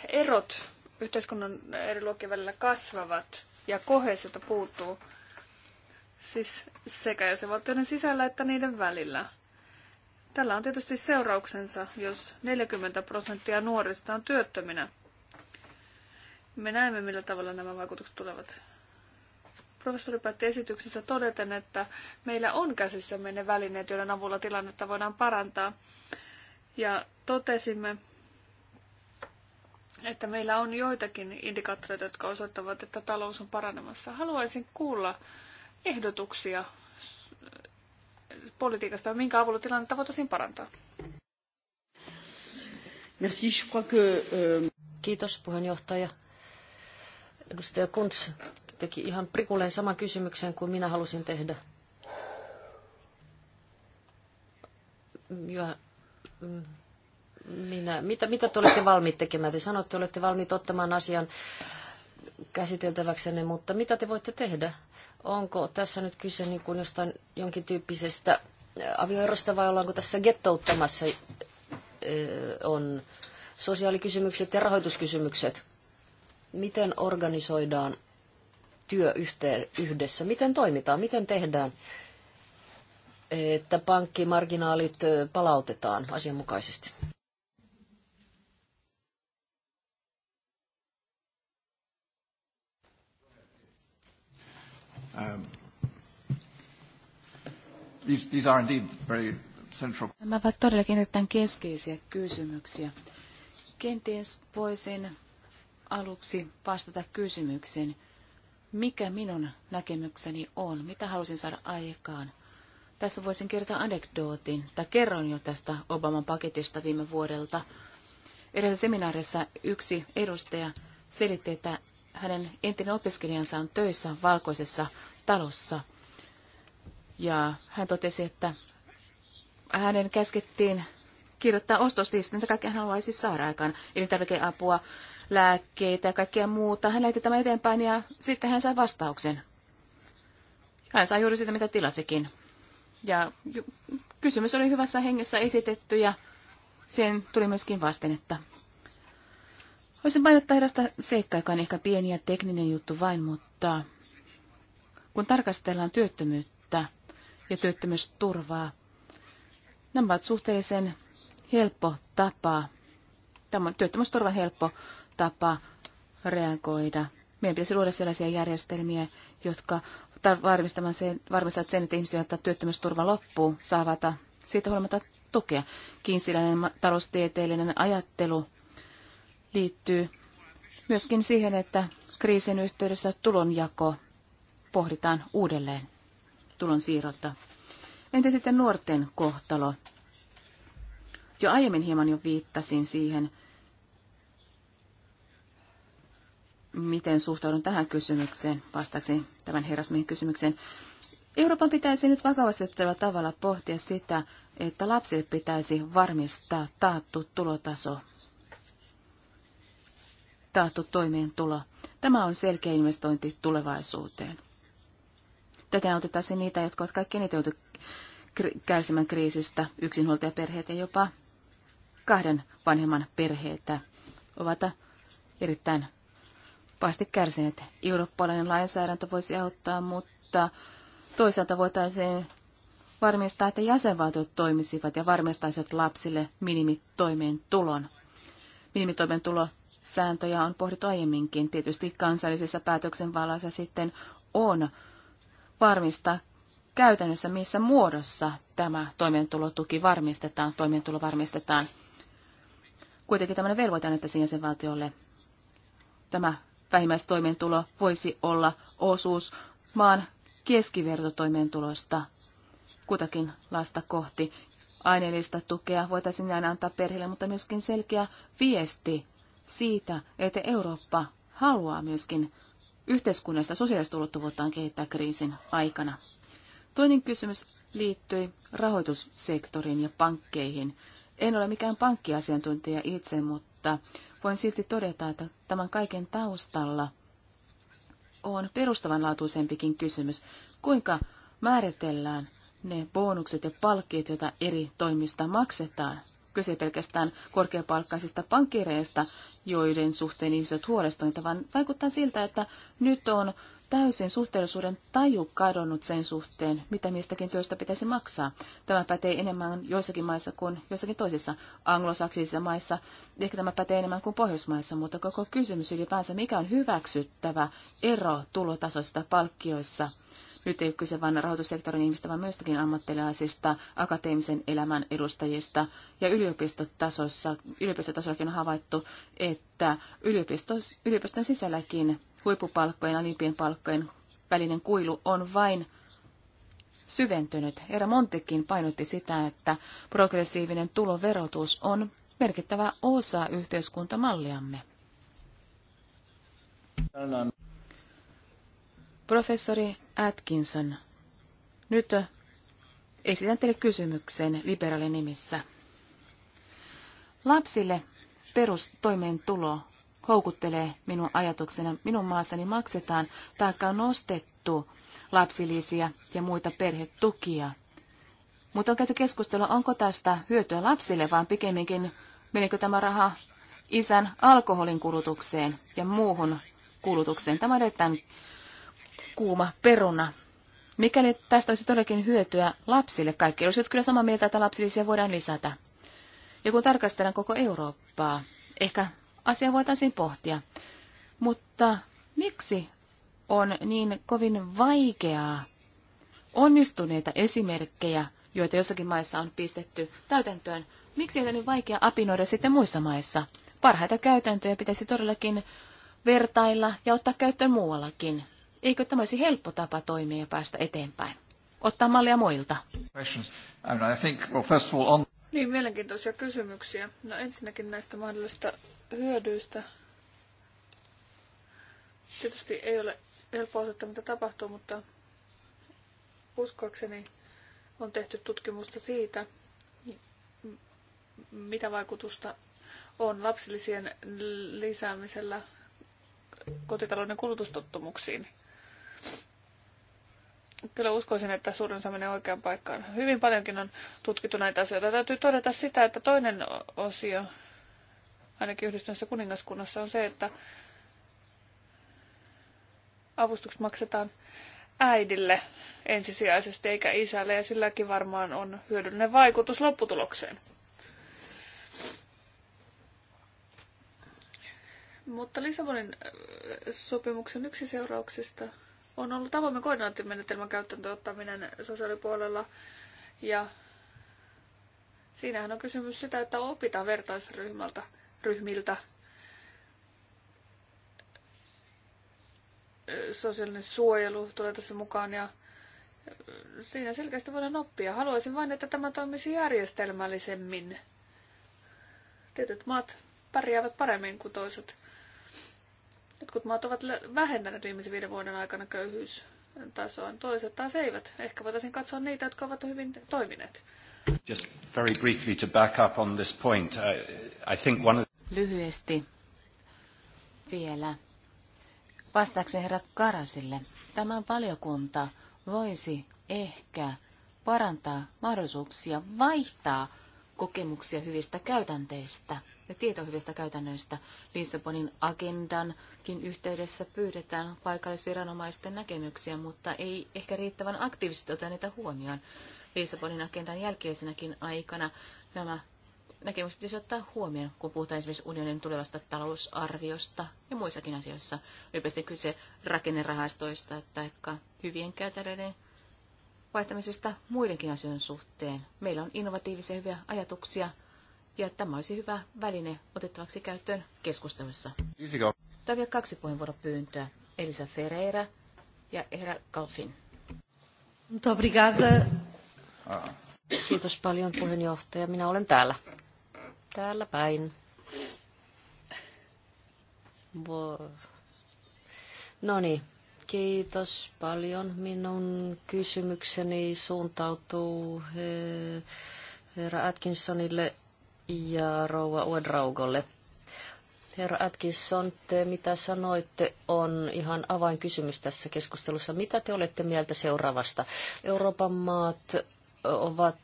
erot yhteiskunnan eri luokkien välillä kasvavat ja kohesiota puuttuu siis sekä jäsenvaltioiden sisällä että niiden välillä. Tällä on tietysti seurauksensa, jos 40 prosenttia nuorista on työttöminä. Me näemme, millä tavalla nämä vaikutukset tulevat. Professori päätti esityksessä todeten, että meillä on käsissämme ne välineet, joiden avulla tilannetta voidaan parantaa. Ja totesimme, että meillä on joitakin indikaattoreita, jotka osoittavat, että talous on paranemassa. Haluaisin kuulla ehdotuksia politiikasta, minkä avulla tilannetta voitaisiin parantaa. Merci, je crois que, euh, Kiitos puheenjohtaja. Edustaja Kuntz teki ihan prikulleen saman kysymyksen kuin minä halusin tehdä. Ja, mm, minä, mitä, mitä te olette valmiit tekemään? Te sanotte, että olette valmiit ottamaan asian käsiteltäväksenne, mutta mitä te voitte tehdä? Onko tässä nyt kyse niin kuin jostain jonkin tyyppisestä äh, avioerosta vai ollaanko tässä gettouttamassa äh, on sosiaalikysymykset ja rahoituskysymykset? Miten organisoidaan työ yhteen, yhdessä? Miten toimitaan? Miten tehdään, että pankkimarginaalit äh, palautetaan asianmukaisesti? Um, these, these are indeed very central. Nämä ovat todellakin erittäin keskeisiä kysymyksiä. Kenties voisin aluksi vastata kysymykseen, mikä minun näkemykseni on, mitä halusin saada aikaan. Tässä voisin kertoa anekdootin, tai kerron jo tästä Obaman paketista viime vuodelta. Erässä seminaarissa yksi edustaja selitti, että hänen entinen opiskelijansa on töissä valkoisessa talossa. Ja hän totesi, että hänen käskettiin kirjoittaa ostoslistin, mitä kaikkea hän haluaisi saada aikaan. Elintarvikeapua, lääkkeitä ja kaikkea muuta. Hän lähti tämän eteenpäin ja sitten hän sai vastauksen. Hän sai juuri sitä, mitä tilasikin. Ja kysymys oli hyvässä hengessä esitetty ja siihen tuli myöskin että Voisin painottaa erästä seikkaa, joka on ehkä pieni ja tekninen juttu vain, mutta kun tarkastellaan työttömyyttä ja työttömyysturvaa, nämä ovat suhteellisen helppo tapa, tämä on työttömyysturvan helppo tapa reagoida. Meidän pitäisi luoda sellaisia järjestelmiä, jotka varmistavat sen, varmistavat sen, että ihmiset, joilta työttömyysturva loppuu, saavat siitä huolimatta tukea. Kiinsiläinen taloustieteellinen ajattelu liittyy myöskin siihen, että kriisin yhteydessä tulonjako pohditaan uudelleen tulon siirrotta. Entä sitten nuorten kohtalo? Jo aiemmin hieman jo viittasin siihen, miten suhtaudun tähän kysymykseen, vastaakseni tämän herrasmiehen kysymykseen. Euroopan pitäisi nyt vakavasti ottavalla tavalla pohtia sitä, että lapsille pitäisi varmistaa taattu tulotaso, taattu toimeentulo. Tämä on selkeä investointi tulevaisuuteen. Täten autettaisiin niitä, jotka ovat kaikkein eniten joutuneet kärsimään kriisistä, yksinhuoltajaperheet ja jopa kahden vanhemman perheitä ovat erittäin pahasti kärsineet. Eurooppalainen lainsäädäntö voisi auttaa, mutta toisaalta voitaisiin varmistaa, että jäsenvaltiot toimisivat ja varmistaisivat lapsille minimitoimeentulon. Minimitoimeentulosääntöjä on pohdittu aiemminkin. Tietysti kansallisessa päätöksenvallassa sitten on varmistaa käytännössä, missä muodossa tämä toimeentulotuki varmistetaan, toimeentulo varmistetaan. Kuitenkin tämmöinen velvoite sen valtiolle Tämä vähimmäistoimeentulo voisi olla osuus maan keskivertotoimeentulosta kutakin lasta kohti. Aineellista tukea voitaisiin aina antaa perheelle, mutta myöskin selkeä viesti siitä, että Eurooppa haluaa myöskin yhteiskunnallista sosiaalista ulottuvuuttaan kehittää kriisin aikana. Toinen kysymys liittyi rahoitussektoriin ja pankkeihin. En ole mikään pankkiasiantuntija itse, mutta voin silti todeta, että tämän kaiken taustalla on perustavanlaatuisempikin kysymys. Kuinka määritellään ne bonukset ja palkkiot, joita eri toimista maksetaan? kyse pelkästään korkeapalkkaisista pankkireista, joiden suhteen ihmiset huolestuneita, vaan vaikuttaa siltä, että nyt on täysin suhteellisuuden taju kadonnut sen suhteen, mitä mistäkin työstä pitäisi maksaa. Tämä pätee enemmän joissakin maissa kuin joissakin toisissa anglosaksisissa maissa. Ehkä tämä pätee enemmän kuin Pohjoismaissa, mutta koko kysymys ylipäänsä, mikä on hyväksyttävä ero tulotasoista palkkioissa – nyt ei ole kyse vain rahoitussektorin ihmistä, vaan myöskin ammattilaisista, akateemisen elämän edustajista. Ja yliopistotasossa, yliopistotasollakin on havaittu, että yliopistos, yliopiston sisälläkin huippupalkkojen ja alimpien palkkojen välinen kuilu on vain syventynyt. Era Montekin painotti sitä, että progressiivinen tuloverotus on merkittävä osa yhteiskuntamalliamme. No, Professori Atkinson, nyt äh, esitän teille kysymyksen liberaalin nimissä. Lapsille perustoimeentulo houkuttelee minun ajatuksena. Minun maassani maksetaan taikka on nostettu lapsilisiä ja muita perhetukia. Mutta on käyty keskustelua, onko tästä hyötyä lapsille, vaan pikemminkin menikö tämä raha isän alkoholin kulutukseen ja muuhun kulutukseen. Tämä on erittäin kuuma peruna. Mikäli tästä olisi todellakin hyötyä lapsille, kaikki olisivat kyllä samaa mieltä, että lapsilisiä voidaan lisätä. Ja kun tarkastellaan koko Eurooppaa, ehkä asia voitaisiin pohtia. Mutta miksi on niin kovin vaikeaa onnistuneita esimerkkejä, joita jossakin maissa on pistetty täytäntöön, miksi ei ole niin vaikea apinoida sitten muissa maissa? Parhaita käytäntöjä pitäisi todellakin vertailla ja ottaa käyttöön muuallakin. Eikö tämä olisi helppo tapa toimia ja päästä eteenpäin? Ottaa mallia muilta. Niin, mielenkiintoisia kysymyksiä. No ensinnäkin näistä mahdollisista hyödyistä. Tietysti ei ole helppo osoittaa, mitä tapahtuu, mutta uskoakseni on tehty tutkimusta siitä, mitä vaikutusta on lapsilisien lisäämisellä kotitalouden kulutustottumuksiin. Kyllä uskoisin, että suurin osa menee oikeaan paikkaan. Hyvin paljonkin on tutkittu näitä asioita. Täytyy todeta sitä, että toinen osio, ainakin yhdistyneessä kuningaskunnassa, on se, että avustukset maksetaan äidille ensisijaisesti eikä isälle, ja silläkin varmaan on hyödyllinen vaikutus lopputulokseen. Mutta Lissabonin äh, sopimuksen yksi seurauksista on ollut avoimen koordinaattimenetelmän käyttöön ottaminen sosiaalipuolella. Ja siinähän on kysymys sitä, että opitaan vertaisryhmältä, ryhmiltä sosiaalinen suojelu tulee tässä mukaan ja siinä selkeästi voidaan oppia. Haluaisin vain, että tämä toimisi järjestelmällisemmin. Tietyt maat pärjäävät paremmin kuin toiset. Jotkut maat ovat vähentäneet viimeisen viiden vuoden aikana köyhyystasoa, toiset taas eivät. Ehkä voitaisiin katsoa niitä, jotka ovat hyvin toimineet. Just very briefly to back up on this point, I think one of... Lyhyesti vielä. Vastaakseni herra Karasille, tämä valiokunta voisi ehkä parantaa mahdollisuuksia vaihtaa kokemuksia hyvistä käytänteistä – ja tieto hyvistä käytännöistä. Lissabonin agendankin yhteydessä pyydetään paikallisviranomaisten näkemyksiä, mutta ei ehkä riittävän aktiivisesti oteta niitä huomioon. Lissabonin agendan jälkeisenäkin aikana nämä näkemykset pitäisi ottaa huomioon, kun puhutaan esimerkiksi unionin tulevasta talousarviosta ja muissakin asioissa. Ylipäätään kyse rakennerahastoista tai hyvien käytännöiden vaihtamisesta muidenkin asioiden suhteen. Meillä on innovatiivisia hyviä ajatuksia, ja tämä olisi hyvä väline otettavaksi käyttöön keskustelussa. Tämä on vielä kaksi puheenvuoropyyntöä. Elisa Ferreira ja Herra Kalfin. Ah. Kiitos paljon puheenjohtaja. Minä olen täällä. Täällä päin. No niin, kiitos paljon. Minun kysymykseni suuntautuu herra Atkinsonille ja rouva Uedraugolle. Herra Atkinson, te mitä sanoitte on ihan avainkysymys tässä keskustelussa. Mitä te olette mieltä seuraavasta? Euroopan maat ovat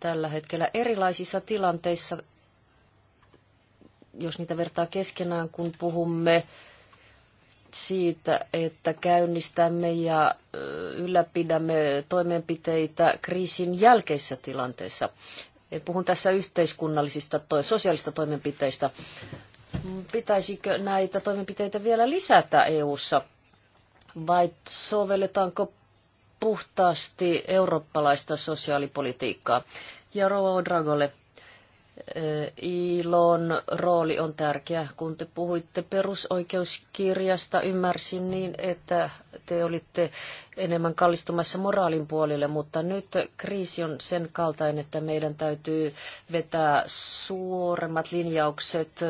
tällä hetkellä erilaisissa tilanteissa, jos niitä vertaa keskenään, kun puhumme siitä, että käynnistämme ja ylläpidämme toimenpiteitä kriisin jälkeisessä tilanteessa. Eh, puhun tässä yhteiskunnallisista tai sosiaalista toimenpiteistä. Pitäisikö näitä toimenpiteitä vielä lisätä EU:ssa vai sovelletaanko puhtaasti eurooppalaista sosiaalipolitiikkaa? Ja rouva Dragolle Ilon rooli on tärkeä. Kun te puhuitte perusoikeuskirjasta, ymmärsin niin, että te olitte enemmän kallistumassa moraalin puolelle, mutta nyt kriisi on sen kaltainen, että meidän täytyy vetää suoremmat linjaukset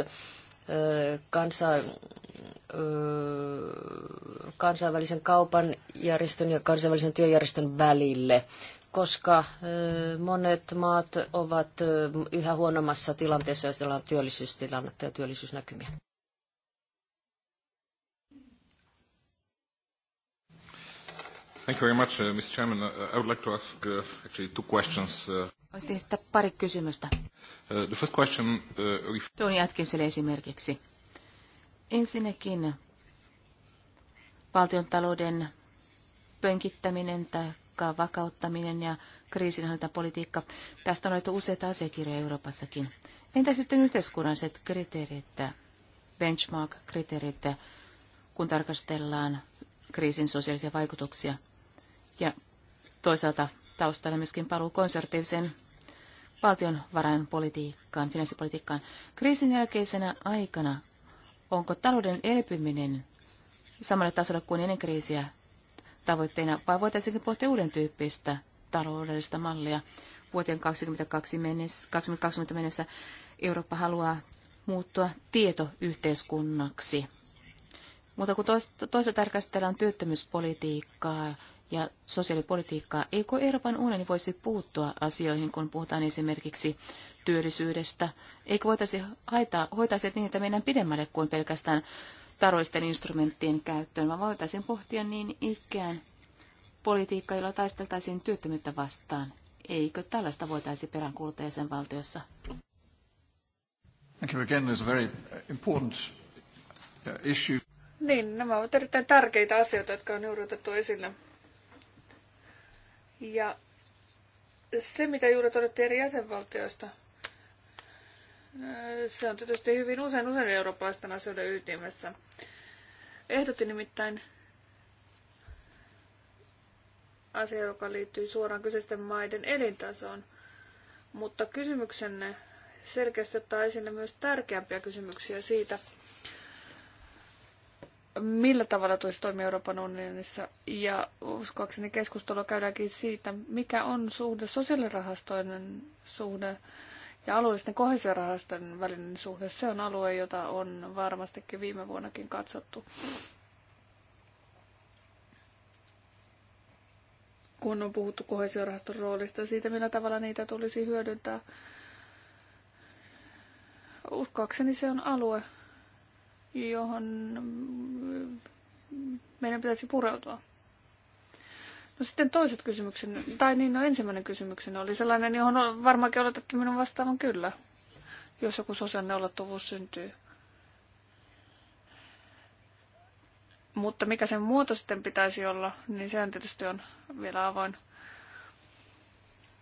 kansa, kansainvälisen kaupan järjestön ja kansainvälisen työjärjestön välille koska monet maat ovat yhä huonommassa tilanteessa, jos on työllisyystilannetta ja työllisyysnäkymiä. Thank you very much, uh, Mr. Chairman. Uh, I would like to ask uh, actually two questions. Voisin esittää pari kysymystä. The first question... If... Tony Atkinselle esimerkiksi. Ensinnäkin valtiontalouden pönkittäminen tai politiikkaa, vakauttaminen ja kriisinhallintapolitiikka. Tästä on laitettu useita asiakirjoja Euroopassakin. Entä sitten yhteiskunnalliset kriteerit, benchmark-kriteerit, kun tarkastellaan kriisin sosiaalisia vaikutuksia? Ja toisaalta taustalla myöskin paluu konservatiivisen politiikkaan, finanssipolitiikkaan. Kriisin jälkeisenä aikana onko talouden elpyminen samalle tasolle kuin ennen kriisiä tavoitteena, vai voitaisiinkin pohtia uuden tyyppistä taloudellista mallia. Vuoteen 2022 mennessä, 2020 mennessä Eurooppa haluaa muuttua tietoyhteiskunnaksi. Mutta kun toista, toista tarkastellaan työttömyyspolitiikkaa ja sosiaalipolitiikkaa, eikö Euroopan unioni voisi puuttua asioihin, kun puhutaan esimerkiksi työllisyydestä? Eikö voitaisi haita, hoitaa se niin, että meidän pidemmälle kuin pelkästään Taroisten instrumenttien käyttöön, vaan voitaisiin pohtia niin ikään politiikkaa, jolla taisteltaisiin työttömyyttä vastaan. Eikö tällaista voitaisiin peräänkuuluttaa jäsenvaltiossa? Thank you again. a very important uh, issue. Niin, nämä ovat erittäin tärkeitä asioita, jotka on juuri otettu esille. Ja se, mitä juuri todettiin eri jäsenvaltioista, se on tietysti hyvin usein usein eurooppalaisten asioiden ytimessä. Ehdotti nimittäin asia, joka liittyy suoraan kyseisten maiden elintasoon. Mutta kysymyksenne selkeästi ottaa esille myös tärkeämpiä kysymyksiä siitä, millä tavalla tulisi toimia Euroopan unionissa. Ja uskoakseni keskustelua käydäänkin siitä, mikä on suhde sosiaalirahastoinen suhde ja alueellisten kohesiorahastojen välinen suhde, se on alue, jota on varmastikin viime vuonnakin katsottu. Kun on puhuttu kohesiorahaston roolista ja siitä, millä tavalla niitä tulisi hyödyntää. Uskoakseni se on alue, johon meidän pitäisi pureutua. No sitten toiset kysymyksen, tai niin no ensimmäinen kysymyksen oli sellainen, johon varmaankin odotettu minun vastaavan kyllä, jos joku sosiaalinen olottuvuus syntyy. Mutta mikä sen muoto sitten pitäisi olla, niin sehän tietysti on vielä avoin.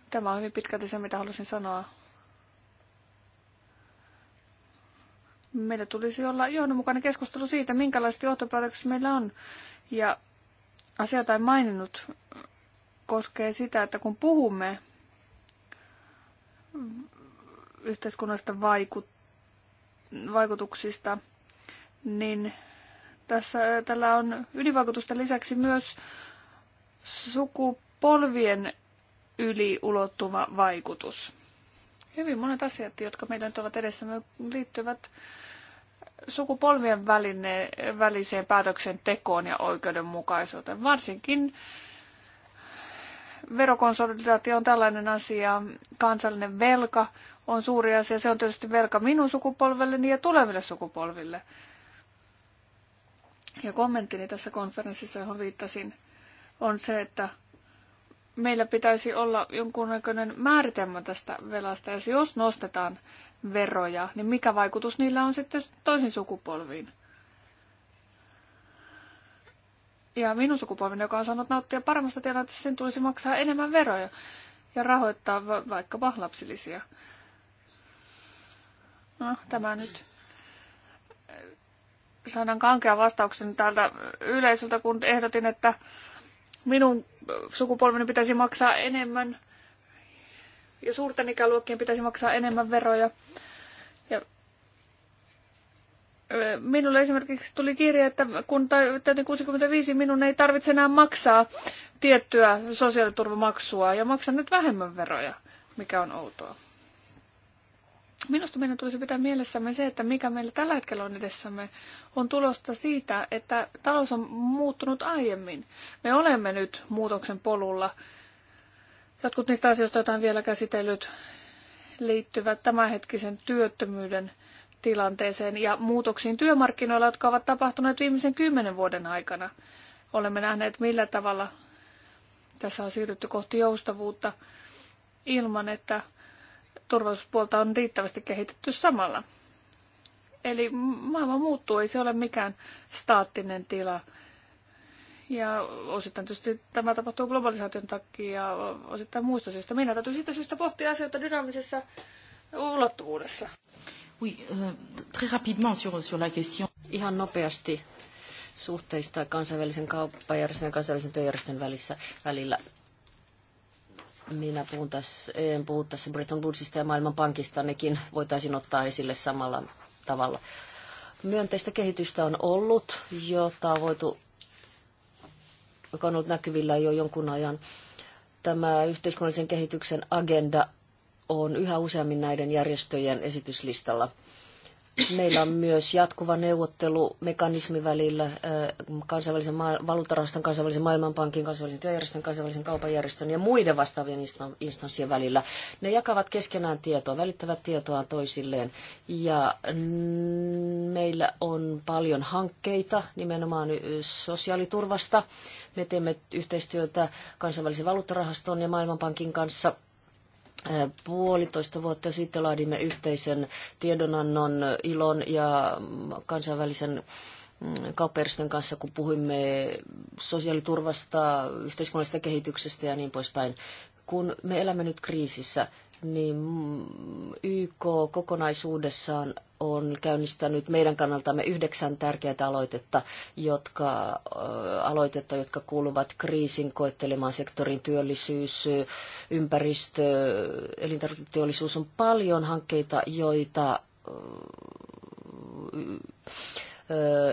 Tämä on hyvin pitkälti se, mitä halusin sanoa. Meillä tulisi olla johdonmukainen keskustelu siitä, minkälaiset johtopäätökset meillä on. Ja asia tai maininnut koskee sitä, että kun puhumme yhteiskunnallisista vaikutuksista, niin tässä, tällä on ydinvaikutusten lisäksi myös sukupolvien yli ulottuva vaikutus. Hyvin monet asiat, jotka meidän nyt ovat edessämme, liittyvät sukupolvien väline, väliseen päätöksentekoon ja oikeudenmukaisuuteen. Varsinkin verokonsolidaatio on tällainen asia, kansallinen velka on suuri asia. Se on tietysti velka minun sukupolvelleni niin ja tuleville sukupolville. Ja kommenttini tässä konferenssissa, johon viittasin, on se, että meillä pitäisi olla jonkunnäköinen määritelmä tästä velasta. Ja jos nostetaan veroja, niin mikä vaikutus niillä on sitten toisiin sukupolviin? Ja minun sukupolven, joka on saanut nauttia paremmasta tilanteesta, sen tulisi maksaa enemmän veroja ja rahoittaa va- vaikkapa lapsilisiä. No, tämä nyt saadaan kankean vastauksen täältä yleisöltä, kun ehdotin, että minun sukupolveni pitäisi maksaa enemmän ja suurten ikäluokkien pitäisi maksaa enemmän veroja. Minulle esimerkiksi tuli kirje, että kun täytin 65, minun ei tarvitse enää maksaa tiettyä sosiaaliturvamaksua ja maksan nyt vähemmän veroja, mikä on outoa. Minusta meidän tulisi pitää mielessämme se, että mikä meillä tällä hetkellä on edessämme, on tulosta siitä, että talous on muuttunut aiemmin. Me olemme nyt muutoksen polulla. Jotkut niistä asioista, joita on vielä käsitellyt, liittyvät tämänhetkisen työttömyyden tilanteeseen ja muutoksiin työmarkkinoilla, jotka ovat tapahtuneet viimeisen kymmenen vuoden aikana. Olemme nähneet, millä tavalla tässä on siirrytty kohti joustavuutta ilman, että turvallisuuspuolta on riittävästi kehitetty samalla. Eli maailma muuttuu, ei se ole mikään staattinen tila. Ja osittain tietysti tämä tapahtuu globalisaation takia ja osittain muista syistä. Minä täytyy siitä syystä pohtia asioita dynaamisessa ulottuvuudessa. Oui, euh, très rapidement sur, sur la question. Ihan nopeasti suhteista kansainvälisen kauppajärjestön ja kansainvälisen työjärjestön välissä, välillä. Minä puhun tässä, en puhu tässä Bretton Woodsista ja Maailmanpankista, nekin voitaisiin ottaa esille samalla tavalla. Myönteistä kehitystä on ollut, jota on voitu, joka on ollut näkyvillä jo jonkun ajan. Tämä yhteiskunnallisen kehityksen agenda on yhä useammin näiden järjestöjen esityslistalla. Meillä on myös jatkuva neuvottelumekanismi välillä kansainvälisen valuuttarahaston, kansainvälisen maailmanpankin, kansainvälisen työjärjestön, kansainvälisen kaupanjärjestön ja muiden vastaavien instanssien välillä. Ne jakavat keskenään tietoa, välittävät tietoa toisilleen ja meillä on paljon hankkeita nimenomaan sosiaaliturvasta. Me teemme yhteistyötä kansainvälisen valuuttarahaston ja maailmanpankin kanssa – Puolitoista vuotta sitten laadimme yhteisen tiedonannon ilon ja kansainvälisen mm, kauppajärjestön kanssa, kun puhuimme sosiaaliturvasta, yhteiskunnallisesta kehityksestä ja niin poispäin. Kun me elämme nyt kriisissä, niin YK kokonaisuudessaan on käynnistänyt meidän kannaltamme yhdeksän tärkeää aloitetta, jotka, aloitetta, jotka kuuluvat kriisin koettelemaan sektorin työllisyys, ympäristö, elintarviketeollisuus on paljon hankkeita, joita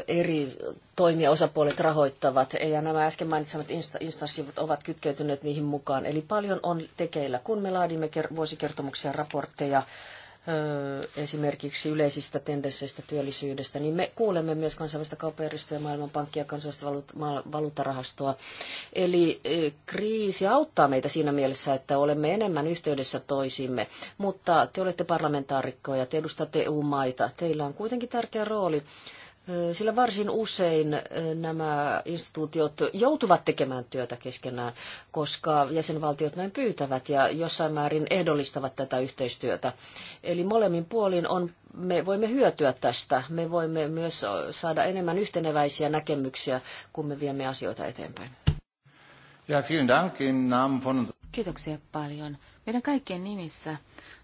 eri toimijaosapuolet rahoittavat, ja nämä äsken mainitsemat instanssivut ovat kytkeytyneet niihin mukaan. Eli paljon on tekeillä, kun me laadimme vuosikertomuksia, raportteja, esimerkiksi yleisistä tendensseistä työllisyydestä, niin me kuulemme myös kansainvälistä kaupajärjestöä, maailmanpankkia, kansainvälistä valuuttarahastoa. Eli kriisi auttaa meitä siinä mielessä, että olemme enemmän yhteydessä toisiimme, mutta te olette parlamentaarikkoja, te edustatte EU-maita, teillä on kuitenkin tärkeä rooli sillä varsin usein nämä instituutiot joutuvat tekemään työtä keskenään, koska jäsenvaltiot näin pyytävät ja jossain määrin ehdollistavat tätä yhteistyötä. Eli molemmin puolin on, me voimme hyötyä tästä. Me voimme myös saada enemmän yhteneväisiä näkemyksiä, kun me viemme asioita eteenpäin. Ja, vielen dank in Namen von uns. Kiitoksia paljon. Meidän kaikkien nimissä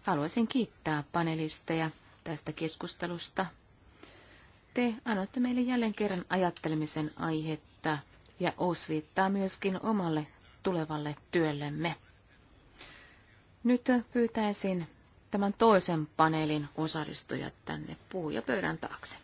haluaisin kiittää panelisteja tästä keskustelusta te annoitte meille jälleen kerran ajattelemisen aihetta ja osviittaa myöskin omalle tulevalle työllemme. Nyt pyytäisin tämän toisen paneelin osallistujat tänne puhujapöydän taakse.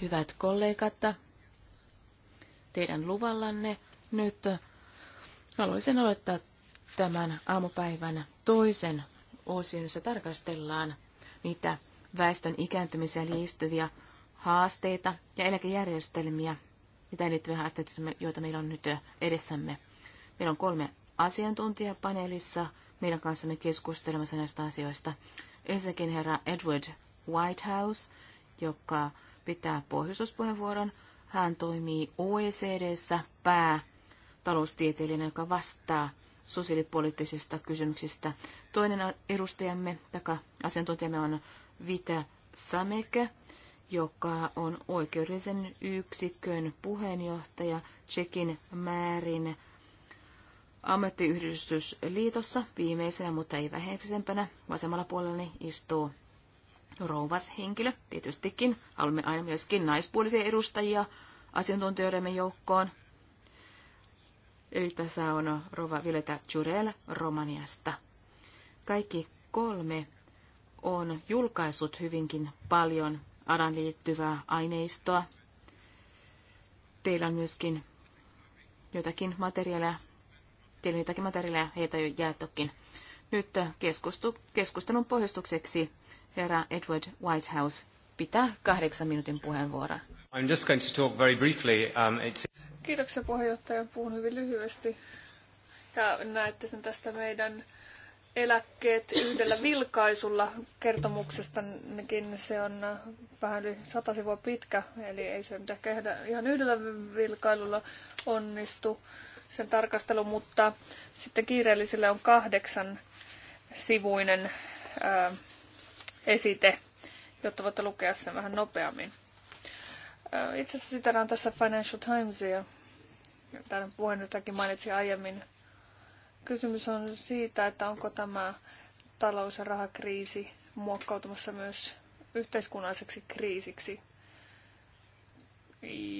Hyvät kollegat, teidän luvallanne nyt haluaisin aloittaa tämän aamupäivän toisen osion, jossa tarkastellaan niitä väestön ikääntymiseen liittyviä haasteita ja eläkejärjestelmiä, mitä liittyviä haasteita, joita meillä on nyt edessämme. Meillä on kolme asiantuntijaa paneelissa meidän kanssamme keskustelemassa näistä asioista. Ensinnäkin herra Edward Whitehouse, joka pitää pohjoisuuspuheenvuoron. Hän toimii OECDssä pää taloustieteilijänä, joka vastaa sosiaalipoliittisista kysymyksistä. Toinen edustajamme, taka asiantuntijamme on Vita Sameke, joka on oikeudellisen yksikön puheenjohtaja Tsekin määrin ammattiyhdistysliitossa viimeisenä, mutta ei vähempisempänä. Vasemmalla puolellani istuu rouvas henkilö, tietystikin. Haluamme aina myöskin naispuolisia edustajia asiantuntijoidemme joukkoon. Eli tässä on rouva Violeta Jurel Romaniasta. Kaikki kolme on julkaissut hyvinkin paljon alan liittyvää aineistoa. Teillä on myöskin jotakin materiaalia, teillä on jotakin materiaalia heitä jo jaettukin. Nyt keskustelun pohjustukseksi herra Edward Whitehouse pitää kahdeksan minuutin puheenvuoron. I'm just going to talk very briefly. Um, it's... Kiitoksia puheenjohtaja. Puhun hyvin lyhyesti. Ja näette sen tästä meidän eläkkeet yhdellä vilkaisulla kertomuksesta. Se on vähän yli sata sivua pitkä, eli ei se nyt ehkä ihan yhdellä vilkailulla onnistu sen tarkastelu, mutta sitten kiireellisille on kahdeksan sivuinen esite, jotta voitte lukea sen vähän nopeammin. Itse asiassa on tässä Financial Timesia. Tämän puheenjohtajakin mainitsi aiemmin. Kysymys on siitä, että onko tämä talous- ja rahakriisi muokkautumassa myös yhteiskunnalliseksi kriisiksi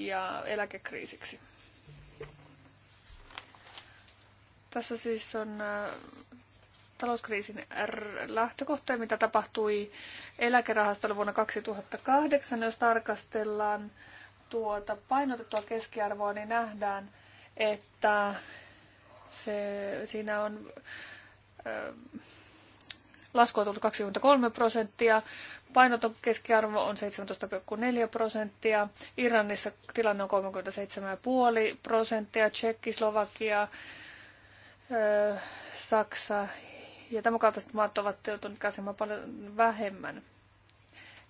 ja eläkekriisiksi. Tässä siis on talouskriisin lähtökohtia, mitä tapahtui eläkerahastolla vuonna 2008. Jos tarkastellaan tuota painotettua keskiarvoa, niin nähdään, että se, siinä on ö, laskua tullut 23 prosenttia, painoton keskiarvo on 17,4 prosenttia, Irlannissa tilanne on 37,5 prosenttia, Tsekki, Slovakia, Saksa ja tämän kaltaiset maat ovat joutuneet kärsimään paljon vähemmän.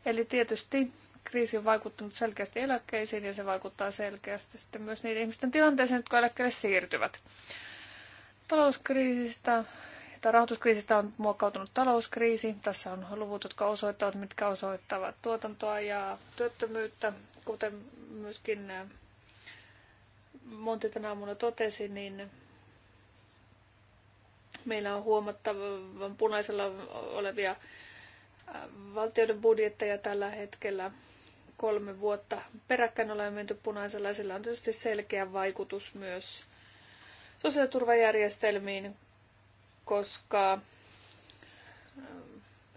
Eli tietysti kriisi on vaikuttanut selkeästi eläkkeisiin ja se vaikuttaa selkeästi sitten myös niiden ihmisten tilanteeseen, jotka eläkkeelle siirtyvät. Talouskriisistä tai rahoituskriisistä on muokkautunut talouskriisi. Tässä on luvut, jotka osoittavat, mitkä osoittavat tuotantoa ja työttömyyttä. Kuten myöskin Monti tänä aamuna totesi, niin Meillä on huomattavan punaisella olevia äh, valtioiden budjetteja tällä hetkellä kolme vuotta peräkkäin olemme menty punaisella. Sillä on tietysti selkeä vaikutus myös sosiaaliturvajärjestelmiin, koska äh,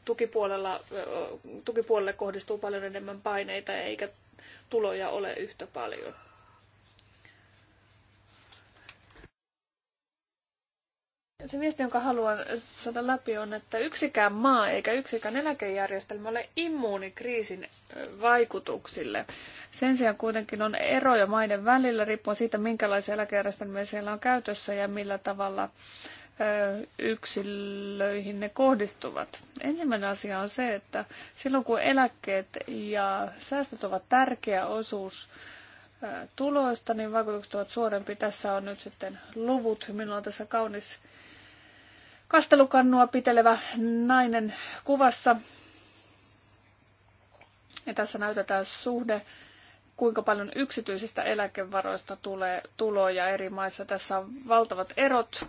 tukipuolella, äh, tukipuolelle kohdistuu paljon enemmän paineita eikä tuloja ole yhtä paljon. Se viesti, jonka haluan saada läpi, on, että yksikään maa eikä yksikään eläkejärjestelmä ole immuuni kriisin vaikutuksille. Sen sijaan kuitenkin on eroja maiden välillä riippuen siitä, minkälaisia eläkejärjestelmiä siellä on käytössä ja millä tavalla yksilöihin ne kohdistuvat. Ensimmäinen asia on se, että silloin kun eläkkeet ja säästöt ovat tärkeä osuus tuloista, niin vaikutukset ovat suurempi. Tässä on nyt sitten luvut. Minulla on tässä kaunis kastelukannua pitelevä nainen kuvassa. Ja tässä näytetään suhde, kuinka paljon yksityisistä eläkevaroista tulee tuloja eri maissa. Tässä on valtavat erot.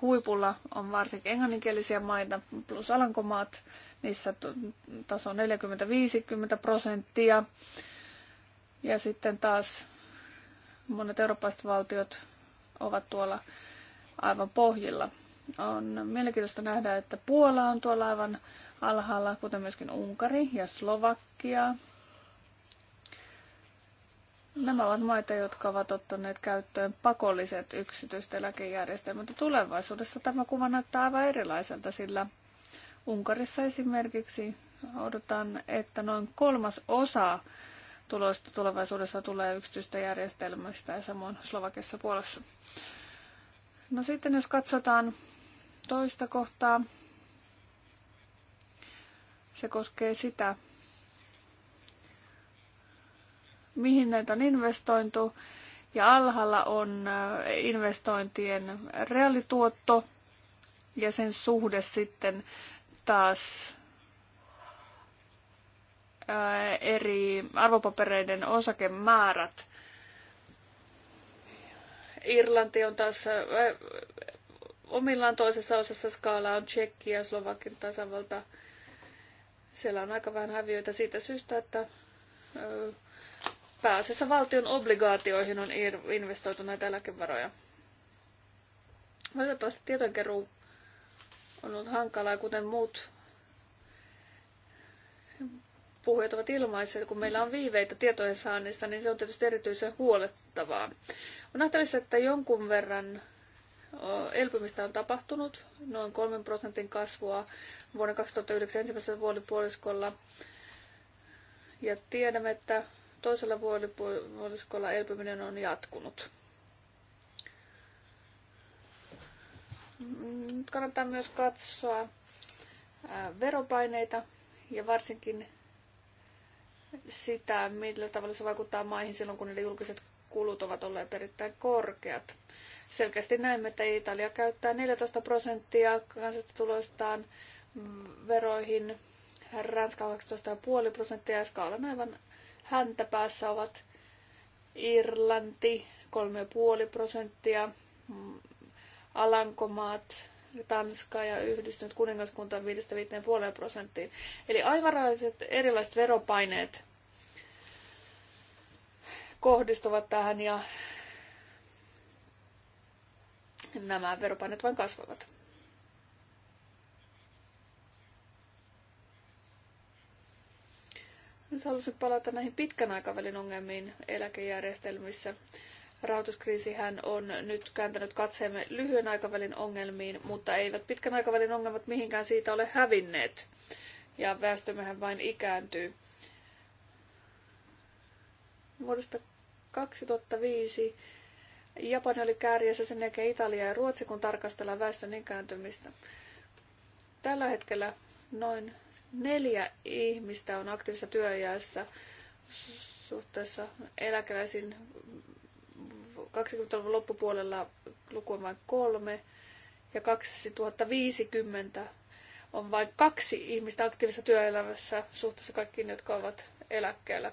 Huipulla on varsinkin englanninkielisiä maita plus alankomaat. Niissä taso on 40-50 prosenttia. Ja sitten taas monet eurooppalaiset valtiot ovat tuolla aivan pohjilla. On mielenkiintoista nähdä, että Puola on tuolla aivan alhaalla, kuten myöskin Unkari ja Slovakia. Nämä ovat maita, jotka ovat ottaneet käyttöön pakolliset yksityiset eläkejärjestelmät. Tulevaisuudessa tämä kuva näyttää aivan erilaiselta, sillä Unkarissa esimerkiksi odotan, että noin kolmas osa tuloista tulevaisuudessa tulee yksityistä järjestelmästä ja samoin Slovakiassa puolessa. No sitten jos katsotaan toista kohtaa. Se koskee sitä, mihin näitä on investointu. Ja alhaalla on äh, investointien reaalituotto ja sen suhde sitten taas äh, eri arvopapereiden osakemäärät. Irlanti on taas äh, omillaan toisessa osassa skaalaa on Tsekki ja Slovakin tasavalta. Siellä on aika vähän häviöitä siitä syystä, että pääasiassa valtion obligaatioihin on investoitu näitä eläkevaroja. Valitettavasti tietojenkeruu on ollut hankalaa, kuten muut puhujat ovat ilmaisseet, kun meillä on viiveitä tietojen saannissa, niin se on tietysti erityisen huolettavaa. On nähtävissä, että jonkun verran elpymistä on tapahtunut, noin 3 prosentin kasvua vuonna 2009 ensimmäisellä vuolipuoliskolla. Ja tiedämme, että toisella vuolipuoliskolla elpyminen on jatkunut. Nyt kannattaa myös katsoa veropaineita ja varsinkin sitä, millä tavalla se vaikuttaa maihin silloin, kun ne julkiset kulut ovat olleet erittäin korkeat selkeästi näemme, että Italia käyttää 14 prosenttia kansantuloistaan mm, veroihin, Ranska 12,5 prosenttia ja skaalan aivan häntä päässä ovat Irlanti 3,5 prosenttia, mm, Alankomaat, Tanska ja yhdistynyt kuningaskunta 5-5,5 prosenttiin. Eli aivan erilaiset veropaineet kohdistuvat tähän ja nämä veropainet vain kasvavat. Nyt halusin palata näihin pitkän aikavälin ongelmiin eläkejärjestelmissä. Rahoituskriisihän on nyt kääntänyt katseemme lyhyen aikavälin ongelmiin, mutta eivät pitkän aikavälin ongelmat mihinkään siitä ole hävinneet. Ja väestömmehän vain ikääntyy. Vuodesta 2005 Japani oli kärjessä, sen jälkeen Italia ja Ruotsi, kun tarkastellaan väestön ikääntymistä. Tällä hetkellä noin neljä ihmistä on aktiivisessa työiässä suhteessa eläkeläisiin 20-luvun loppupuolella luku on vain kolme ja 2050 on vain kaksi ihmistä aktiivisessa työelämässä suhteessa kaikkiin, jotka ovat eläkkeellä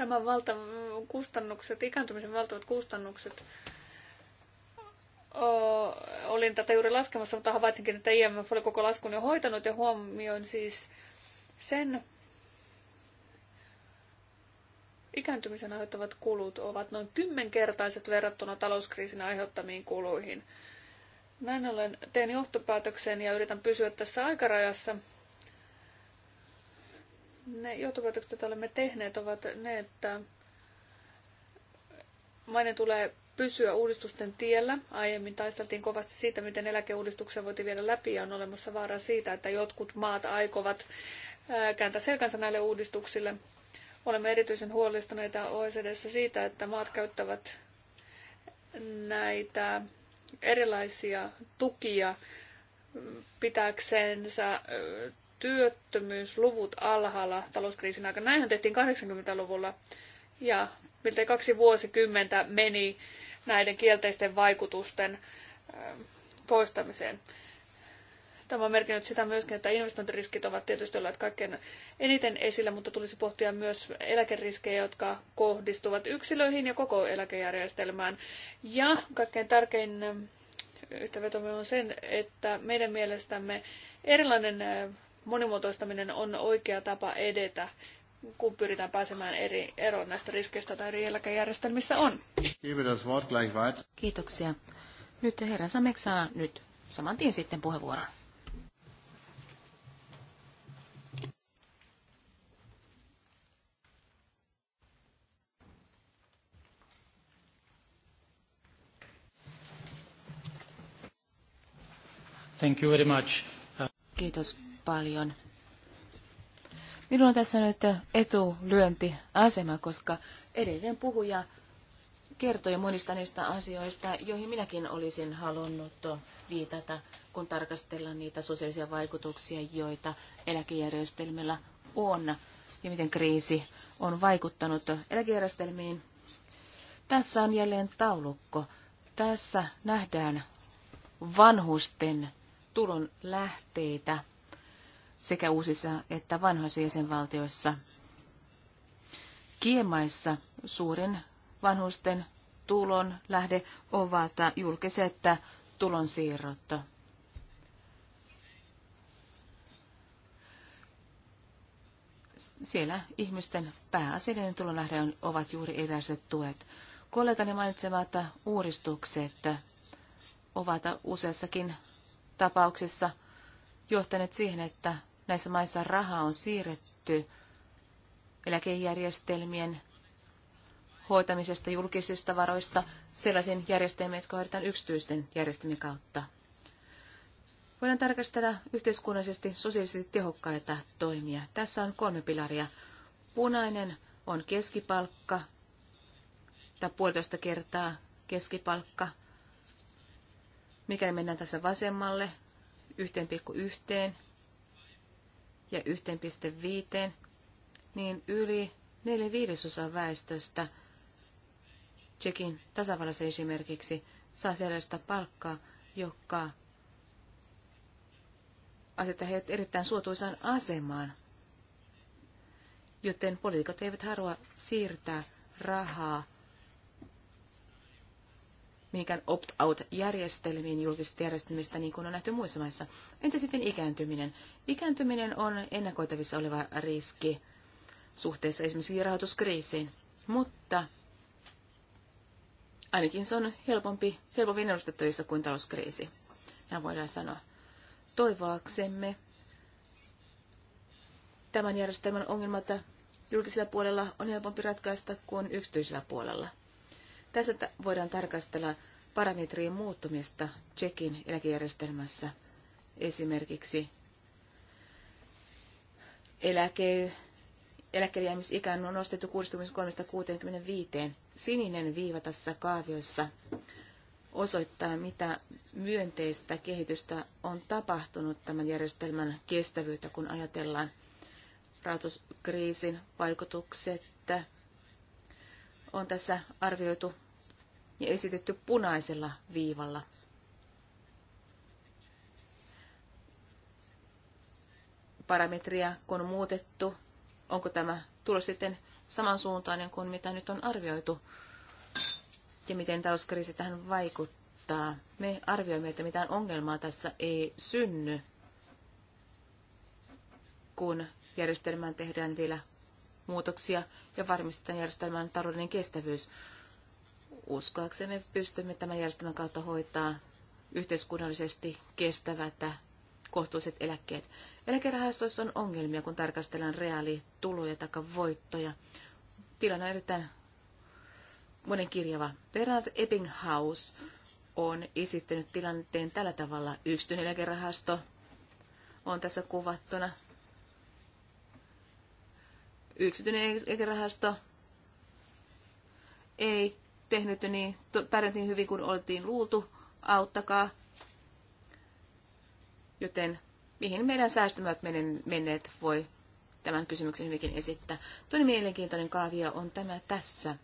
tämän valtavan kustannukset, ikääntymisen valtavat kustannukset. O, olin tätä juuri laskemassa, mutta havaitsinkin, että IMF oli koko laskun jo hoitanut ja huomioin siis sen, ikääntymisen aiheuttavat kulut ovat noin kymmenkertaiset verrattuna talouskriisin aiheuttamiin kuluihin. Näin ollen teen johtopäätöksen ja yritän pysyä tässä aikarajassa, ne johtopäätökset, joita olemme tehneet, ovat ne, että maiden tulee pysyä uudistusten tiellä. Aiemmin taisteltiin kovasti siitä, miten eläkeuudistuksia voitiin viedä läpi ja on olemassa vaara siitä, että jotkut maat aikovat kääntää selkänsä näille uudistuksille. Olemme erityisen huolestuneita OECDssä siitä, että maat käyttävät näitä erilaisia tukia pitääksensä työttömyysluvut alhaalla talouskriisin aikana. Näinhän tehtiin 80-luvulla ja miltei kaksi vuosikymmentä meni näiden kielteisten vaikutusten ähm, poistamiseen. Tämä on merkinnyt sitä myöskin, että investointiriskit ovat tietysti olleet kaikkein eniten esillä, mutta tulisi pohtia myös eläkeriskejä, jotka kohdistuvat yksilöihin ja koko eläkejärjestelmään. Ja kaikkein tärkein ähm, yhteenvetomme on sen, että meidän mielestämme erilainen äh, monimuotoistaminen on oikea tapa edetä, kun pyritään pääsemään eri eroon näistä riskeistä, tai eri eläkejärjestelmissä on. Kiitoksia. Nyt herra Samek saa nyt saman tien sitten puheenvuoron. Thank you very much. Kiitos paljon. Minulla on tässä nyt etulyöntiasema, koska edellinen puhuja kertoi monista niistä asioista, joihin minäkin olisin halunnut viitata, kun tarkastellaan niitä sosiaalisia vaikutuksia, joita eläkejärjestelmällä on ja miten kriisi on vaikuttanut eläkejärjestelmiin. Tässä on jälleen taulukko. Tässä nähdään vanhusten tulon lähteitä sekä uusissa että vanhoissa jäsenvaltioissa. Kiemaissa suurin vanhusten tulon lähde ovat julkiset tulonsiirrot. Siellä ihmisten pääasiallinen tulonlähde on, ovat juuri eräiset tuet. Kollegani mainitsemat uudistukset ovat useassakin tapauksessa johtaneet siihen, että näissä maissa rahaa on siirretty eläkejärjestelmien hoitamisesta julkisista varoista sellaisiin järjestelmiin, jotka hoidetaan yksityisten järjestelmien kautta. Voidaan tarkastella yhteiskunnallisesti sosiaalisesti tehokkaita toimia. Tässä on kolme pilaria. Punainen on keskipalkka tai puolitoista kertaa keskipalkka. Mikäli mennään tässä vasemmalle, 1,1 ja 1,5, niin yli neljä viidesosa väestöstä Tsekin tasavallassa esimerkiksi saa sellaista palkkaa, joka asettaa heidät erittäin suotuisaan asemaan. Joten poliitikot eivät halua siirtää rahaa mihinkään opt-out-järjestelmiin julkisista järjestelmistä, niin kuin on nähty muissa maissa. Entä sitten ikääntyminen? Ikääntyminen on ennakoitavissa oleva riski suhteessa esimerkiksi rahoituskriisiin, mutta ainakin se on helpompi, helpompi ennustettavissa kuin talouskriisi. Ja voidaan sanoa. Toivoaksemme tämän järjestelmän ongelmat julkisella puolella on helpompi ratkaista kuin yksityisellä puolella. Tässä voidaan tarkastella parametrien muuttumista Tsekin eläkejärjestelmässä. Esimerkiksi eläke, eläkejäämisikä on nostettu 63-65. Sininen viiva tässä kaaviossa osoittaa, mitä myönteistä kehitystä on tapahtunut tämän järjestelmän kestävyyttä, kun ajatellaan rahoituskriisin vaikutukset on tässä arvioitu ja esitetty punaisella viivalla. Parametria, kun on muutettu, onko tämä tulos sitten samansuuntainen kuin mitä nyt on arvioitu ja miten talouskriisi tähän vaikuttaa. Me arvioimme, että mitään ongelmaa tässä ei synny, kun järjestelmään tehdään vielä muutoksia ja varmistetaan järjestelmän taloudellinen kestävyys. Uskoakseni pystymme tämän järjestelmän kautta hoitaa yhteiskunnallisesti kestävät kohtuulliset eläkkeet. Eläkerahastoissa on ongelmia, kun tarkastellaan reaalituloja tai voittoja. Tilanne on erittäin monen kirjava. Bernard Ebbinghaus on esittänyt tilanteen tällä tavalla. Yksityinen eläkerahasto on tässä kuvattuna yksityinen eläkerahasto ei tehnyt niin, pärjättiin hyvin kuin oltiin luultu, auttakaa. Joten mihin meidän säästämät menneet voi tämän kysymyksen hyvinkin esittää. Toinen mielenkiintoinen kaavio on tämä tässä.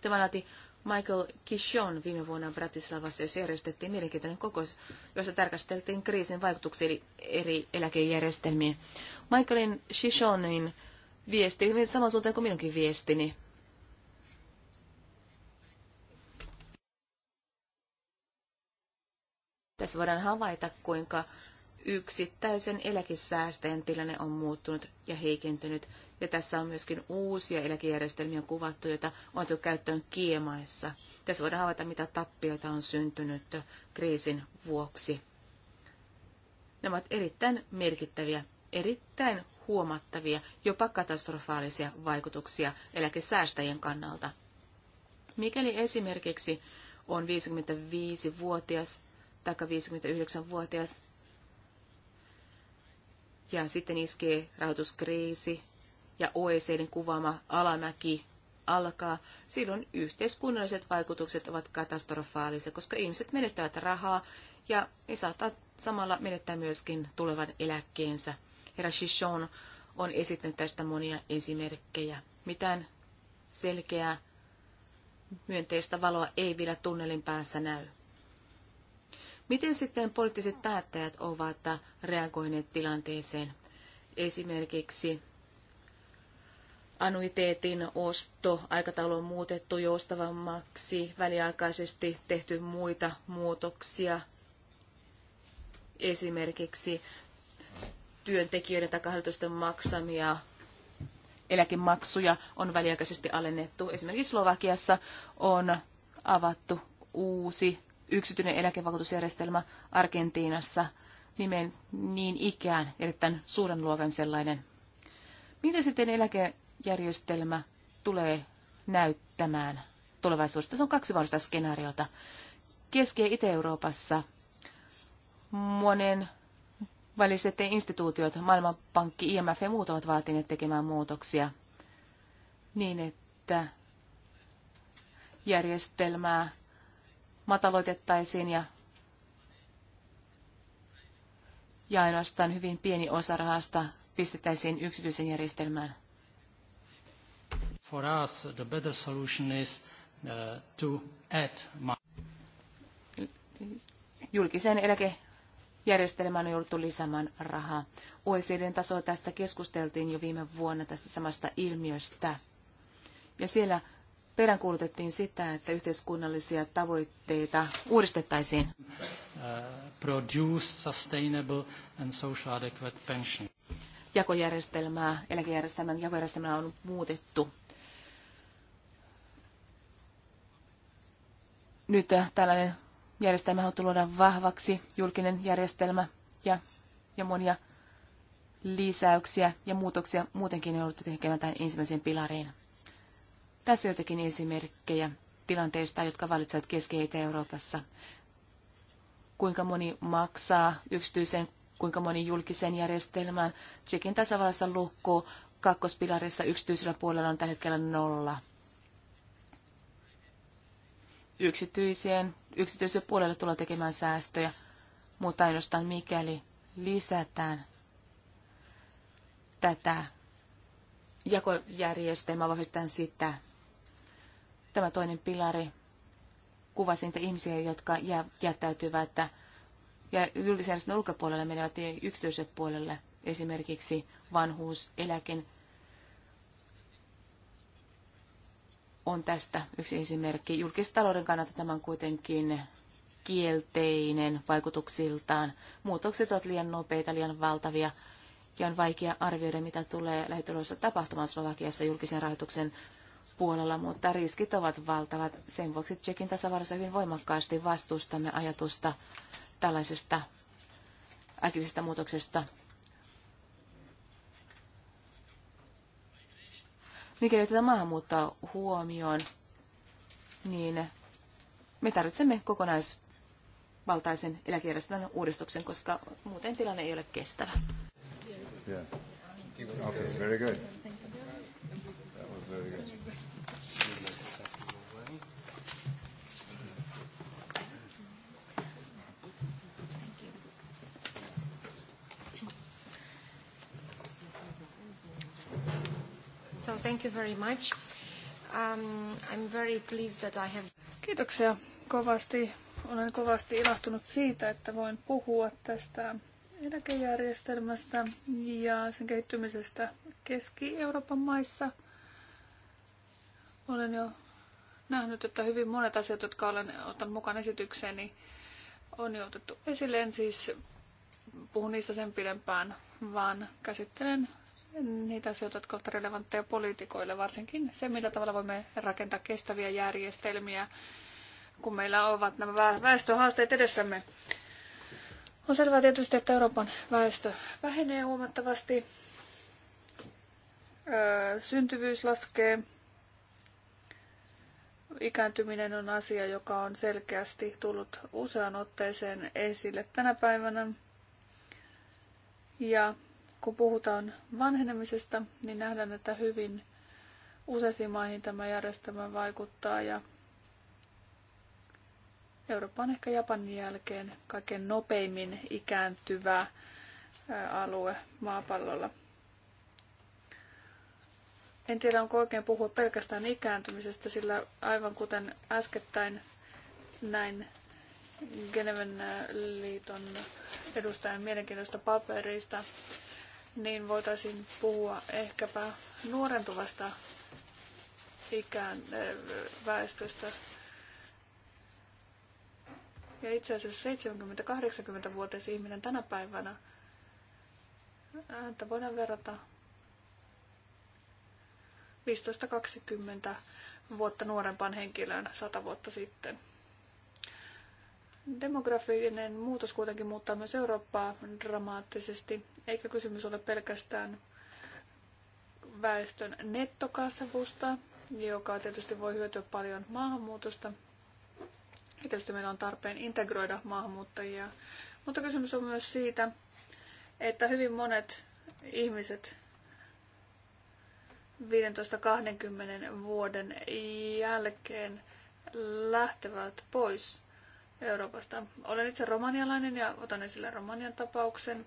Tämä laati Michael Kishon viime vuonna Bratislavassa, jossa järjestettiin mielenkiintoinen kokous, jossa tarkasteltiin kriisin vaikutuksia eri eläkejärjestelmiin. Michaelin Kishonin viesti hyvin saman suuntaan kuin minunkin viestini. Tässä voidaan havaita, kuinka yksittäisen eläkesäästäjän tilanne on muuttunut ja heikentynyt. Ja tässä on myöskin uusia eläkejärjestelmiä kuvattu, joita on otettu käyttöön kiemaissa. Tässä voidaan havaita, mitä tappioita on syntynyt kriisin vuoksi. Nämä ovat erittäin merkittäviä, erittäin huomattavia, jopa katastrofaalisia vaikutuksia eläkesäästäjien kannalta. Mikäli esimerkiksi on 55-vuotias tai 59-vuotias ja sitten iskee rahoituskriisi ja OECDn kuvaama alamäki alkaa, silloin yhteiskunnalliset vaikutukset ovat katastrofaalisia, koska ihmiset menettävät rahaa ja he saattaa samalla menettää myöskin tulevan eläkkeensä. Herra Shishon on esittänyt tästä monia esimerkkejä. Mitään selkeää myönteistä valoa ei vielä tunnelin päässä näy. Miten sitten poliittiset päättäjät ovat reagoineet tilanteeseen? Esimerkiksi annuiteetin osto, aikataulu on muutettu joustavammaksi, väliaikaisesti tehty muita muutoksia. Esimerkiksi työntekijöiden tai hallitusten maksamia eläkemaksuja on väliaikaisesti alennettu. Esimerkiksi Slovakiassa on avattu uusi yksityinen eläkevakuutusjärjestelmä Argentiinassa nimen niin ikään erittäin suuren luokan sellainen. Mitä sitten eläkejärjestelmä tulee näyttämään Tulevaisuudessa Se on kaksi varsinaista skenaariota. Keski- ja Itä-Euroopassa monen väliset instituutiot, Maailmanpankki, IMF ja muut ovat vaatineet tekemään muutoksia niin, että järjestelmää mataloitettaisiin ja, ja ainoastaan hyvin pieni osa rahasta pistettäisiin yksityisen järjestelmään. For us, the better solution is uh, to add Julkisen eläke järjestelmään on jouduttu lisäämään rahaa. OECDn tasolla tästä keskusteltiin jo viime vuonna tästä samasta ilmiöstä. Ja siellä peräänkuulutettiin sitä, että yhteiskunnallisia tavoitteita uudistettaisiin. Uh, produce sustainable and social adequate pension. Jakojärjestelmää, eläkejärjestelmän jakojärjestelmää on muutettu. Nyt tällainen järjestelmä on luoda vahvaksi, julkinen järjestelmä ja, ja monia lisäyksiä ja muutoksia muutenkin ollut tekemään tähän ensimmäiseen pilariin. Tässä joitakin esimerkkejä tilanteista, jotka valitsevat keski Euroopassa. Kuinka moni maksaa yksityisen, kuinka moni julkisen järjestelmään. Tsekin tasavallassa lukku kakkospilarissa yksityisellä puolella on tällä hetkellä nolla. Yksityiseen yksityiselle puolelle tulla tekemään säästöjä, mutta ainoastaan mikäli lisätään tätä jakojärjestelmää, vahvistetaan sitä. Tämä toinen pilari kuvasi niitä ihmisiä, jotka jättäytyvät ja julkisjärjestelmän ulkopuolelle menevät yksityiselle puolelle, esimerkiksi vanhuus, eläkin on tästä yksi esimerkki. Julkistalouden kannalta tämä on kuitenkin kielteinen vaikutuksiltaan. Muutokset ovat liian nopeita, liian valtavia ja on vaikea arvioida, mitä tulee lähitulossa tapahtumaan Slovakiassa julkisen rahoituksen puolella, mutta riskit ovat valtavat. Sen vuoksi Tsekin tasavarassa hyvin voimakkaasti vastustamme ajatusta tällaisesta äkillisestä muutoksesta Mikäli tätä maahanmuuttoa huomioon, niin me tarvitsemme kokonaisvaltaisen eläkejärjestelmän uudistuksen, koska muuten tilanne ei ole kestävä. Yeah. Okay, very good. That was very good. thank you very much. Um, I'm very pleased that I have... Kiitoksia kovasti. Olen kovasti ilahtunut siitä, että voin puhua tästä eläkejärjestelmästä ja sen kehittymisestä Keski-Euroopan maissa. Olen jo nähnyt, että hyvin monet asiat, jotka olen ottanut mukaan esitykseeni, on jo otettu esille. En siis puhu niistä sen pidempään, vaan käsittelen niitä asioita, jotka ovat relevantteja poliitikoille, varsinkin se, millä tavalla voimme rakentaa kestäviä järjestelmiä, kun meillä ovat nämä väestöhaasteet edessämme. On selvää tietysti, että Euroopan väestö vähenee huomattavasti, syntyvyys laskee, ikääntyminen on asia, joka on selkeästi tullut usean otteeseen esille tänä päivänä. Ja kun puhutaan vanhenemisesta, niin nähdään, että hyvin useisiin maihin tämä järjestelmä vaikuttaa ja Eurooppa on ehkä Japanin jälkeen kaiken nopeimmin ikääntyvä alue maapallolla. En tiedä, onko oikein puhua pelkästään ikääntymisestä, sillä aivan kuten äskettäin näin Geneven liiton edustajan mielenkiintoista paperista, niin voitaisiin puhua ehkäpä nuorentuvasta ikään väestöstä. Ja itse asiassa 70-80-vuotias ihminen tänä päivänä, häntä voidaan verrata 15-20 vuotta nuorempaan henkilöön 100 vuotta sitten. Demografinen muutos kuitenkin muuttaa myös Eurooppaa dramaattisesti, eikä kysymys ole pelkästään väestön nettokasvusta, joka tietysti voi hyötyä paljon maahanmuutosta. Ja tietysti meillä on tarpeen integroida maahanmuuttajia. Mutta kysymys on myös siitä, että hyvin monet ihmiset 15-20 vuoden jälkeen lähtevät pois Euroopasta. Olen itse romanialainen ja otan esille Romanian tapauksen.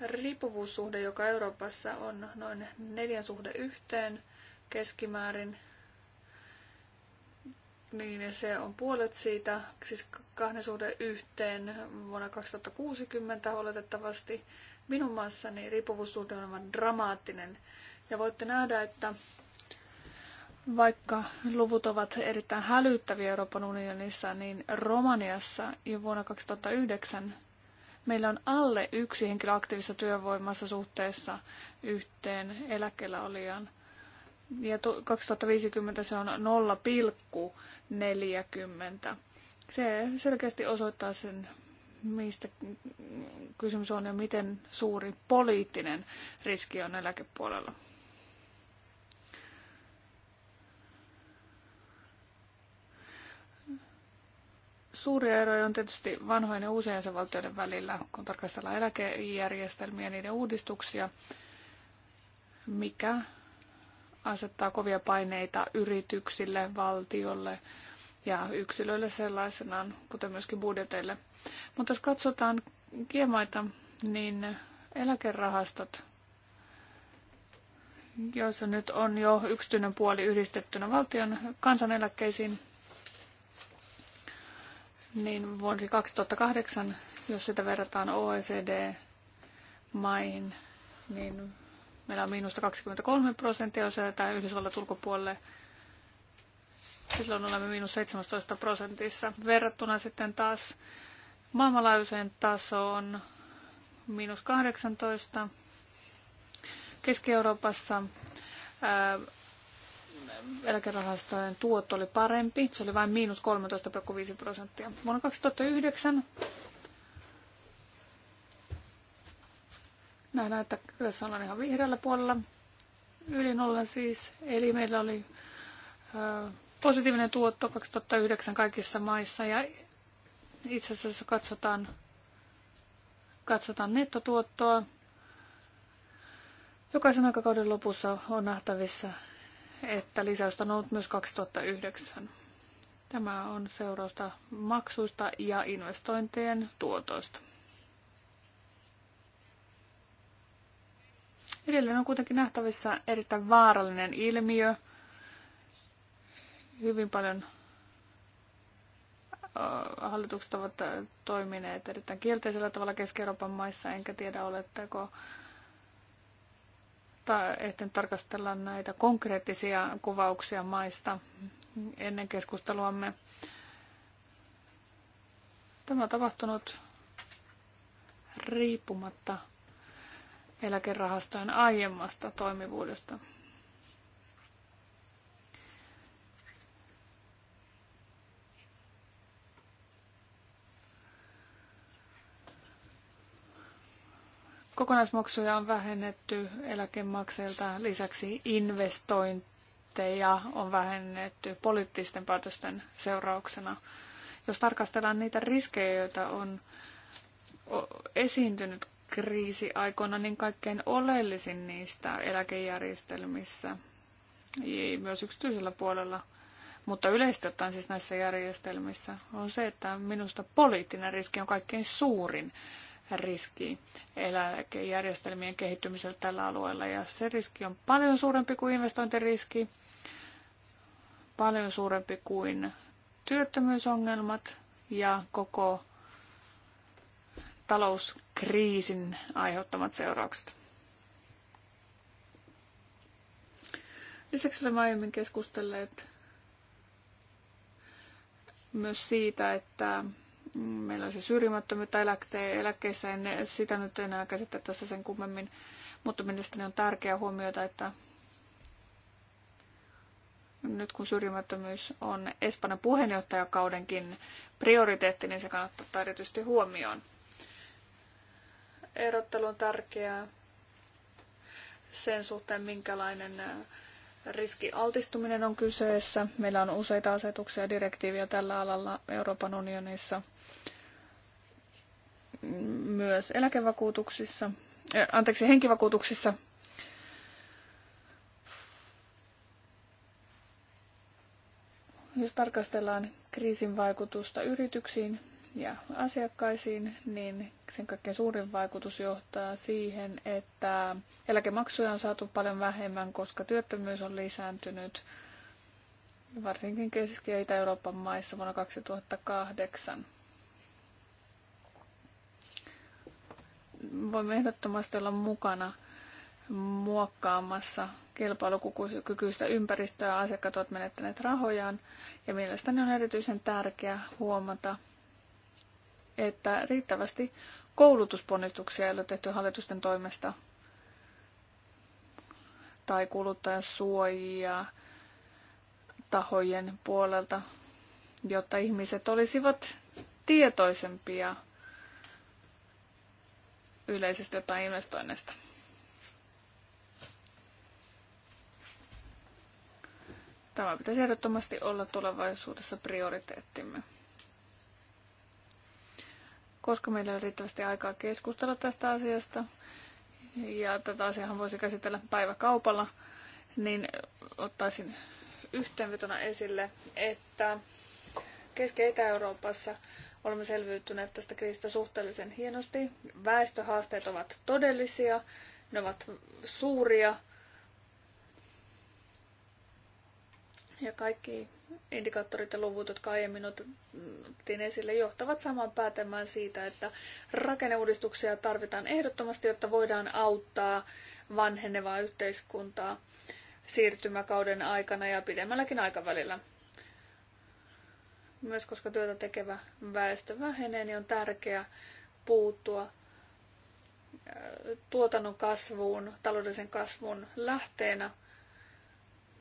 Riippuvuussuhde, joka Euroopassa on noin neljän suhde yhteen keskimäärin, niin se on puolet siitä, siis kahden suhde yhteen vuonna 2060 oletettavasti. Minun maassani riippuvuussuhde on aivan dramaattinen. Ja voitte nähdä, että vaikka luvut ovat erittäin hälyttäviä Euroopan unionissa, niin Romaniassa jo vuonna 2009 meillä on alle yksi henkilö aktiivisessa työvoimassa suhteessa yhteen eläkkeellä olijaan. Ja 2050 se on 0,40. Se selkeästi osoittaa sen, mistä kysymys on ja miten suuri poliittinen riski on eläkepuolella. Suuria eroja on tietysti vanhojen ja uusien jäsenvaltioiden välillä, kun tarkastellaan eläkejärjestelmiä ja niiden uudistuksia, mikä asettaa kovia paineita yrityksille, valtiolle ja yksilöille sellaisenaan, kuten myöskin budjeteille. Mutta jos katsotaan kiemaita, niin eläkerahastot, joissa nyt on jo yksityinen puoli yhdistettynä valtion kansaneläkkeisiin, niin vuosi 2008, jos sitä verrataan OECD-maihin, niin meillä on miinusta 23 prosenttia, jos jätetään Yhdysvallat ulkopuolelle. Silloin olemme miinus 17 prosentissa. Verrattuna sitten taas maailmanlaajuiseen tasoon miinus 18. Keski-Euroopassa eläkerahastojen tuotto oli parempi. Se oli vain miinus 13,5 prosenttia. Vuonna 2009 nähdään, että tässä ollaan ihan vihreällä puolella. Yli nolla siis. Eli meillä oli ö, positiivinen tuotto 2009 kaikissa maissa. Ja itse asiassa katsotaan, katsotaan nettotuottoa, Jokaisen aikakauden lopussa on nähtävissä että lisäystä on ollut myös 2009. Tämä on seurausta maksuista ja investointien tuotoista. Edelleen on kuitenkin nähtävissä erittäin vaarallinen ilmiö. Hyvin paljon äh, hallitukset ovat toimineet erittäin kielteisellä tavalla Keski-Euroopan maissa, enkä tiedä oletteko etten tarkastella näitä konkreettisia kuvauksia maista ennen keskusteluamme. Tämä on tapahtunut riippumatta eläkerahastojen aiemmasta toimivuudesta. Kokonaismaksuja on vähennetty eläkemaksajilta, lisäksi investointeja on vähennetty poliittisten päätösten seurauksena. Jos tarkastellaan niitä riskejä, joita on esiintynyt kriisiaikoina, niin kaikkein oleellisin niistä eläkejärjestelmissä, ei myös yksityisellä puolella, mutta yleisesti ottaen siis näissä järjestelmissä, on se, että minusta poliittinen riski on kaikkein suurin riski eläkejärjestelmien kehittymiselle tällä alueella. Ja se riski on paljon suurempi kuin investointiriski, paljon suurempi kuin työttömyysongelmat ja koko talouskriisin aiheuttamat seuraukset. Lisäksi olemme aiemmin keskustelleet myös siitä, että Meillä on se siis syrjimättömyyttä eläkte- eläkkeessä, en sitä nyt enää käsitä tässä sen kummemmin, mutta mielestäni on tärkeää huomiota, että nyt kun syrjimättömyys on Espanjan puheenjohtajakaudenkin prioriteetti, niin se kannattaa ottaa erityisesti huomioon. Erottelu on tärkeää sen suhteen, minkälainen äh, riski altistuminen on kyseessä. Meillä on useita asetuksia ja direktiiviä tällä alalla Euroopan unionissa myös eläkevakuutuksissa, äh, anteeksi, henkivakuutuksissa. Jos tarkastellaan kriisin vaikutusta yrityksiin ja asiakkaisiin, niin sen kaikkein suurin vaikutus johtaa siihen, että eläkemaksuja on saatu paljon vähemmän, koska työttömyys on lisääntynyt varsinkin Keski- ja Itä-Euroopan maissa vuonna 2008. voimme ehdottomasti olla mukana muokkaamassa kilpailukykyistä ympäristöä. Asiakkaat ovat menettäneet rahojaan ja mielestäni on erityisen tärkeää huomata, että riittävästi koulutusponnistuksia ei ole tehty hallitusten toimesta tai kuluttajasuojia tahojen puolelta, jotta ihmiset olisivat tietoisempia yleisesti jotain investoinneista. Tämä pitäisi ehdottomasti olla tulevaisuudessa prioriteettimme. Koska meillä on riittävästi aikaa keskustella tästä asiasta, ja tätä asiaa voisi käsitellä päiväkaupalla, niin ottaisin yhteenvetona esille, että Keski- Itä-Euroopassa – Olemme selviytyneet tästä kriisistä suhteellisen hienosti. Väestöhaasteet ovat todellisia, ne ovat suuria. Ja kaikki indikaattorit ja luvut, jotka aiemmin otettiin esille, johtavat saman päätelmään siitä, että rakenneuudistuksia tarvitaan ehdottomasti, jotta voidaan auttaa vanhenevaa yhteiskuntaa siirtymäkauden aikana ja pidemmälläkin aikavälillä. Myös koska työtä tekevä väestö vähenee, niin on tärkeää puuttua äh, tuotannon kasvuun, taloudellisen kasvun lähteenä.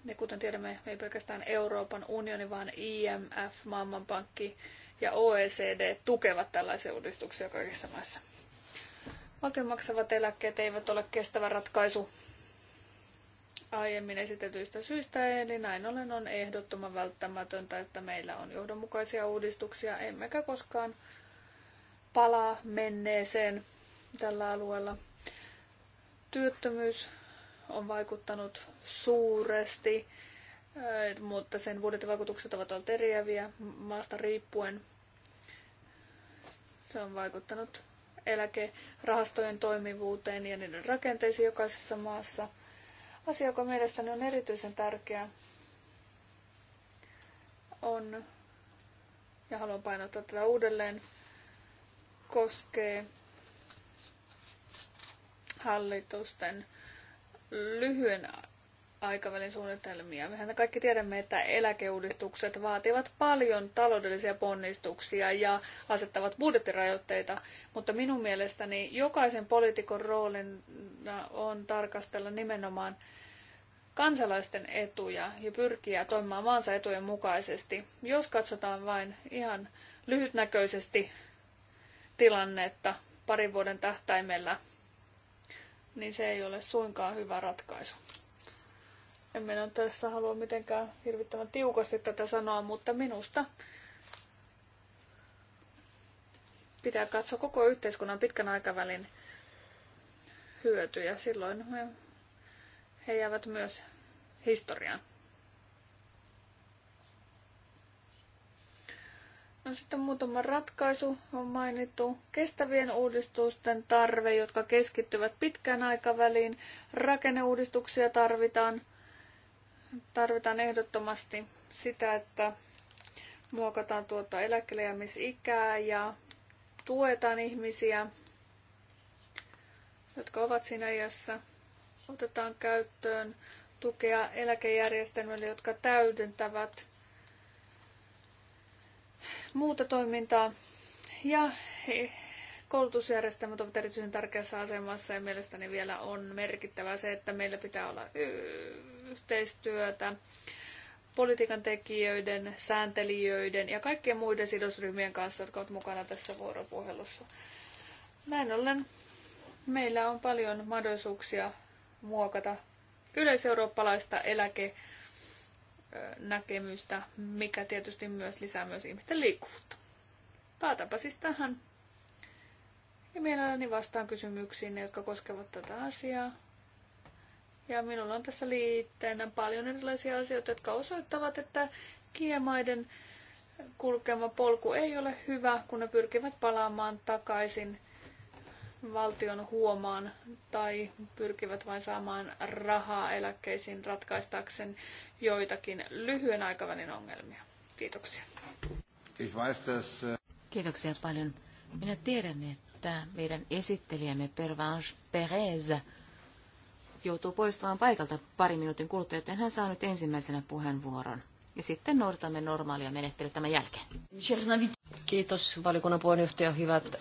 Ja kuten tiedämme, ei pelkästään Euroopan unioni, vaan IMF, Maailmanpankki ja OECD tukevat tällaisia uudistuksia kaikissa maissa. Valtion maksavat eläkkeet eivät ole kestävä ratkaisu aiemmin esitetyistä syistä, eli näin ollen on ehdottoman välttämätöntä, että meillä on johdonmukaisia uudistuksia, emmekä koskaan palaa menneeseen tällä alueella. Työttömyys on vaikuttanut suuresti, eh, mutta sen budjettivaikutukset ovat olleet eriäviä maasta riippuen. Se on vaikuttanut eläkerahastojen toimivuuteen ja niiden rakenteisiin jokaisessa maassa – Asia, joka mielestäni on erityisen tärkeä, on, ja haluan painottaa tätä uudelleen, koskee hallitusten lyhyen aikavälin suunnitelmia. Mehän kaikki tiedämme, että eläkeuudistukset vaativat paljon taloudellisia ponnistuksia ja asettavat budjettirajoitteita, mutta minun mielestäni jokaisen poliitikon roolina on tarkastella nimenomaan kansalaisten etuja ja pyrkiä toimimaan maansa etujen mukaisesti. Jos katsotaan vain ihan lyhytnäköisesti tilannetta parin vuoden tähtäimellä, niin se ei ole suinkaan hyvä ratkaisu. En minä tässä halua mitenkään hirvittävän tiukasti tätä sanoa, mutta minusta pitää katsoa koko yhteiskunnan pitkän aikavälin hyötyjä. Silloin he, he jäävät myös historiaan. No sitten muutama ratkaisu on mainittu. Kestävien uudistusten tarve, jotka keskittyvät pitkään aikaväliin. Rakenneuudistuksia tarvitaan tarvitaan ehdottomasti sitä, että muokataan tuota eläkkeellejäämisikää ja tuetaan ihmisiä, jotka ovat siinä iässä. Otetaan käyttöön tukea eläkejärjestelmille, jotka täydentävät muuta toimintaa ja Koulutusjärjestelmät ovat erityisen tärkeässä asemassa ja mielestäni vielä on merkittävää se, että meillä pitää olla yhteistyötä politiikan tekijöiden, sääntelijöiden ja kaikkien muiden sidosryhmien kanssa, jotka ovat mukana tässä vuoropuhelussa. Näin ollen meillä on paljon mahdollisuuksia muokata yleiseurooppalaista eläkenäkemystä, mikä tietysti myös lisää myös ihmisten liikkuvuutta. Päätäpä siis tähän. Ja mielelläni niin vastaan kysymyksiin, jotka koskevat tätä asiaa. Ja minulla on tässä liitteenä paljon erilaisia asioita, jotka osoittavat, että kiemaiden kulkema polku ei ole hyvä, kun ne pyrkivät palaamaan takaisin valtion huomaan tai pyrkivät vain saamaan rahaa eläkkeisiin ratkaistakseen joitakin lyhyen aikavälin ongelmia. Kiitoksia. Äh, Kiitoksia paljon. Minä tiedän, että että meidän esittelijämme Pervange Perez joutuu poistumaan paikalta pari minuutin kuluttua, joten hän saa nyt ensimmäisenä puheenvuoron. Ja sitten noudatamme normaalia menettelyä tämän jälkeen. Kiitos valikunnan puheenjohtaja, hyvät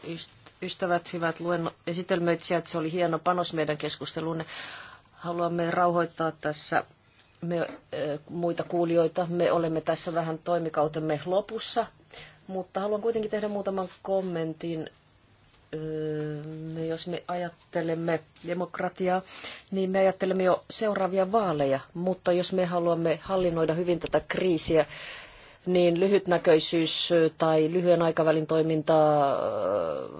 ystävät, hyvät luen esitelmöitsijät. Se oli hieno panos meidän keskusteluun. Haluamme rauhoittaa tässä me, muita kuulijoita. Me olemme tässä vähän toimikautemme lopussa, mutta haluan kuitenkin tehdä muutaman kommentin Öö, me, jos me ajattelemme demokratiaa, niin me ajattelemme jo seuraavia vaaleja, mutta jos me haluamme hallinnoida hyvin tätä kriisiä, niin lyhytnäköisyys tai lyhyen aikavälin toiminta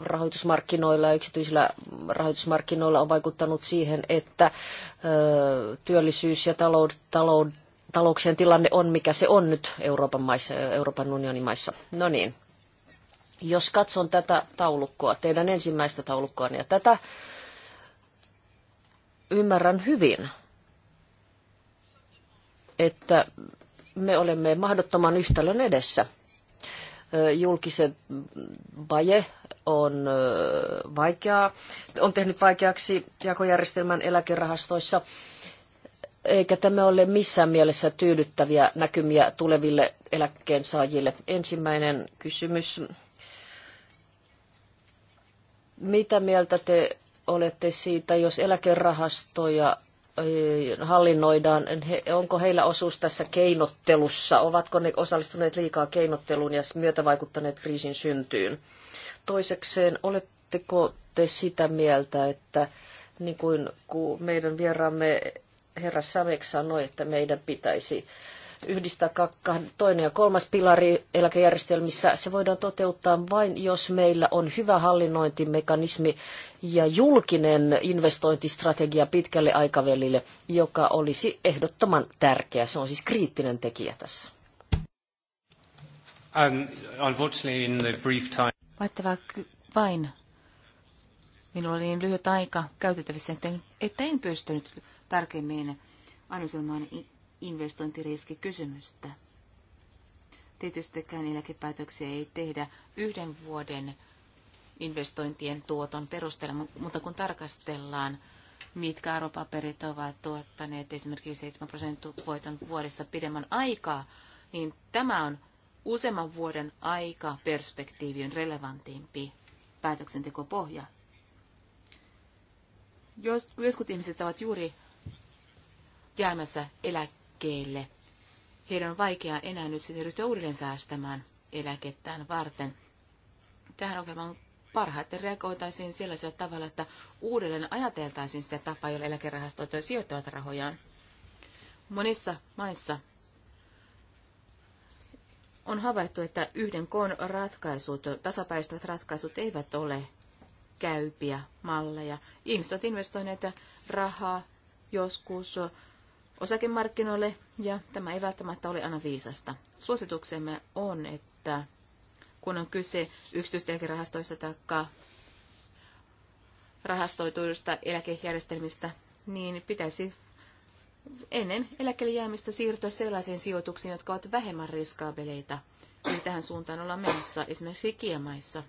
rahoitusmarkkinoilla ja yksityisillä rahoitusmarkkinoilla on vaikuttanut siihen, että työllisyys ja taloud, taloud, talouksien tilanne on mikä se on nyt Euroopan, maissa, Euroopan unionin maissa. No niin, jos katson tätä taulukkoa, teidän ensimmäistä taulukkoa, niin ja tätä ymmärrän hyvin, että me olemme mahdottoman yhtälön edessä. Julkiset vaje on vaikeaa, on tehnyt vaikeaksi jakojärjestelmän eläkerahastoissa, eikä tämä ole missään mielessä tyydyttäviä näkymiä tuleville eläkkeensaajille. Ensimmäinen kysymys mitä mieltä te olette siitä, jos eläkerahastoja hallinnoidaan, niin onko heillä osuus tässä keinottelussa, ovatko ne osallistuneet liikaa keinotteluun ja myötävaikuttaneet kriisin syntyyn. Toisekseen, oletteko te sitä mieltä, että niin kuin meidän vieraamme herra Samek sanoi, että meidän pitäisi yhdistää toinen ja kolmas pilari eläkejärjestelmissä. Se voidaan toteuttaa vain, jos meillä on hyvä hallinnointimekanismi ja julkinen investointistrategia pitkälle aikavälille, joka olisi ehdottoman tärkeä. Se on siis kriittinen tekijä tässä. Um, unfortunately in the brief time... Vaihtavaa vain Minulla oli niin lyhyt aika käytettävissä, että en, että en pystynyt tarkemmin analysoimaan investointiriskikysymystä. Tietystikään eläkepäätöksiä ei tehdä yhden vuoden investointien tuoton perusteella, mutta kun tarkastellaan, mitkä arvopaperit ovat tuottaneet esimerkiksi 7 prosentin voiton vuodessa pidemmän aikaa, niin tämä on useamman vuoden aika perspektiivin relevantimpi päätöksentekopohja. Jos jotkut ihmiset ovat juuri jäämässä elä, eläkkeelle. Heidän on vaikea enää nyt sitten ryhtyä uudelleen säästämään eläkettään varten. Tähän ongelmaan parhaiten reagoitaisiin sellaisella tavalla, että uudelleen ajateltaisiin sitä tapaa, jolla eläkerahastot sijoittavat rahojaan. Monissa maissa on havaittu, että yhden koon ratkaisut, tasapäistävät ratkaisut eivät ole käypiä malleja. Ihmiset ovat investoineet rahaa joskus osakemarkkinoille, ja tämä ei välttämättä ole aina viisasta. Suosituksemme on, että kun on kyse yksityistelkirahastoista tai rahastoituista eläkejärjestelmistä, niin pitäisi ennen eläkkeelle jäämistä siirtyä sellaisiin sijoituksiin, jotka ovat vähemmän riskaabeleita. Eli tähän suuntaan ollaan menossa esimerkiksi kiemaissa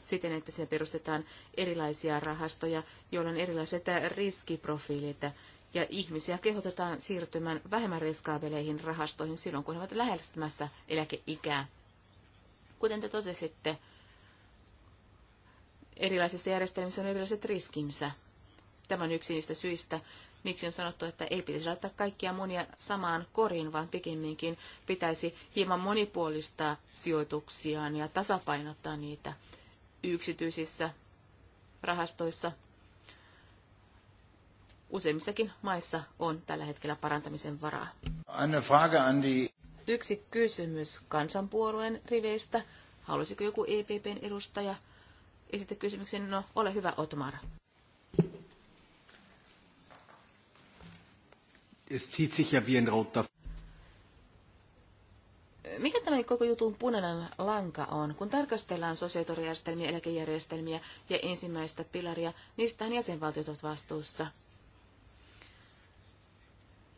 siten, että se perustetaan erilaisia rahastoja, joilla on erilaiset riskiprofiilit ja ihmisiä kehotetaan siirtymään vähemmän riskaabeleihin rahastoihin silloin, kun he ovat lähestymässä eläkeikää. Kuten te totesitte, erilaisissa järjestelmissä on erilaiset riskinsä. Tämä on yksi niistä syistä, miksi on sanottu, että ei pitäisi laittaa kaikkia monia samaan koriin, vaan pikemminkin pitäisi hieman monipuolistaa sijoituksiaan ja tasapainottaa niitä yksityisissä rahastoissa useimmissakin maissa on tällä hetkellä parantamisen varaa. Yksi kysymys kansanpuolueen riveistä. Haluaisiko joku EPPn edustaja esittää kysymyksen? No, ole hyvä, Otmar. Es zieht sich ja wie ein roter mikä tämä koko jutun punainen lanka on? Kun tarkastellaan sosiaaliturvajärjestelmiä, eläkejärjestelmiä ja ensimmäistä pilaria, niistähän jäsenvaltiot ovat vastuussa.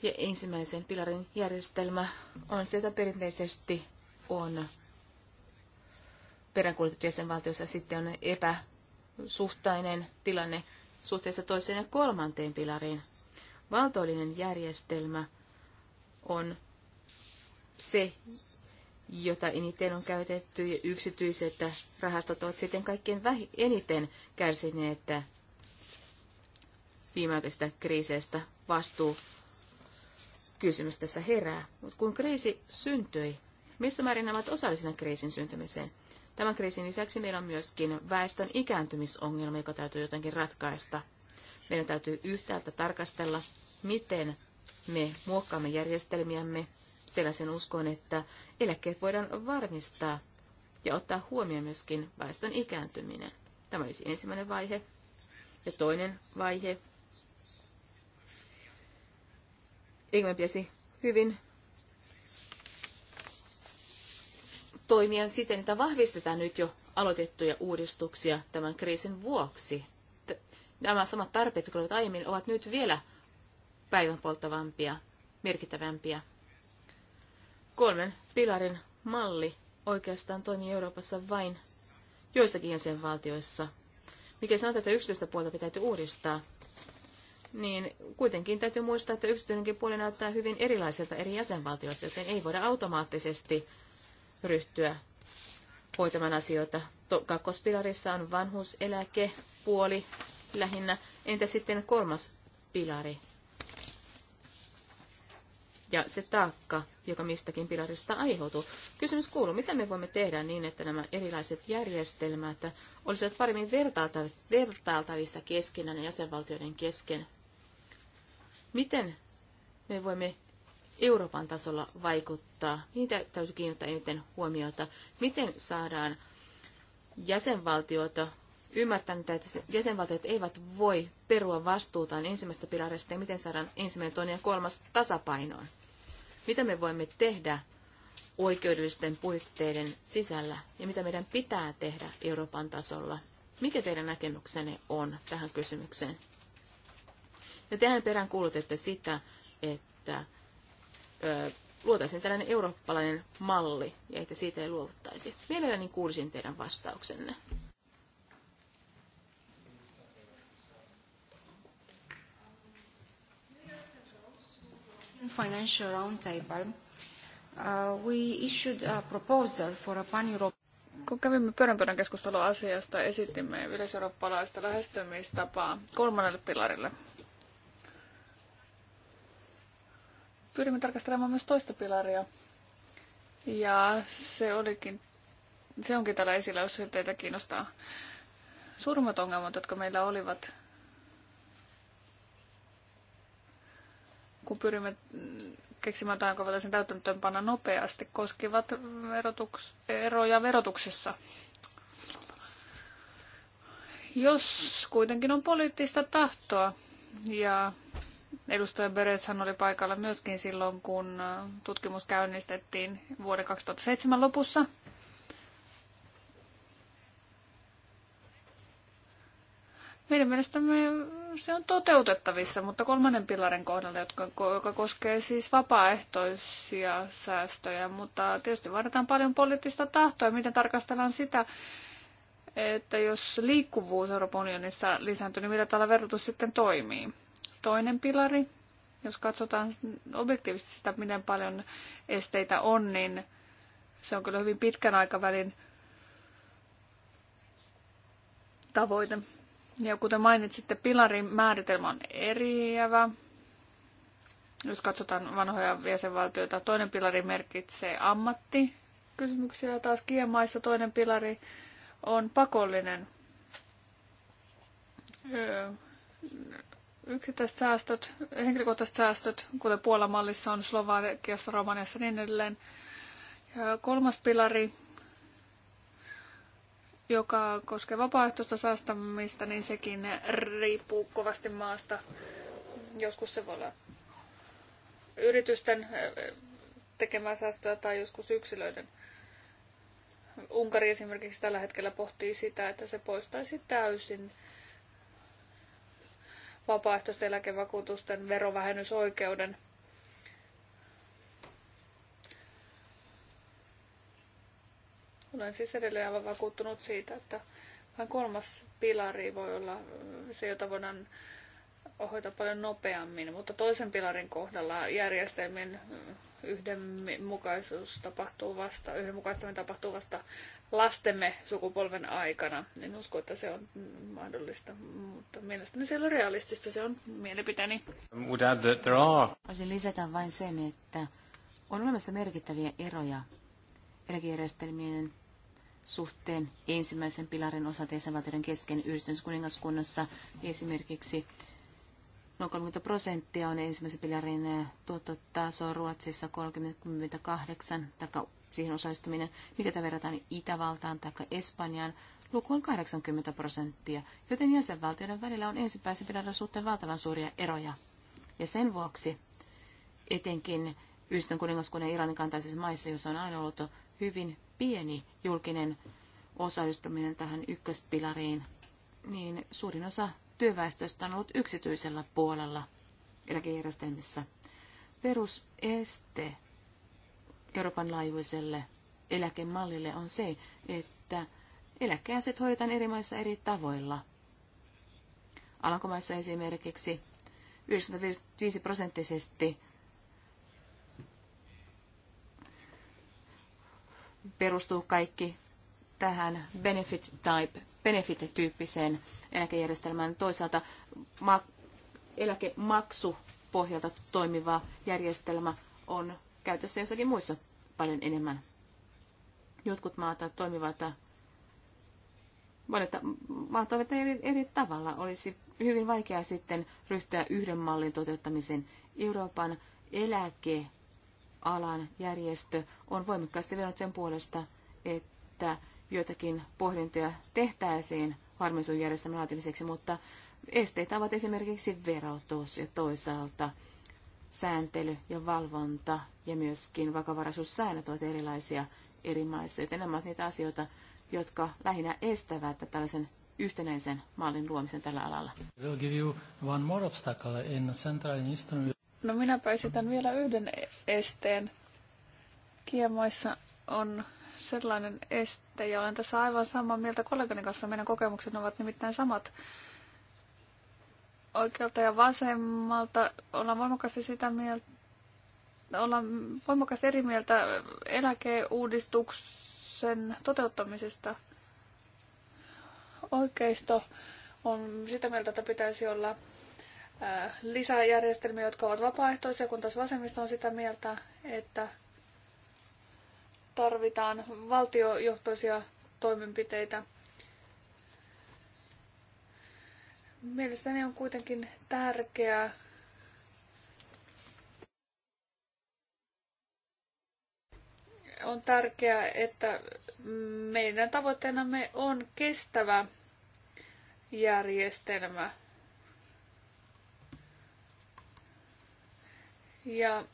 Ja ensimmäisen pilarin järjestelmä on se, että perinteisesti on peräänkuulutettu jäsenvaltiossa. Sitten on epäsuhtainen tilanne suhteessa toiseen ja kolmanteen pilariin. Valtoillinen järjestelmä on se, jota eniten on käytetty, ja yksityiset rahastot ovat sitten kaikkein vähi- eniten kärsineet viimeaikaisista kriiseistä. Vastuu kysymys tässä herää. Mutta kun kriisi syntyi, missä määrin nämä ovat osallisina kriisin syntymiseen? Tämän kriisin lisäksi meillä on myöskin väestön ikääntymisongelma, joka täytyy jotenkin ratkaista. Meidän täytyy yhtäältä tarkastella, miten me muokkaamme järjestelmiämme sellaisen uskon, että eläkkeet voidaan varmistaa ja ottaa huomioon myöskin väestön ikääntyminen. Tämä olisi ensimmäinen vaihe. Ja toinen vaihe Englannin hyvin toimia siten, että vahvistetaan nyt jo aloitettuja uudistuksia tämän kriisin vuoksi. Nämä samat tarpeet, jotka olivat aiemmin, ovat nyt vielä polttavampia, merkittävämpiä. Kolmen pilarin malli oikeastaan toimii Euroopassa vain joissakin jäsenvaltioissa. Mikä sanotaan, että yksityistä puolta pitäisi uudistaa, niin kuitenkin täytyy muistaa, että yksityinenkin puoli näyttää hyvin erilaiselta eri jäsenvaltioissa, joten ei voida automaattisesti ryhtyä hoitamaan asioita. Kakkospilarissa on vanhuuseläkepuoli lähinnä. Entä sitten kolmas pilari? Ja se taakka, joka mistäkin pilarista aiheutuu. Kysymys kuuluu, mitä me voimme tehdä niin, että nämä erilaiset järjestelmät olisivat paremmin vertailtavissa keskenään ja jäsenvaltioiden kesken Miten me voimme Euroopan tasolla vaikuttaa? Niitä täytyy kiinnittää eniten huomiota. Miten saadaan jäsenvaltioita ymmärtänyt, että jäsenvaltiot eivät voi perua vastuutaan ensimmäistä pilarista ja miten saadaan ensimmäinen, toinen ja kolmas tasapainoon? Mitä me voimme tehdä oikeudellisten puitteiden sisällä ja mitä meidän pitää tehdä Euroopan tasolla? Mikä teidän näkemyksenne on tähän kysymykseen? Ja tehän perään kuulutette sitä, että ö, luotaisiin tällainen eurooppalainen malli ja että siitä ei luovuttaisi. Mielelläni kuulisin teidän vastauksenne. Financial Roundtable, uh, we issued a proposal for a pan-European kun kävimme pyöränpöydän keskustelua asiasta, esitimme yleiseurooppalaista lähestymistapaa kolmannelle pilarille. pyrimme tarkastelemaan myös toista pilaria. Ja se, olikin, se onkin täällä esillä, jos teitä kiinnostaa. Suurimmat ongelmat, jotka meillä olivat, kun pyrimme keksimään tai jonka voitaisiin täytäntöönpana nopeasti, koskivat verotuks, eroja verotuksessa. Jos kuitenkin on poliittista tahtoa ja Edustaja Bereshan oli paikalla myöskin silloin, kun äh, tutkimus käynnistettiin vuoden 2007 lopussa. Meidän mielestämme se on toteutettavissa, mutta kolmannen pilarin kohdalla, jotka, joka koskee siis vapaaehtoisia säästöjä, mutta tietysti vaaditaan paljon poliittista tahtoa, miten tarkastellaan sitä, että jos liikkuvuus Euroopan unionissa lisääntyy, niin millä tällä verotus sitten toimii toinen pilari. Jos katsotaan objektiivisesti sitä, miten paljon esteitä on, niin se on kyllä hyvin pitkän aikavälin tavoite. Ja kuten mainitsitte, pilarin määritelmä on eriävä. Jos katsotaan vanhoja jäsenvaltioita, toinen pilari merkitsee ammattikysymyksiä ja taas kiemaissa toinen pilari on pakollinen yksittäiset säästöt, henkilökohtaiset säästöt, kuten Puolan mallissa on Slovakiassa, Romaniassa ja niin edelleen. Ja kolmas pilari, joka koskee vapaaehtoista säästämistä, niin sekin riippuu kovasti maasta. Joskus se voi olla yritysten eh, tekemää säästöä tai joskus yksilöiden. Unkari esimerkiksi tällä hetkellä pohtii sitä, että se poistaisi täysin vapaaehtoisten eläkevakuutusten verovähennysoikeuden. Olen siis edelleen aivan vakuuttunut siitä, että vain kolmas pilari voi olla se, jota voidaan ohjata paljon nopeammin, mutta toisen pilarin kohdalla järjestelmien yhdenmukaisuus tapahtuu vasta, yhdenmukaistaminen tapahtuu vasta lastemme sukupolven aikana. En usko, että se on mahdollista, mutta mielestäni se on realistista, se on mielipiteeni. Voisin lisätä vain sen, että on olemassa merkittäviä eroja eläkejärjestelmien suhteen ensimmäisen pilarin osa jäsenvaltioiden kesken yhdistyskuningaskunnassa esimerkiksi noin 30 prosenttia on ensimmäisen pilarin tuottotaso Ruotsissa 38 tai siihen osallistuminen, mikä tämä verrataan Itävaltaan tai Espanjaan, luku on 80 prosenttia, joten jäsenvaltioiden välillä on ensipäisipidällä suhteen valtavan suuria eroja. Ja sen vuoksi etenkin Yhdistön kuningaskunnan ja Iranin kantaisissa maissa, jossa on aina ollut hyvin pieni julkinen osallistuminen tähän ykköspilariin, niin suurin osa työväestöstä on ollut yksityisellä puolella eläkejärjestelmissä. Peruseste Euroopan laajuiselle eläkemallille on se, että eläkkeäiset hoidetaan eri maissa eri tavoilla. Alankomaissa esimerkiksi 95 prosenttisesti perustuu kaikki tähän benefit type, benefit-tyyppiseen eläkejärjestelmään. Toisaalta ma- eläkemaksu pohjalta toimiva järjestelmä on käytössä jossakin muissa paljon enemmän. Jotkut maat toimivat, monet maat ovat eri, eri tavalla. Olisi hyvin vaikeaa sitten ryhtyä yhden mallin toteuttamiseen. Euroopan eläkealan järjestö on voimakkaasti vedonnut sen puolesta, että joitakin pohdintoja tehtäisiin varmistuusjärjestelmän laatimiseksi, mutta esteitä ovat esimerkiksi verotus ja toisaalta – sääntely ja valvonta ja myöskin vakavaraisuussäännöt ovat erilaisia eri maissa, joten nämä ovat niitä asioita, jotka lähinnä estävät tällaisen yhtenäisen mallin luomisen tällä alalla. No minäpä esitän vielä yhden esteen. Kiemoissa on sellainen este, ja olen tässä aivan samaa mieltä kollegani kanssa. Meidän kokemukset ovat nimittäin samat oikealta ja vasemmalta ollaan voimakkaasti sitä mieltä, ollaan voimakkaasti eri mieltä eläkeuudistuksen toteuttamisesta. Oikeisto on sitä mieltä, että pitäisi olla äh, lisää järjestelmiä, jotka ovat vapaaehtoisia, kun taas vasemmisto on sitä mieltä, että tarvitaan valtiojohtoisia toimenpiteitä – Mielestäni on kuitenkin tärkeää on tärkeää, että meidän tavoitteenamme on kestävä järjestelmä. Ja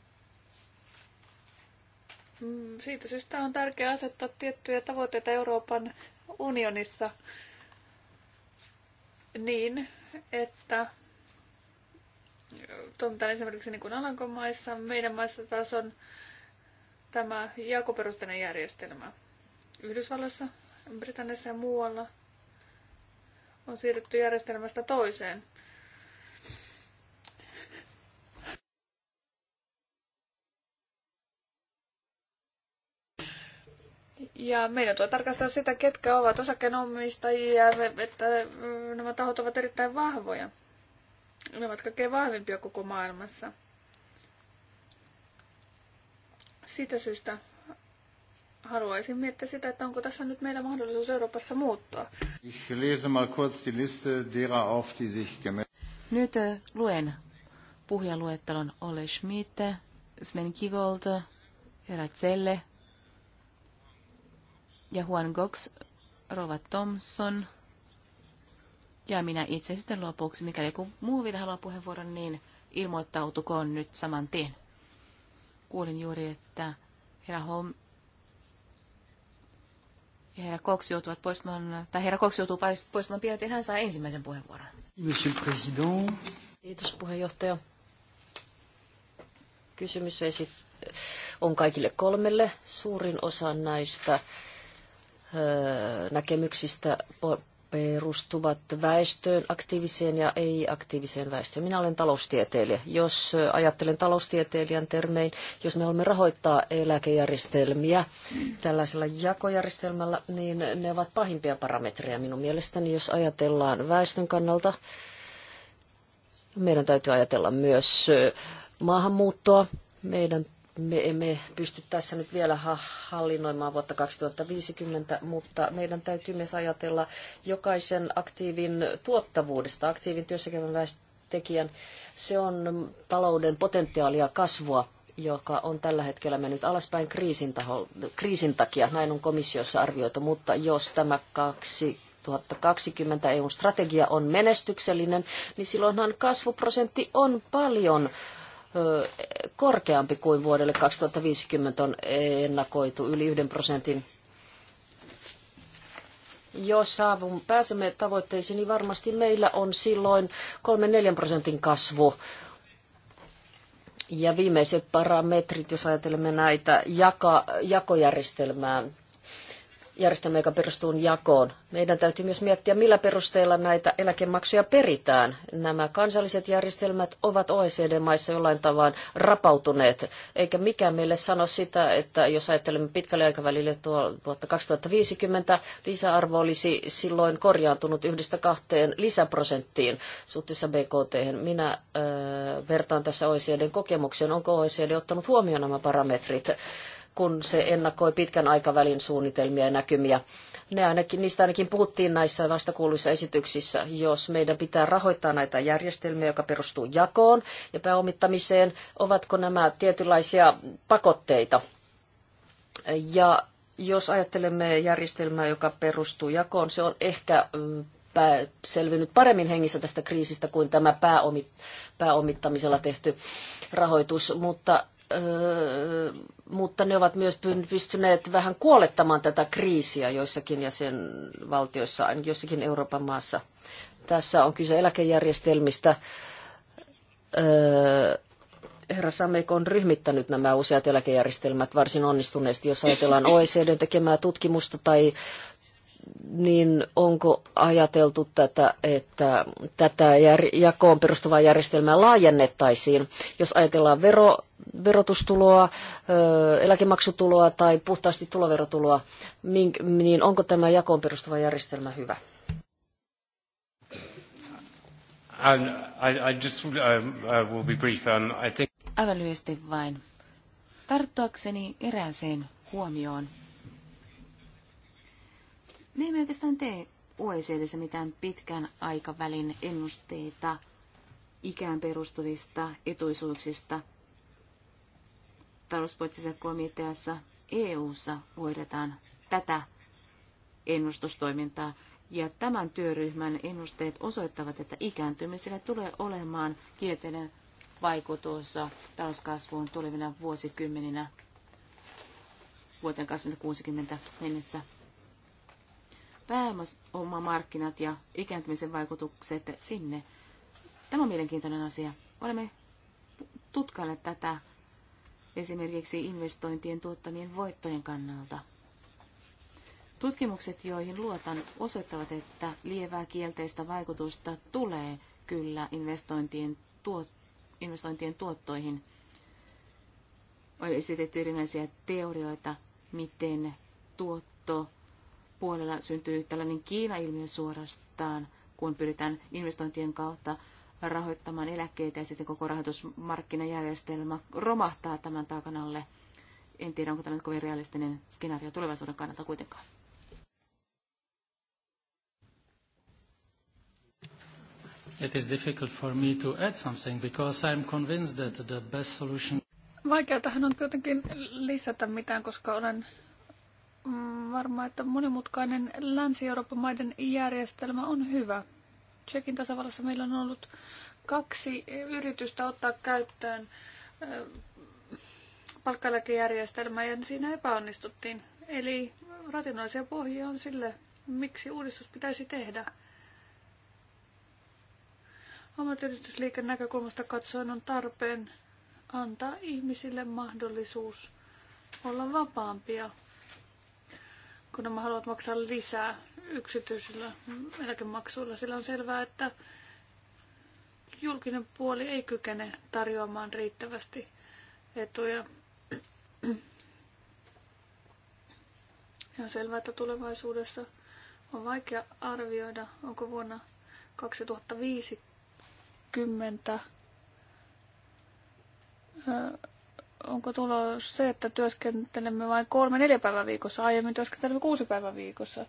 siitä syystä on tärkeää asettaa tiettyjä tavoitteita Euroopan unionissa niin, että toimitaan esimerkiksi niin kuin Alankomaissa, meidän maissa taas on tämä jakoperusteinen järjestelmä. Yhdysvalloissa, Britanniassa ja muualla on siirrytty järjestelmästä toiseen. Ja meidän tulee tarkastella sitä, ketkä ovat osakkeenomistajia, että mm, nämä tahot ovat erittäin vahvoja. Ne ovat kaikkein vahvimpia koko maailmassa. Siitä syystä haluaisin miettiä sitä, että onko tässä nyt meillä mahdollisuus Euroopassa muuttua. Ich lese mal kurz die Liste derer auf, die sich Nyt äh, luen puhujaluettelon Ole Schmidt, Sven Kigold, Zelle, ja Juan Gox, Rova Thompson ja minä itse sitten lopuksi. Mikäli joku muu vielä haluaa puheenvuoron, niin ilmoittautukoon nyt saman tien. Kuulin juuri, että herra Holm ja herra Cox joutuvat poistamaan, tai herra Cox joutuu poistamaan pian, että hän saa ensimmäisen puheenvuoron. Monsieur Président. Kiitos puheenjohtaja. Kysymys on kaikille kolmelle. Suurin osa näistä näkemyksistä perustuvat väestöön, aktiiviseen ja ei-aktiiviseen väestöön. Minä olen taloustieteilijä. Jos ajattelen taloustieteilijän termein, jos me olemme rahoittaa eläkejärjestelmiä tällaisella jakojärjestelmällä, niin ne ovat pahimpia parametreja minun mielestäni, jos ajatellaan väestön kannalta. Meidän täytyy ajatella myös maahanmuuttoa. Meidän me emme pysty tässä nyt vielä hallinnoimaan vuotta 2050, mutta meidän täytyy myös ajatella jokaisen aktiivin tuottavuudesta, aktiivin työssäkäyvän väestötekijän. Se on talouden potentiaalia kasvua, joka on tällä hetkellä mennyt alaspäin kriisin, taho, kriisin takia. Näin on komissiossa arvioitu, mutta jos tämä kaksi 2020 EUn strategia on menestyksellinen, niin silloinhan kasvuprosentti on paljon korkeampi kuin vuodelle 2050 on ennakoitu yli yhden prosentin. Jos saavun, pääsemme tavoitteisiin, niin varmasti meillä on silloin 3-4 prosentin kasvu. Ja viimeiset parametrit, jos ajattelemme näitä jaka, jakojärjestelmää, järjestelmä, joka perustuu jakoon. Meidän täytyy myös miettiä, millä perusteella näitä eläkemaksuja peritään. Nämä kansalliset järjestelmät ovat OECD-maissa jollain tavalla rapautuneet, eikä mikään meille sano sitä, että jos ajattelemme pitkälle aikavälille tuo vuotta 2050, lisäarvo olisi silloin korjaantunut yhdestä kahteen lisäprosenttiin suhteessa BKT. -hän. Minä äh, vertaan tässä OECDn kokemukseen. Onko OECD ottanut huomioon nämä parametrit? kun se ennakoi pitkän aikavälin suunnitelmia ja näkymiä. Ne ainakin, niistä ainakin puhuttiin näissä vastakuuluissa esityksissä. Jos meidän pitää rahoittaa näitä järjestelmiä, joka perustuu jakoon ja pääomittamiseen, ovatko nämä tietynlaisia pakotteita? Ja jos ajattelemme järjestelmää, joka perustuu jakoon, se on ehkä mm, selvinnyt paremmin hengissä tästä kriisistä kuin tämä pääomittamisella tehty rahoitus, mutta mutta ne ovat myös pystyneet vähän kuolettamaan tätä kriisiä joissakin jäsenvaltioissa, ainakin jossakin Euroopan maassa. Tässä on kyse eläkejärjestelmistä. herra Samek on ryhmittänyt nämä useat eläkejärjestelmät varsin onnistuneesti, jos ajatellaan OECDn tekemää tutkimusta tai niin onko ajateltu tätä, että tätä jakoon perustuvaa järjestelmää laajennettaisiin, jos ajatellaan vero, verotustuloa, eläkemaksutuloa tai puhtaasti tuloverotuloa, niin onko tämä jakoon perustuva järjestelmä hyvä? Um, uh, um, Aivan lyhyesti vain. Tarttuakseni erääseen huomioon, me emme oikeastaan tee OECDssä mitään pitkän aikavälin ennusteita ikään perustuvista etuisuuksista. Talouspoliittisessa komiteassa EU-ssa hoidetaan tätä ennustustoimintaa. Ja tämän työryhmän ennusteet osoittavat, että ikääntymisellä tulee olemaan kielteinen vaikutus talouskasvuun tulevina vuosikymmeninä vuoteen 2060 mennessä pääomamarkkinat ja ikääntymisen vaikutukset sinne. Tämä on mielenkiintoinen asia. Olemme tutkailleet tätä esimerkiksi investointien tuottamien voittojen kannalta. Tutkimukset, joihin luotan, osoittavat, että lievää kielteistä vaikutusta tulee kyllä investointien, tuot, investointien tuottoihin. On esitetty erinäisiä teorioita, miten tuotto puolella syntyy tällainen Kiina-ilmiö suorastaan, kun pyritään investointien kautta rahoittamaan eläkkeitä ja sitten koko rahoitusmarkkinajärjestelmä romahtaa tämän taakan alle. En tiedä, onko tämä nyt kovin realistinen skenaario tulevaisuuden kannalta kuitenkaan. It is difficult for me to add something because I'm convinced that the best solution Vaikea tähän on kuitenkin lisätä mitään, koska olen Mm, varma, että monimutkainen Länsi-Euroopan maiden järjestelmä on hyvä. Tsekin tasavallassa meillä on ollut kaksi yritystä ottaa käyttöön palkkaeläkejärjestelmä ja siinä epäonnistuttiin. Eli rationaalisia pohjia on sille, miksi uudistus pitäisi tehdä. Ammattiyhdistysliikkeen näkökulmasta katsoen on tarpeen antaa ihmisille mahdollisuus olla vapaampia kun nämä haluat maksaa lisää yksityisillä eläkemaksuilla, sillä on selvää, että julkinen puoli ei kykene tarjoamaan riittävästi etuja. Ja on selvää, että tulevaisuudessa on vaikea arvioida, onko vuonna 2050 öö, onko tulos se, että työskentelemme vain kolme neljä päivää viikossa, aiemmin työskentelemme kuusi päivää viikossa.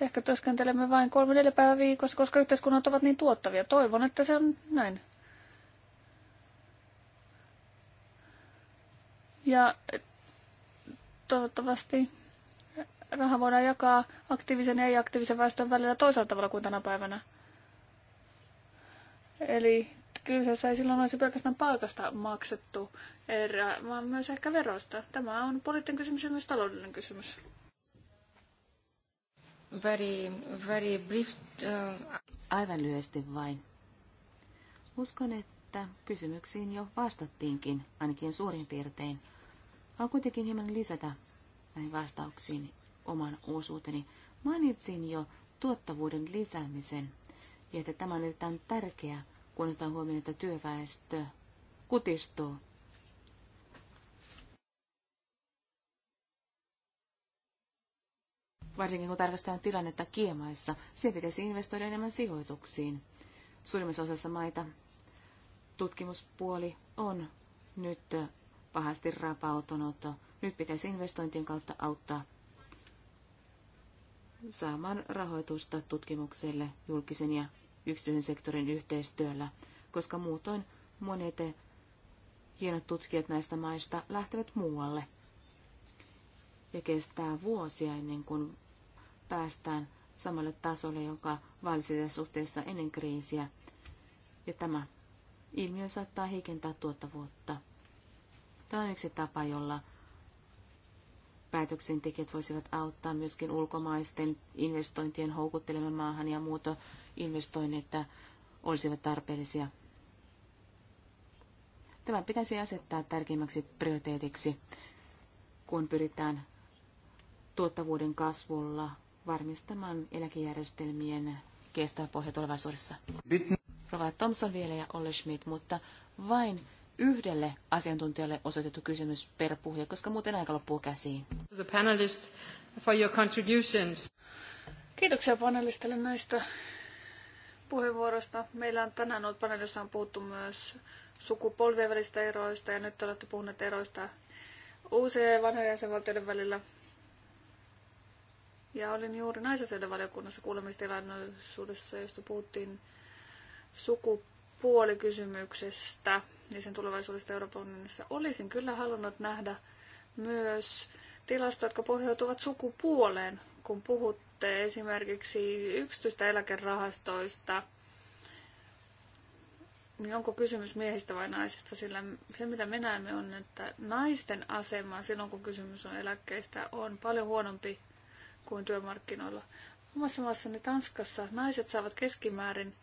Ehkä työskentelemme vain kolme neljä päivää viikossa, koska yhteiskunnat ovat niin tuottavia. Toivon, että se on näin. Ja eh, toivottavasti raha voidaan jakaa aktiivisen ja ei-aktiivisen väestön välillä toisella tavalla kuin tänä päivänä. Eli kyseessä ei silloin olisi pelkästään palkasta maksettu erä, vaan myös ehkä veroista. Tämä on poliittinen kysymys ja myös taloudellinen kysymys. Very, very brief, uh... Aivan lyhyesti vain. Uskon, että kysymyksiin jo vastattiinkin, ainakin suurin piirtein. Haluan kuitenkin hieman lisätä näihin vastauksiin oman osuuteni. Mainitsin jo tuottavuuden lisäämisen ja että tämä on erittäin tärkeä kun otetaan huomioon, että työväestö kutistuu. Varsinkin kun tarkastetaan tilannetta kiemaissa, siihen pitäisi investoida enemmän sijoituksiin. Suurimmassa osassa maita tutkimuspuoli on nyt pahasti rapautunut. Nyt pitäisi investointien kautta auttaa saamaan rahoitusta tutkimukselle julkisen ja yksityisen sektorin yhteistyöllä, koska muutoin monet hienot tutkijat näistä maista lähtevät muualle. Ja kestää vuosia ennen kuin päästään samalle tasolle, joka vallisi suhteessa ennen kriisiä. Ja tämä ilmiö saattaa heikentää tuottavuutta. Tämä on yksi tapa, jolla päätöksentekijät voisivat auttaa myöskin ulkomaisten investointien houkuttelemaan maahan ja muuta että olisivat tarpeellisia. Tämä pitäisi asettaa tärkeimmäksi prioriteetiksi, kun pyritään tuottavuuden kasvulla varmistamaan eläkejärjestelmien kestää pohja tulevaisuudessa. Rova Thompson vielä ja Olle Schmidt, mutta vain yhdelle asiantuntijalle osoitettu kysymys per puhuja, koska muuten aika loppuu käsiin. The for your Kiitoksia panelistille näistä puheenvuorosta. Meillä on tänään ollut paneelissa on puhuttu myös sukupolvien välistä eroista ja nyt olette puhuneet eroista uusien ja vanhojen jäsenvaltioiden välillä. Ja olin juuri naisasioiden valiokunnassa kuulemistilaisuudessa, josta puhuttiin sukupuolikysymyksestä ja sen tulevaisuudesta Euroopan unionissa. Olisin kyllä halunnut nähdä myös tilastoja, jotka pohjautuvat sukupuoleen kun puhutte esimerkiksi yksityistä eläkerahastoista, niin onko kysymys miehistä vai naisista, sillä se mitä me näemme on, että naisten asema silloin kun kysymys on eläkkeistä on paljon huonompi kuin työmarkkinoilla. Omassa maassani Tanskassa naiset saavat keskimäärin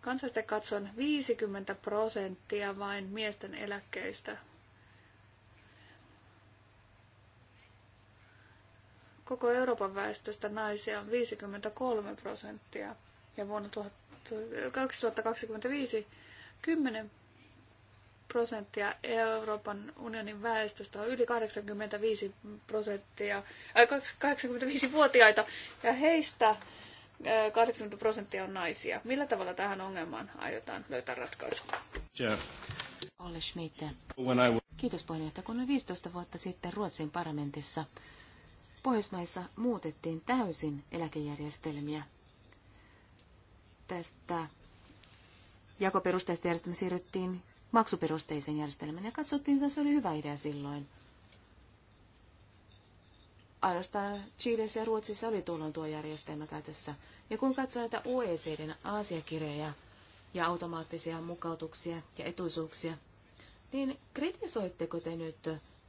kansallisesti katsoen 50 prosenttia vain miesten eläkkeistä. koko Euroopan väestöstä naisia on 53 prosenttia ja vuonna 2025 10 prosenttia Euroopan unionin väestöstä on yli 85 prosenttia, äh, 85-vuotiaita ja heistä 80 äh, prosenttia on naisia. Millä tavalla tähän ongelmaan aiotaan löytää ratkaisu? Yeah. Olle Schmidt. Kiitos puheenjohtaja. Kun 15 vuotta sitten Ruotsin parlamentissa Pohjoismaissa muutettiin täysin eläkejärjestelmiä. Tästä jakoperusteista järjestelmä siirryttiin maksuperusteisen järjestelmän ja katsottiin, että se oli hyvä idea silloin. Ainoastaan Chiilessä ja Ruotsissa oli tuolloin tuo järjestelmä käytössä. Ja kun katsoo näitä OECDn asiakirjoja ja automaattisia mukautuksia ja etuisuuksia, niin kritisoitteko te nyt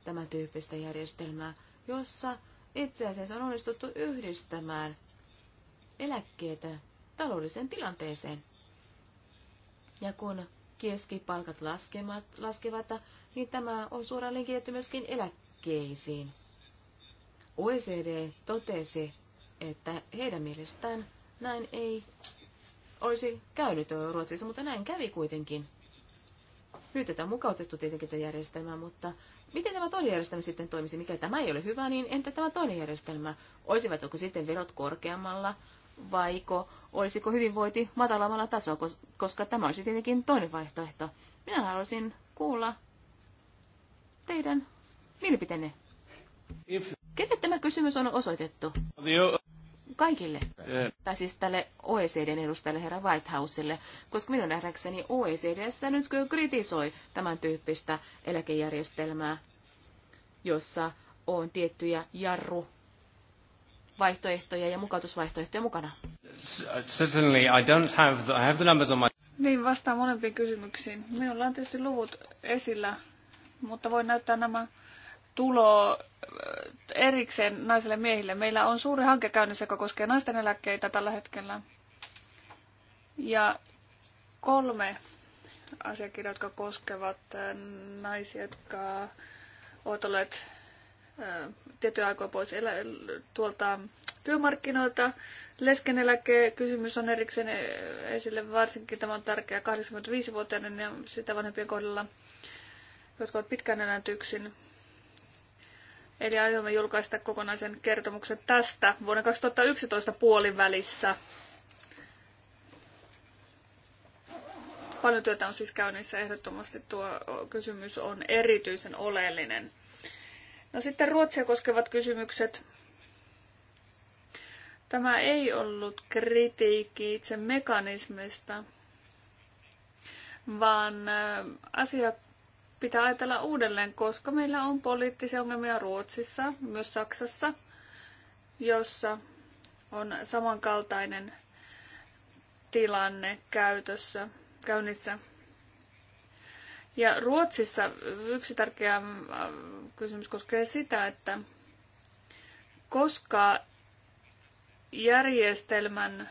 tämän tyyppistä järjestelmää, jossa itse asiassa on onnistuttu yhdistämään eläkkeitä taloudelliseen tilanteeseen. Ja kun keskipalkat laskevat, laskevat niin tämä on suoraan linkitetty myöskin eläkkeisiin. OECD totesi, että heidän mielestään näin ei olisi käynyt Ruotsissa, mutta näin kävi kuitenkin. Nyt tätä on mukautettu tietenkin tätä järjestelmää, mutta Miten tämä toinen järjestelmä sitten toimisi? Mikä tämä ei ole hyvä, niin entä tämä toinen järjestelmä? Olisivatko sitten verot korkeammalla vaiko olisiko hyvinvointi matalammalla tasolla, koska tämä olisi tietenkin toinen vaihtoehto. Minä haluaisin kuulla teidän mielipiteenne. If... tämä kysymys on osoitettu? kaikille, tai siis tälle OECDn edustajalle herra Whitehouselle, koska minun nähdäkseni OECDssä nyt kyllä kritisoi tämän tyyppistä eläkejärjestelmää, jossa on tiettyjä jarru vaihtoehtoja ja mukautusvaihtoehtoja mukana. Uh, certainly, I don't have the, I have the numbers on my... Niin, vastaan molempiin kysymyksiin. Minulla on tietysti luvut esillä, mutta voin näyttää nämä tulo erikseen naisille miehille. Meillä on suuri hanke käynnissä, joka koskee naisten eläkkeitä tällä hetkellä. Ja kolme asiakirjaa, jotka koskevat äh, naisia, jotka ovat olleet äh, tiettyä aikaa pois elä, tuolta työmarkkinoilta. Leskeneläkekysymys on erikseen äh, esille, varsinkin tämä on tärkeä 85-vuotiaiden ja sitä vanhempien kohdalla, jotka ovat pitkään yksin. Eli aiomme julkaista kokonaisen kertomuksen tästä vuonna 2011 puolivälissä. Paljon työtä on siis käynnissä. Ehdottomasti tuo kysymys on erityisen oleellinen. No sitten Ruotsia koskevat kysymykset. Tämä ei ollut kritiikki itse mekanismista, vaan asiakkaan pitää ajatella uudelleen, koska meillä on poliittisia ongelmia Ruotsissa, myös Saksassa, jossa on samankaltainen tilanne käytössä, käynnissä. Ja Ruotsissa yksi tärkeä äh, kysymys koskee sitä, että koska järjestelmän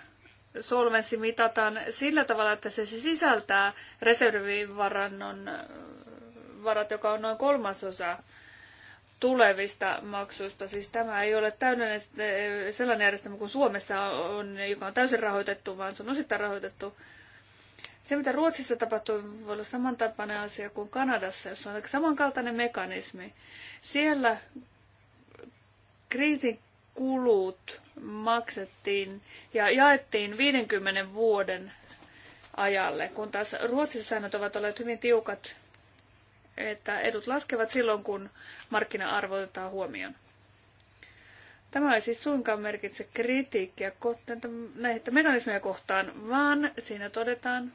solvenssi mitataan sillä tavalla, että se sisältää reservivarannon äh, varat, joka on noin kolmasosa tulevista maksuista. Siis tämä ei ole täydellinen eh, sellainen järjestelmä kuin Suomessa on, joka on täysin rahoitettu, vaan se on osittain rahoitettu. Se, mitä Ruotsissa tapahtui, voi olla samantapainen asia kuin Kanadassa, jossa on samankaltainen mekanismi. Siellä kriisin kulut maksettiin ja jaettiin 50 vuoden ajalle, kun taas Ruotsissa säännöt ovat olleet hyvin tiukat että edut laskevat silloin, kun markkina-arvo otetaan huomioon. Tämä ei siis suinkaan merkitse kritiikkiä näitä mekanismeja kohtaan, vaan siinä todetaan,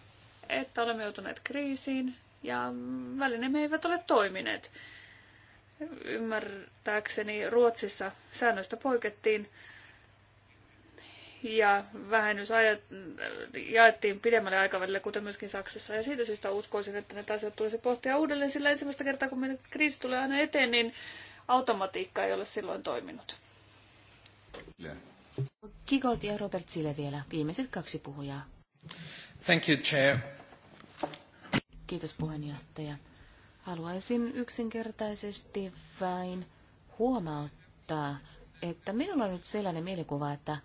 että olemme joutuneet kriisiin ja välineemme eivät ole toimineet. Ymmärtääkseni Ruotsissa säännöistä poikettiin ja vähennys jaettiin pidemmälle aikavälille, kuten myöskin Saksassa. Ja siitä syystä uskoisin, että näitä asioita tulisi pohtia uudelleen, sillä ensimmäistä kertaa, kun meidän kriisi tulee aina eteen, niin automatiikka ei ole silloin toiminut. Kikot ja Robert Sille vielä, viimeiset kaksi puhujaa. Thank you, Chair. Kiitos puheenjohtaja. Haluaisin yksinkertaisesti vain huomauttaa, että minulla on nyt sellainen mielikuva, että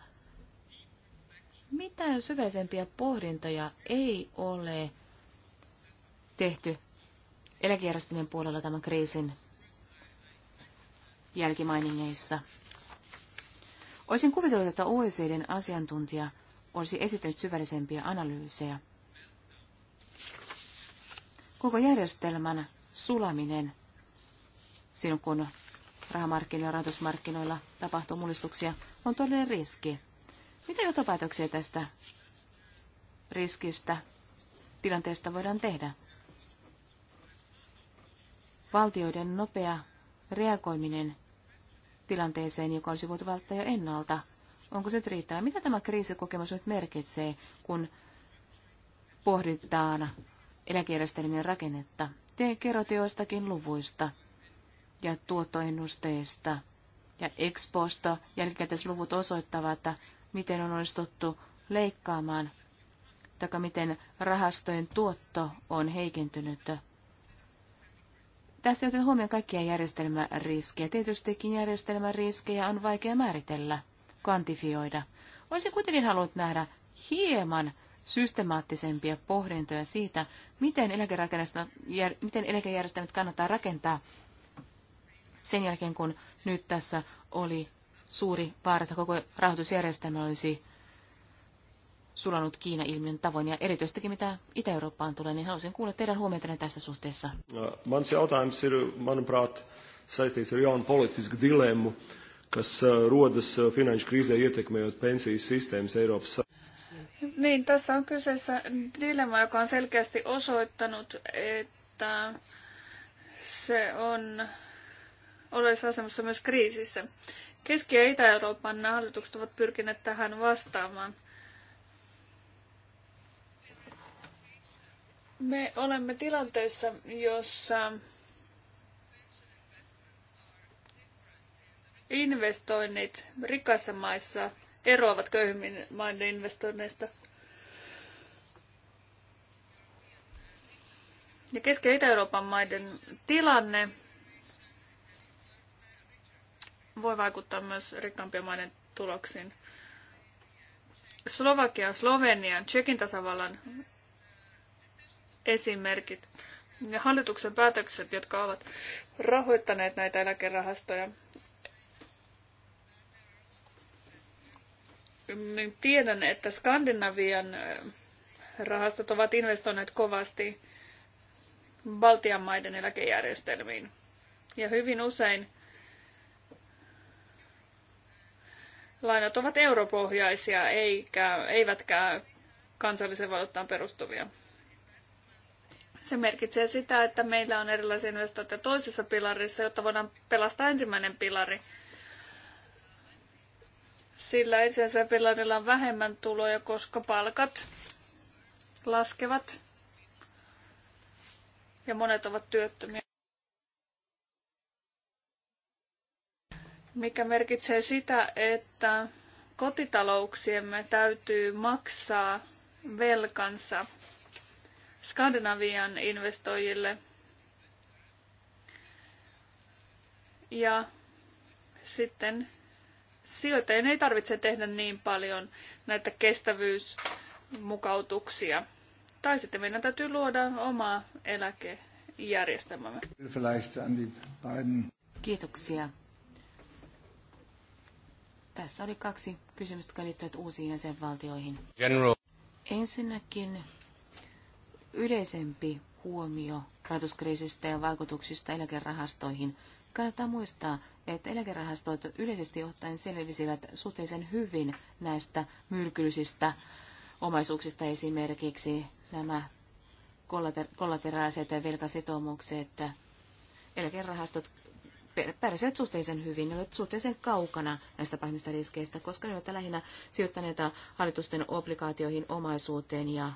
mitään syvällisempiä pohdintoja ei ole tehty eläkejärjestelmien puolella tämän kriisin jälkimainingeissa. Olisin kuvitellut, että OECDn asiantuntija olisi esittänyt syvällisempiä analyysejä. Koko järjestelmän sulaminen silloin, kun rahamarkkinoilla ja rahoitusmarkkinoilla tapahtuu mullistuksia, on todellinen riski. Mitä johtopäätöksiä tästä riskistä tilanteesta voidaan tehdä? Valtioiden nopea reagoiminen tilanteeseen, joka olisi voitu välttää jo ennalta. Onko se nyt riittää? Mitä tämä kriisikokemus nyt merkitsee, kun pohditaan eläkejärjestelmien rakennetta? Te kerrotte joistakin luvuista ja tuottoennusteista. Ja ex posto jälkikäteisluvut osoittavat, että miten on onnistuttu leikkaamaan, tai miten rahastojen tuotto on heikentynyt. Tässä otetaan huomioon kaikkia järjestelmäriskejä. Tietystikin järjestelmäriskejä on vaikea määritellä, kvantifioida. Olisin kuitenkin halunnut nähdä hieman systemaattisempia pohdintoja siitä, miten, miten eläkejärjestelmät kannattaa rakentaa sen jälkeen, kun nyt tässä oli suuri vaara, että koko rahoitusjärjestelmä olisi sulanut Kiina-ilmiön tavoin, ja erityisesti mitä Itä-Eurooppaan tulee, niin haluaisin kuulla teidän huomioitanne tässä suhteessa. Mans jautājums ir, manuprāt, saistīts ar jaunu politisku dilemmu, kas rodas finanšu kriisē ietekmējot pensijas sistēmas Eiropas Niin, tässä on kyseessä dilemma, joka on selkeästi osoittanut, että se on olevassa asemassa myös kriisissä. Keski- ja Itä-Euroopan hallitukset ovat pyrkineet tähän vastaamaan. Me olemme tilanteessa, jossa investoinnit rikkaissa maissa eroavat köyhimmin maiden investoinneista. Ja Keski- ja Itä-Euroopan maiden tilanne voi vaikuttaa myös rikkaampien maiden tuloksiin. Slovakia, Slovenian, Tsekin tasavallan esimerkit ja hallituksen päätökset, jotka ovat rahoittaneet näitä eläkerahastoja, niin tiedän, että Skandinavian rahastot ovat investoineet kovasti Baltian maiden eläkejärjestelmiin. Ja hyvin usein lainat ovat europohjaisia eikä, eivätkä kansallisen valuuttaan perustuvia. Se merkitsee sitä, että meillä on erilaisia investointeja toisessa pilarissa, jotta voidaan pelastaa ensimmäinen pilari. Sillä ensimmäisellä pilarilla on vähemmän tuloja, koska palkat laskevat ja monet ovat työttömiä. mikä merkitsee sitä, että kotitalouksiemme täytyy maksaa velkansa Skandinavian investoijille. Ja sitten sijoittajien ei tarvitse tehdä niin paljon näitä kestävyysmukautuksia. Tai sitten meidän täytyy luoda oma eläkejärjestelmämme. Kiitoksia. Tässä oli kaksi kysymystä, jotka liittyvät uusiin jäsenvaltioihin. General. Ensinnäkin yleisempi huomio rahoituskriisistä ja vaikutuksista eläkerahastoihin. Kannattaa muistaa, että eläkerahastot yleisesti ottaen selvisivät suhteellisen hyvin näistä myrkyllisistä omaisuuksista esimerkiksi nämä kollateraaliset ja velkasitoumukset. Eläkerahastot pärsivät suhteellisen hyvin. Ne olivat suhteellisen kaukana näistä pahimmista riskeistä, koska ne ovat lähinnä sijoittaneita hallitusten obligaatioihin, omaisuuteen ja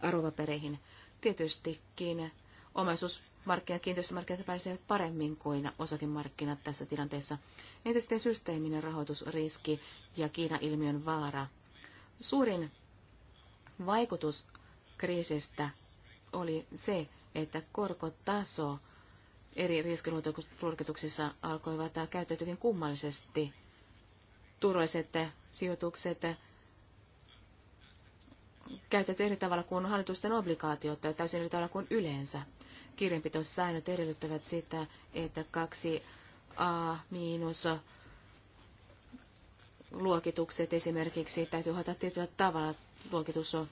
arvopapereihin. Tietystikin omaisuusmarkkinat, kiinteistömarkkinat pärsivät paremmin kuin osakemarkkinat tässä tilanteessa. Entä sitten systeeminen rahoitusriski ja Kiina-ilmiön vaara? Suurin vaikutus kriisistä oli se, että korkotaso eri riskiluototuksetulkituksissa alkoivat käyttäytyä hyvin kummallisesti. Turvalliset sijoitukset käytetty eri tavalla kuin hallitusten obligaatiot tai täysin eri tavalla kuin yleensä. Kirjanpitosäännöt edellyttävät sitä, että kaksi A- luokitukset esimerkiksi täytyy hoitaa tietyllä tavalla. Luokitus on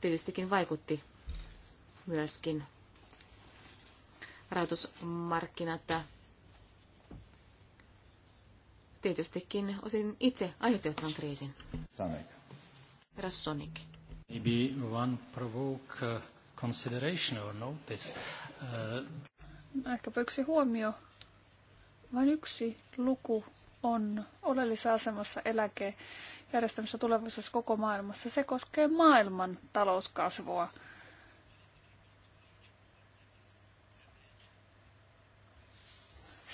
tietystikin vaikutti myöskin rahoitusmarkkinat tietystikin osin itse aiheuttivat tämän kriisin. Sonic. Herra Maybe one provoke uh, consideration or notice. Uh... No, ehkäpä yksi huomio. Vain yksi luku on oleellisessa asemassa eläkejärjestelmässä tulevaisuudessa koko maailmassa. Se koskee maailman talouskasvua.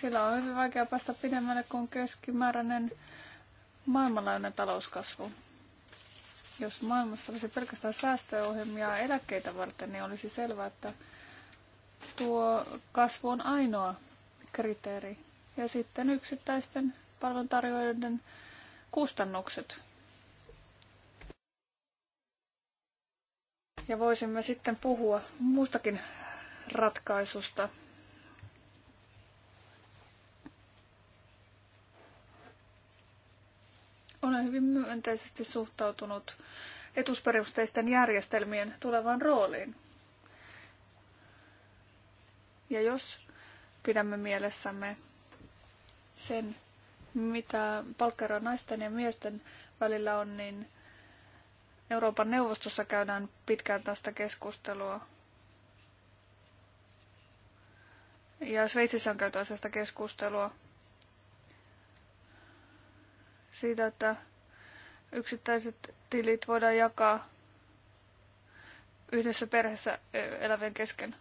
Sillä on hyvin vaikea päästä pidemmälle kuin keskimääräinen maailmanlainen talouskasvu. Jos maailmassa olisi pelkästään säästöohjelmia eläkkeitä varten, niin olisi selvää, että tuo kasvu on ainoa kriteeri. Ja sitten yksittäisten palveluntarjoajien kustannukset. Ja voisimme sitten puhua muustakin ratkaisusta Olen hyvin myönteisesti suhtautunut etusperusteisten järjestelmien tulevaan rooliin. Ja jos pidämme mielessämme sen, mitä palkkeroa naisten ja miesten välillä on, niin Euroopan neuvostossa käydään pitkään tästä keskustelua. Ja Sveitsissä on käyty asiasta keskustelua siitä, että yksittäiset tilit voidaan jakaa yhdessä perheessä elävien kesken.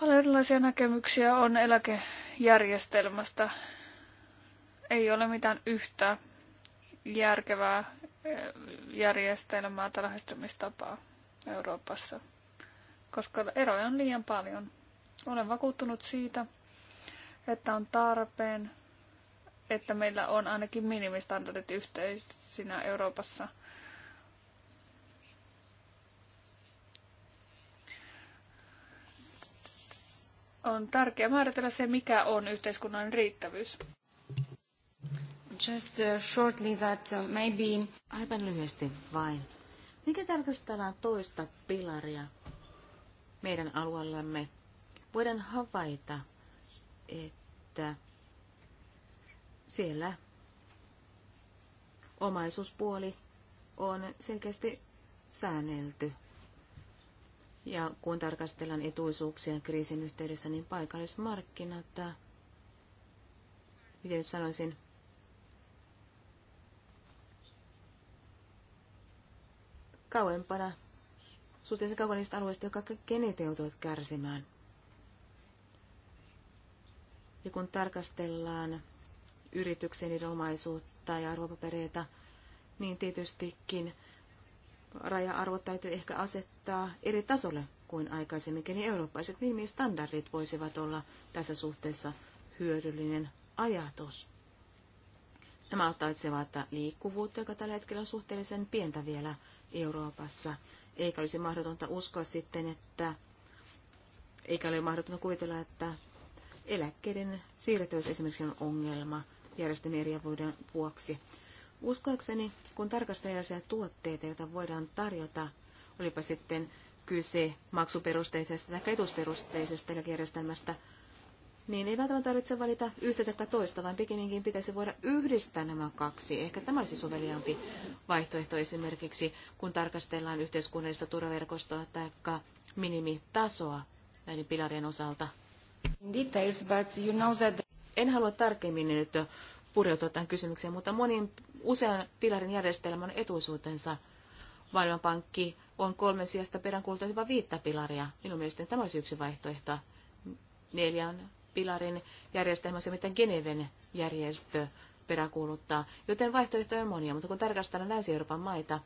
Paljon erilaisia näkemyksiä on eläkejärjestelmästä. Ei ole mitään yhtä järkevää järjestelmää tai lähestymistapaa Euroopassa, koska eroja on liian paljon. Olen vakuuttunut siitä, että on tarpeen että meillä on ainakin minimistandardit yhteisinä Euroopassa. On tärkeää määritellä se, mikä on yhteiskunnan riittävyys. Just uh, shortly that uh, maybe... Aivan lyhyesti vain. Mikä tarkastellaan toista pilaria meidän alueellamme? Voidaan havaita, että siellä omaisuuspuoli on selkeästi säännelty. Ja kun tarkastellaan etuisuuksia kriisin yhteydessä, niin paikallismarkkinat, miten nyt sanoisin, kauempana, suhteessa kaukana niistä alueista, jotka kenet joutuvat kärsimään. Ja kun tarkastellaan yrityksiä, niiden omaisuutta ja arvopapereita, niin tietystikin raja-arvot täytyy ehkä asettaa eri tasolle kuin aikaisemminkin, niin eurooppalaiset minimistandardit voisivat olla tässä suhteessa hyödyllinen ajatus. Nämä auttaisivat liikkuvuutta, joka tällä hetkellä on suhteellisen pientä vielä Euroopassa. Eikä olisi mahdotonta uskoa sitten, että eikä ole mahdotonta kuvitella, että eläkkeiden siirtyvyys esimerkiksi on ongelma – järjestön eriävuuden vuoksi. Uskoakseni, kun tarkastellaan tuotteita, joita voidaan tarjota, olipa sitten kyse maksuperusteisesta tai etusperusteisesta järjestelmästä, niin ei välttämättä tarvitse valita yhtä tai toista, vaan pikemminkin pitäisi voida yhdistää nämä kaksi. Ehkä tämä olisi soveliaampi vaihtoehto esimerkiksi, kun tarkastellaan yhteiskunnallista turvaverkostoa tai minimitasoa näiden pilarien osalta. In details, but you know that... En halua tarkemmin nyt pureutua tähän kysymykseen, mutta monin usean pilarin järjestelmän etuisuutensa Maailmanpankki on kolmen sijasta peräänkuulutettu jopa viittä pilaria. Minun mielestäni tämä olisi yksi vaihtoehto. Neljän pilarin järjestelmä, se mitä Geneven järjestö peräkuuluttaa. Joten vaihtoehtoja on monia, mutta kun tarkastellaan Länsi-Euroopan maita,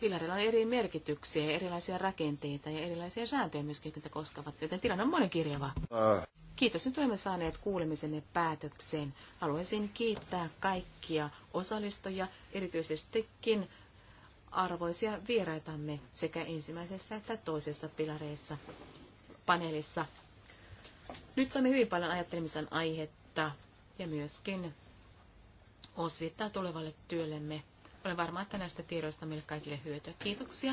pilarilla on eri merkityksiä, erilaisia rakenteita ja erilaisia sääntöjä myöskin, jotka koskevat, joten tilanne on monenkirjava. Äh. Kiitos, nyt olemme saaneet kuulemisenne päätökseen. Haluaisin kiittää kaikkia osallistujia, erityisestikin arvoisia vieraitamme sekä ensimmäisessä että toisessa pilareissa paneelissa. Nyt saamme hyvin paljon ajattelemisen aihetta ja myöskin osviittaa tulevalle työllemme. Olen varma, että näistä tiedoista meille kaikille hyötyä. Kiitoksia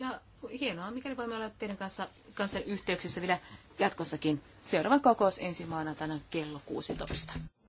ja hienoa, mikäli voimme olla teidän kanssa kanssa yhteyksissä vielä jatkossakin. Seuraava kokous ensi maanantaina kello 16.